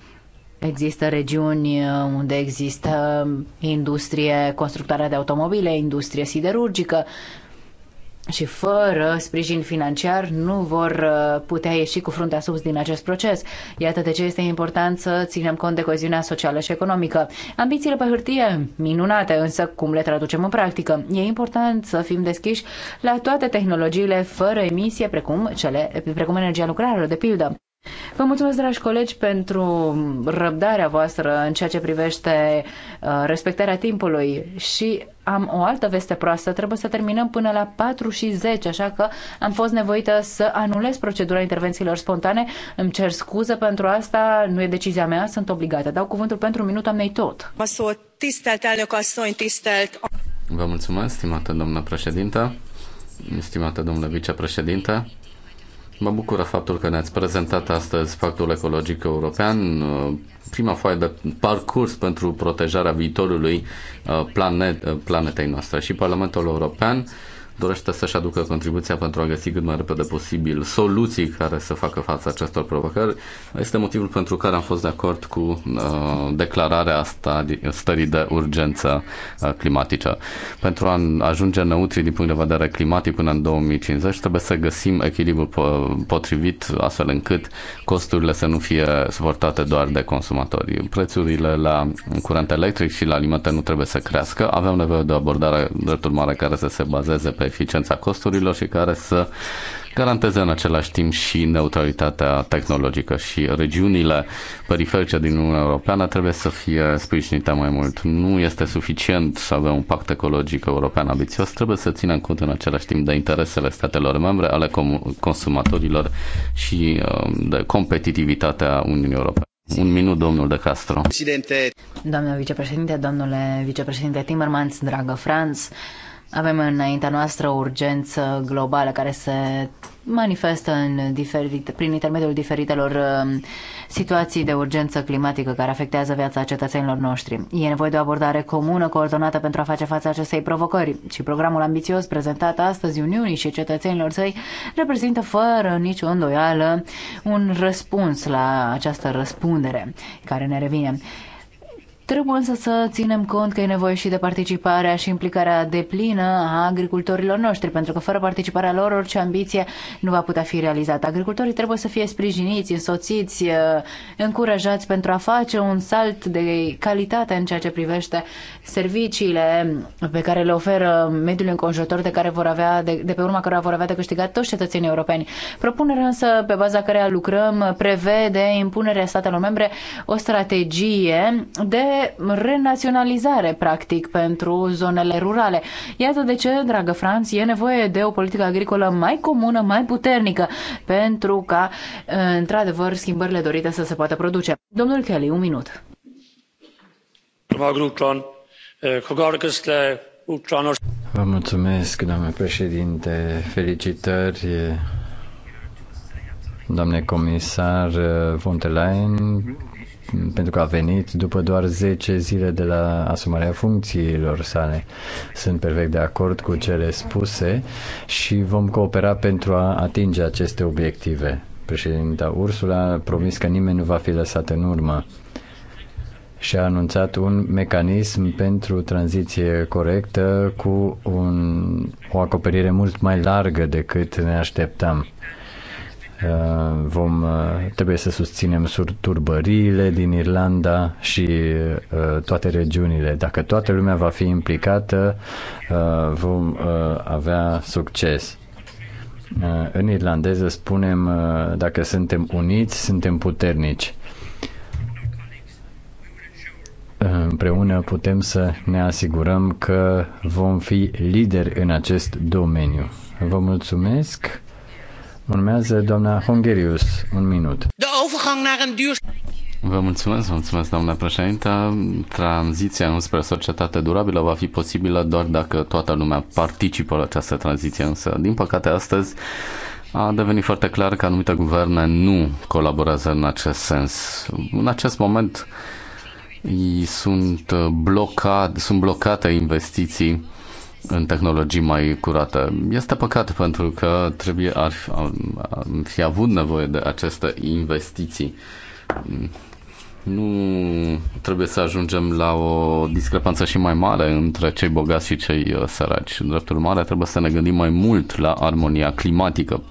Există regiuni uh, unde există industrie constructoare de automobile, industrie siderurgică și fără sprijin financiar nu vor uh, putea ieși cu fruntea sus din acest proces. Iată de ce este important să ținem cont de coeziunea socială și economică. Ambițiile pe hârtie, minunate, însă cum le traducem în practică? E important să fim deschiși la toate tehnologiile fără emisie, precum, cele, precum energia lucrarelor, de pildă. Vă mulțumesc, dragi colegi, pentru răbdarea voastră în ceea ce privește uh, respectarea timpului și am o altă veste proastă. Trebuie să terminăm până la 4 și 10, așa că am fost nevoită să anulez procedura intervențiilor spontane. Îmi cer scuză pentru asta, nu e decizia mea, sunt obligată. Dau cuvântul pentru un minut am ne tot. Vă mulțumesc, stimată doamnă președintă, stimată domnule vicepreședinte. Mă bucură faptul că ne-ați prezentat astăzi Pactul Ecologic European, uh, prima foaie de parcurs pentru protejarea viitorului uh, planet, uh, planetei noastre și Parlamentul European dorește să-și aducă contribuția pentru a găsi cât mai repede posibil soluții care să facă față acestor provocări. Este motivul pentru care am fost de acord cu uh, declararea stării de urgență uh, climatică. Pentru a ajunge neutri din punct de vedere climatic până în 2050, trebuie să găsim echilibru potrivit astfel încât costurile să nu fie suportate doar de consumatori. Prețurile la curent electric și la alimente nu trebuie să crească. Avem nevoie de o abordare drept urmare care să se bazeze pe pe eficiența costurilor și care să garanteze în același timp și neutralitatea tehnologică și regiunile periferice din Uniunea Europeană trebuie să fie sprijinite mai mult. Nu este suficient să avem un pact ecologic european ambițios, trebuie să ținem cont în același timp de interesele statelor membre, ale consumatorilor și um, de competitivitatea Uniunii Europene. Un minut, domnul de Castro. Președinte. Doamna vicepreședinte, domnule vicepreședinte Timmermans, dragă Franz, avem înaintea noastră o urgență globală care se manifestă în diferit, prin intermediul diferitelor uh, situații de urgență climatică care afectează viața cetățenilor noștri. E nevoie de o abordare comună, coordonată pentru a face față acestei provocări și programul ambițios prezentat astăzi Uniunii și cetățenilor săi reprezintă fără nicio îndoială un răspuns la această răspundere care ne revine. Trebuie însă să ținem cont că e nevoie și de participarea și implicarea deplină a agricultorilor noștri, pentru că fără participarea lor orice ambiție nu va putea fi realizată. Agricultorii trebuie să fie sprijiniți, însoțiți, eh, încurajați pentru a face un salt de calitate în ceea ce privește serviciile pe care le oferă mediul înconjurător de care vor avea de, de pe urma cărora vor avea de câștigat toți cetățenii europeni. Propunerea însă pe baza căreia lucrăm prevede impunerea statelor membre o strategie de renaționalizare, practic, pentru zonele rurale. Iată de ce, dragă Franț, e nevoie de o politică agricolă mai comună, mai puternică, pentru ca, într-adevăr, schimbările dorite să se poată produce. Domnul Kelly, un minut. Vă mulțumesc, doamnă președinte. Felicitări Doamne comisar von der Leyen, pentru că a venit după doar 10 zile de la asumarea funcțiilor sale. Sunt perfect de acord cu cele spuse și vom coopera pentru a atinge aceste obiective. Președinta Ursula a promis că nimeni nu va fi lăsat în urmă și a anunțat un mecanism pentru tranziție corectă cu un, o acoperire mult mai largă decât ne așteptam. Uh, vom, uh, trebuie să susținem turbăriile din Irlanda și uh, toate regiunile. Dacă toată lumea va fi implicată, vom avea succes. În irlandeză spunem, dacă suntem uniți, suntem puternici. Împreună putem să ne asigurăm că vom fi lideri în acest domeniu. Vă mulțumesc! Urmează doamna Hungerius, un minut. Vă mulțumesc, vă mulțumesc, doamna președintă. Tranziția înspre societate durabilă va fi posibilă doar dacă toată lumea participă la această tranziție, însă, din păcate, astăzi a devenit foarte clar că anumite guverne nu colaborează în acest sens. În acest moment sunt, blocat, sunt blocate investiții în tehnologii mai curate. Este păcat pentru că trebuie ar fi, ar fi avut nevoie de aceste investiții. Nu trebuie să ajungem la o discrepanță și mai mare între cei bogați și cei uh, săraci. În dreptul mare trebuie să ne gândim mai mult la armonia climatică.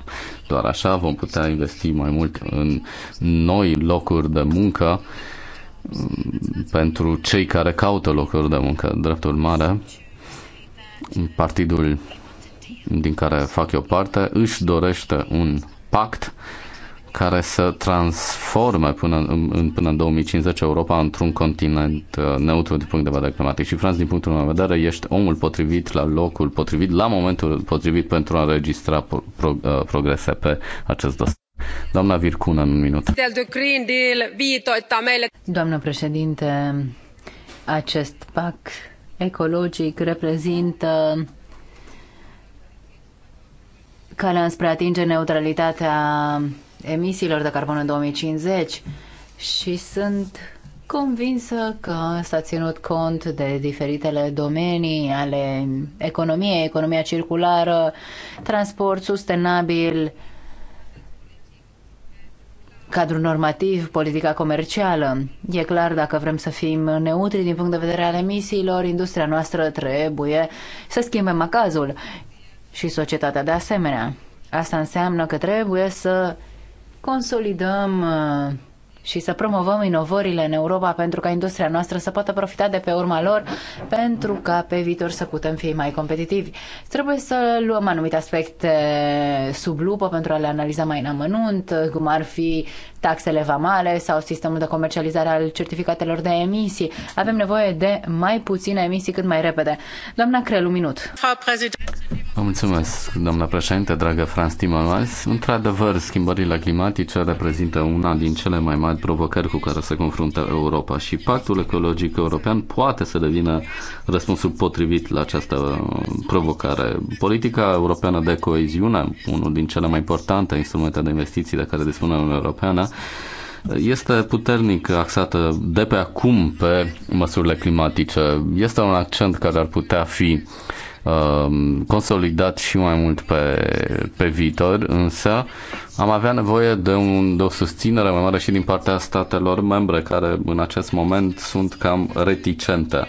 Doar așa vom putea investi mai mult în noi locuri de muncă um, pentru cei care caută locuri de muncă. În dreptul mare partidul din care fac eu parte își dorește un pact care să transforme până în, până în 2050 Europa într-un continent uh, neutru din punct de vedere climatic. Și, Franz, din punctul meu de vedere, ești omul potrivit la locul potrivit, la momentul potrivit pentru a înregistra pro, pro, uh, progrese pe acest dosar. Doamna Vircuna, un minut. Doamna președinte, acest pact ecologic reprezintă calea spre atinge neutralitatea emisiilor de carbon în 2050 și sunt convinsă că s-a ținut cont de diferitele domenii ale economiei, economia circulară, transport sustenabil, cadru normativ, politica comercială. E clar, dacă vrem să fim neutri din punct de vedere al emisiilor, industria noastră trebuie să schimbe macazul și societatea de asemenea. Asta înseamnă că trebuie să consolidăm uh, și să promovăm inovările în Europa pentru ca industria noastră să poată profita de pe urma lor, pentru ca pe viitor să putem fi mai competitivi. Trebuie să luăm anumite aspecte sub lupă pentru a le analiza mai în amănunt, cum ar fi taxele vamale sau sistemul de comercializare al certificatelor de emisii. Avem nevoie de mai puține emisii cât mai repede. Doamna Crelu, minut. Vă mulțumesc, doamna președinte, dragă Franz Timmermans. Într-adevăr, schimbările climatice reprezintă una din cele mai mari provocări cu care se confruntă Europa și Pactul Ecologic European poate să devină răspunsul potrivit la această uh, provocare. Politica europeană de coeziune, unul din cele mai importante instrumente de investiții de care dispune Uniunea Europeană, este puternic axată de pe acum pe măsurile climatice. Este un accent care ar putea fi uh, Um, consolidat și mai mult pe, pe viitor, însă am avea nevoie de, un, de o susținere mai mare și din partea statelor membre, care în acest moment sunt cam reticente.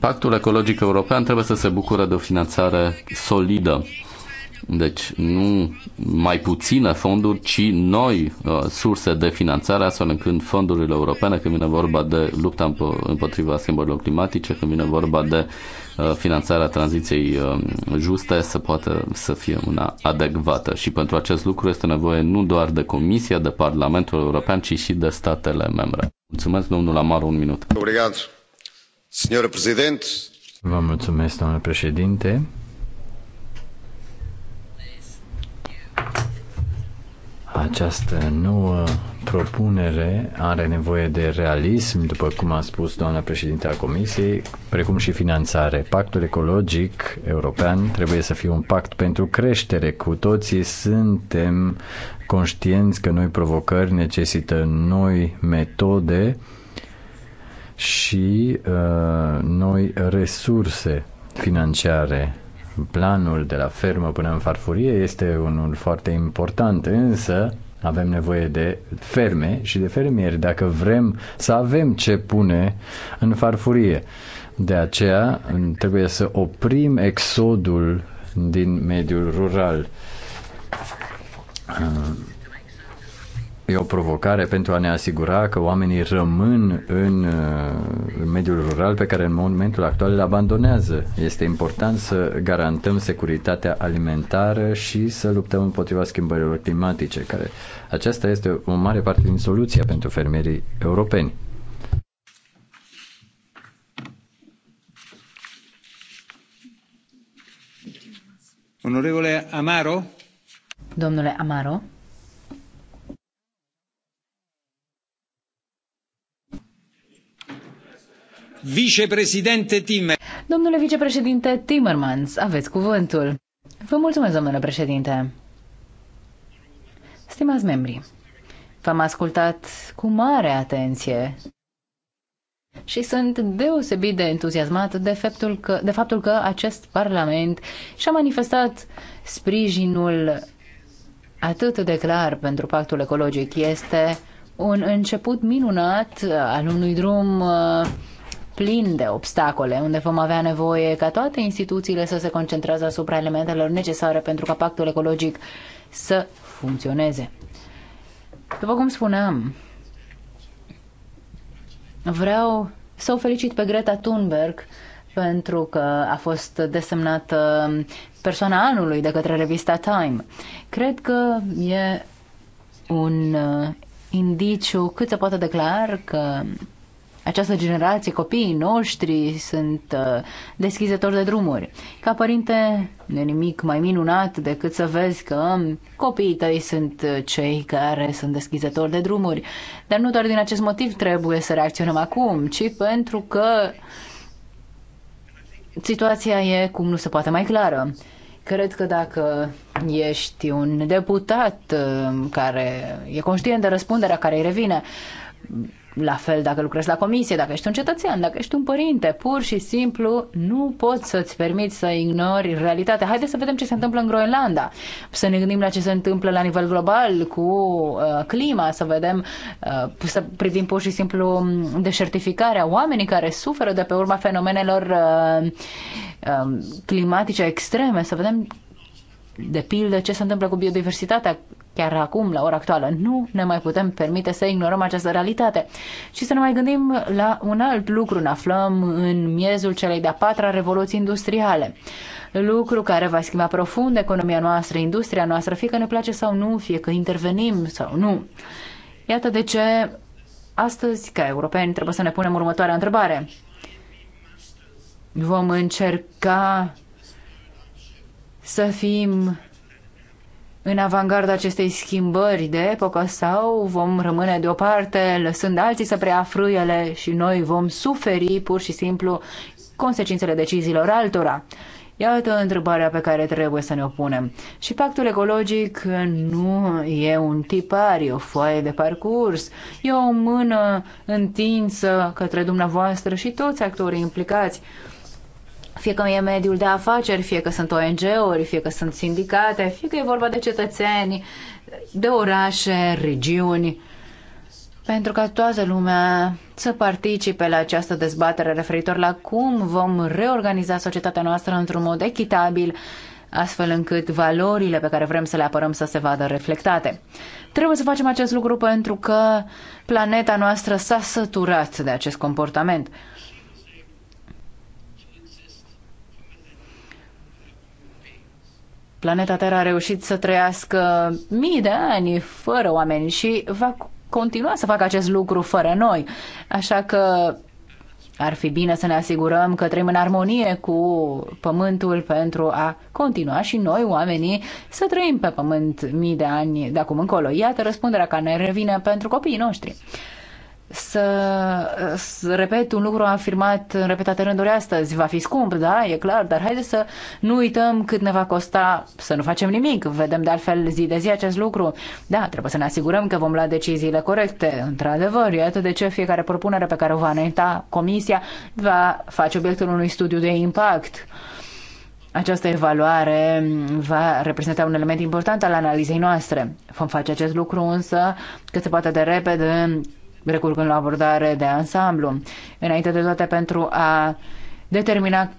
Pactul ecologic european trebuie să se bucure de o finanțare solidă. Deci nu mai puține fonduri, ci noi uh, surse de finanțare, astfel încât fondurile europene, când vine vorba de lupta împotriva schimbărilor climatice, când vine vorba de Uh, finanțarea tranziției um, juste să poată să fie una adecvată. Și pentru acest lucru este nevoie nu doar de Comisia, de Parlamentul European, ci și de statele membre. Mulțumesc, domnul Amar, un minut. Vă mulțumesc, domnule președinte. Această nouă propunere are nevoie de realism, după cum a spus doamna președinte a Comisiei, precum și finanțare. Pactul ecologic european trebuie să fie un pact pentru creștere. Cu toții suntem conștienți că noi provocări necesită noi metode și uh, noi resurse financiare planul de la fermă până în farfurie este unul foarte important, însă avem nevoie de ferme și de fermieri dacă vrem să avem ce pune în farfurie. De aceea trebuie să oprim exodul din mediul rural E o provocare pentru a ne asigura că oamenii rămân în, uh, în mediul rural pe care în momentul actual îl abandonează. Este important să garantăm securitatea alimentară și să luptăm împotriva schimbărilor climatice, care aceasta este o mare parte din soluția pentru fermierii europeni. Onorevole Amaro? Domnule Amaro? vicepreședinte Timmermans. Domnule vicepreședinte Timmermans, aveți cuvântul. Vă mulțumesc, domnule președinte. Stimați membri, v-am ascultat cu mare atenție și sunt deosebit de entuziasmat de faptul că, de faptul că acest Parlament și-a manifestat sprijinul atât de clar pentru pactul ecologic. Este un început minunat al unui drum uh, plin de obstacole, unde vom avea nevoie ca toate instituțiile să se concentreze asupra elementelor necesare pentru ca pactul ecologic să funcționeze. După cum spuneam, vreau să o felicit pe Greta Thunberg pentru că a fost desemnată persoana anului de către revista Time. Cred că e un uh, indiciu cât se poate declar că această generație, copiii noștri sunt uh, deschizători de drumuri. Ca părinte, nu e nimic mai minunat decât să vezi că um, copiii tăi sunt uh, cei care sunt deschizători de drumuri. Dar nu doar din acest motiv trebuie să reacționăm acum, ci pentru că situația e cum nu se poate mai clară. Cred că dacă ești un deputat um, care e conștient de răspunderea care îi revine, la fel dacă lucrezi la comisie, dacă ești un cetățean, dacă ești un părinte, pur și simplu nu poți să-ți permiți să ignori realitatea. Haideți să vedem ce se întâmplă în Groenlanda, să ne gândim la ce se întâmplă la nivel global cu uh, clima, să vedem, uh, să privim pur și simplu deșertificarea, oamenii care suferă de pe urma fenomenelor uh, uh, climatice extreme, să vedem de pildă ce se întâmplă cu biodiversitatea, chiar acum, la ora actuală. Nu ne mai putem permite să ignorăm această realitate și să ne mai gândim la un alt lucru. Ne aflăm în miezul celei de-a patra revoluții industriale. Lucru care va schimba profund economia noastră, industria noastră, fie că ne place sau nu, fie că intervenim sau nu. Iată de ce astăzi, ca europeni, trebuie să ne punem următoarea întrebare. Vom încerca să fim în avangarda acestei schimbări de epocă sau vom rămâne deoparte lăsând alții să preia frâiele și noi vom suferi pur și simplu consecințele deciziilor altora? Iată întrebarea pe care trebuie să ne o punem. Și pactul ecologic nu e un tipar, e o foaie de parcurs, e o mână întinsă către dumneavoastră și toți actorii implicați fie că e mediul de afaceri, fie că sunt ONG-uri, fie că sunt sindicate, fie că e vorba de cetățeni, de orașe, regiuni, pentru ca toată lumea să participe la această dezbatere referitor la cum vom reorganiza societatea noastră într-un mod echitabil, astfel încât valorile pe care vrem să le apărăm să se vadă reflectate. Trebuie să facem acest lucru pentru că planeta noastră s-a săturat de acest comportament. Planeta Terra a reușit să trăiască mii de ani fără oameni și va continua să facă acest lucru fără noi. Așa că ar fi bine să ne asigurăm că trăim în armonie cu Pământul pentru a continua și noi, oamenii, să trăim pe Pământ mii de ani de acum încolo. Iată răspunderea care ne revine pentru copiii noștri să, să repet un lucru afirmat în repetate rânduri astăzi. Va fi scump, da, e clar, dar haideți să nu uităm cât ne va costa să nu facem nimic. Vedem de altfel zi de zi acest lucru. Da, trebuie să ne asigurăm că vom lua deciziile corecte. Într-adevăr, iată de ce fiecare propunere pe care o va înainta comisia va face obiectul unui studiu de impact. Această evaluare va reprezenta un element important al analizei noastre. Vom face acest lucru însă cât se poate de repede recurgând la abordare de ansamblu. Înainte de toate, pentru a determina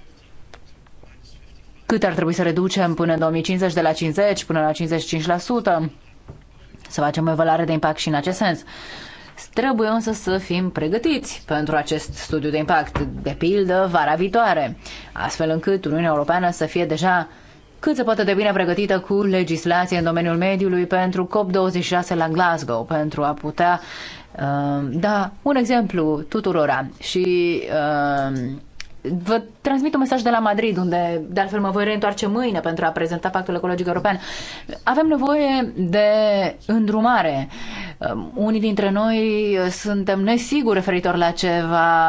cât ar trebui să reducem până în 2050 de la 50 până la 55%, să facem o evaluare de impact și în acest sens. Trebuie însă să fim pregătiți pentru acest studiu de impact, de pildă vara viitoare, astfel încât Uniunea Europeană să fie deja cât se poate de bine pregătită cu legislație în domeniul mediului pentru COP26 la Glasgow, pentru a putea Ehm, da un exemplu tuturora și ehm, vă transmit un mesaj de la Madrid, unde de altfel mă voi reîntoarce mâine pentru a prezenta Pactul Ecologic European. Avem nevoie de îndrumare. Ehm, unii dintre noi eh, suntem nesiguri referitor la ce va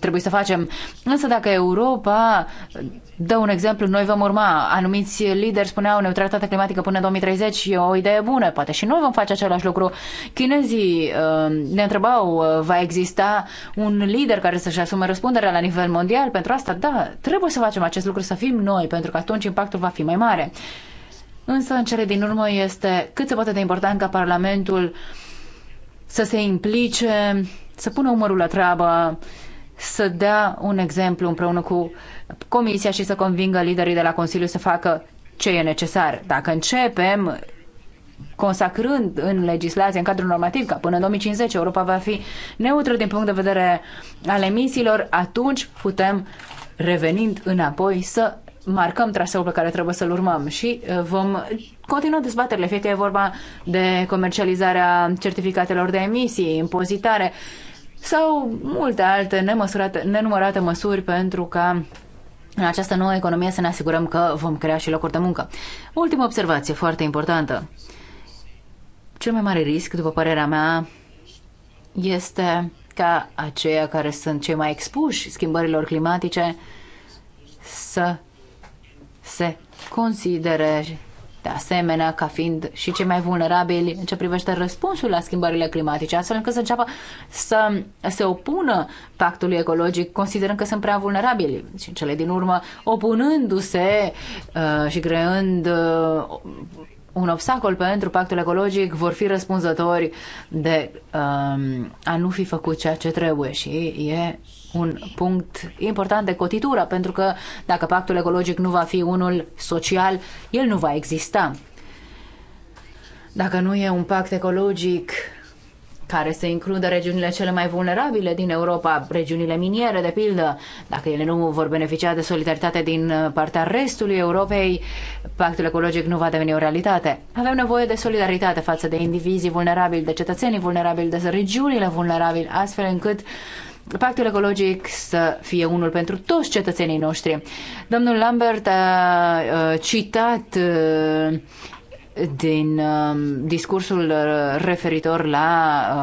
trebui să facem. Însă dacă Europa eh, dă un exemplu, noi vom urma. Anumiți lideri spuneau neutralitatea climatică până 2030 e o idee bună, poate și noi vom face același lucru. Chinezii ehm, ne întrebau, eh, va exista un lider care să-și asume răspunderea la nivel mondial? Pentru asta, da, trebuie să facem acest lucru, să fim noi, pentru că atunci impactul va fi mai mare. Însă, în cele din urmă, este cât se poate de important ca Parlamentul să se implice, să pună umărul la treabă, să dea un exemplu împreună cu Comisia și să convingă liderii de la Consiliu să facă ce e necesar. Dacă începem consacrând în legislație, în cadrul normativ, ca până în 2050 Europa va fi neutră din punct de vedere al emisiilor, atunci putem, revenind înapoi, să marcăm traseul pe care trebuie să-l urmăm și uh, vom continua dezbaterile, fie că e vorba de comercializarea certificatelor de emisii, impozitare sau multe alte nemăsurate, nenumărate măsuri pentru ca în această nouă economie să ne asigurăm că vom crea și locuri de muncă. Ultima observație foarte importantă. Cel mai mare risc, după părerea mea, este ca aceia care sunt cei mai expuși schimbărilor climatice să se consideră de asemenea ca fiind și cei mai vulnerabili în ce privește răspunsul la schimbările climatice, astfel încât să înceapă să se opună pactului ecologic, considerând că sunt prea vulnerabili și în cele din urmă opunându-se uh, și creând uh, un obstacol pentru pactul ecologic, vor fi răspunzători de uh, a nu fi făcut ceea ce trebuie și e un punct important de cotitură, pentru că dacă pactul ecologic nu va fi unul social, el nu va exista. Dacă nu e un pact ecologic care să includă regiunile cele mai vulnerabile din Europa, regiunile miniere, de pildă, dacă ele nu vor beneficia de solidaritate din partea restului Europei, pactul ecologic nu va deveni o realitate. Avem nevoie de solidaritate față de indivizii vulnerabili, de cetățenii vulnerabili, de regiunile vulnerabile, astfel încât pactul ecologic să fie unul pentru toți cetățenii noștri. Domnul Lambert a citat din um, discursul referitor la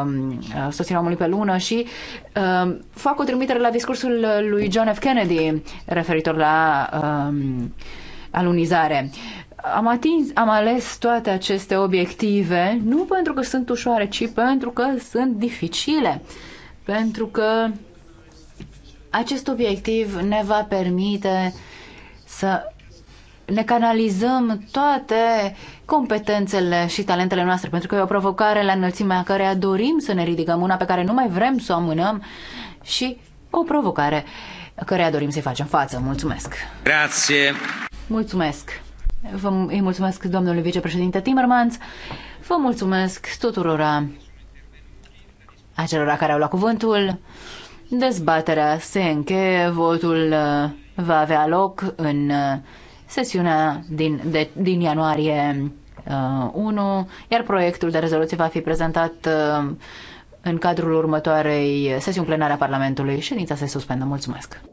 um, sosirea omului pe lună și a fac o trimitere la discursul lui John F. Kennedy referitor la um, alunizare. Am atins, am ales toate aceste obiective nu pentru că sunt ușoare, ci pentru că sunt dificile. Uh, pentru că acest obiectiv ne va permite să ne canalizăm toate competențele și talentele noastre, pentru că e o provocare la înălțimea care dorim să ne ridicăm, una pe care nu mai vrem să o amânăm și o provocare căreia dorim să-i facem față. Mulțumesc! Grație! Mulțumesc! Vă, îi mulțumesc domnului vicepreședinte Timmermans, vă mulțumesc tuturora acelora care au luat cuvântul. Dezbaterea se încheie, votul uh, va avea loc în uh, sesiunea din, de, din ianuarie uh, 1, iar proiectul de rezoluție va fi prezentat uh, în cadrul următoarei sesiuni plenare a Parlamentului. Ședința se suspendă. Mulțumesc!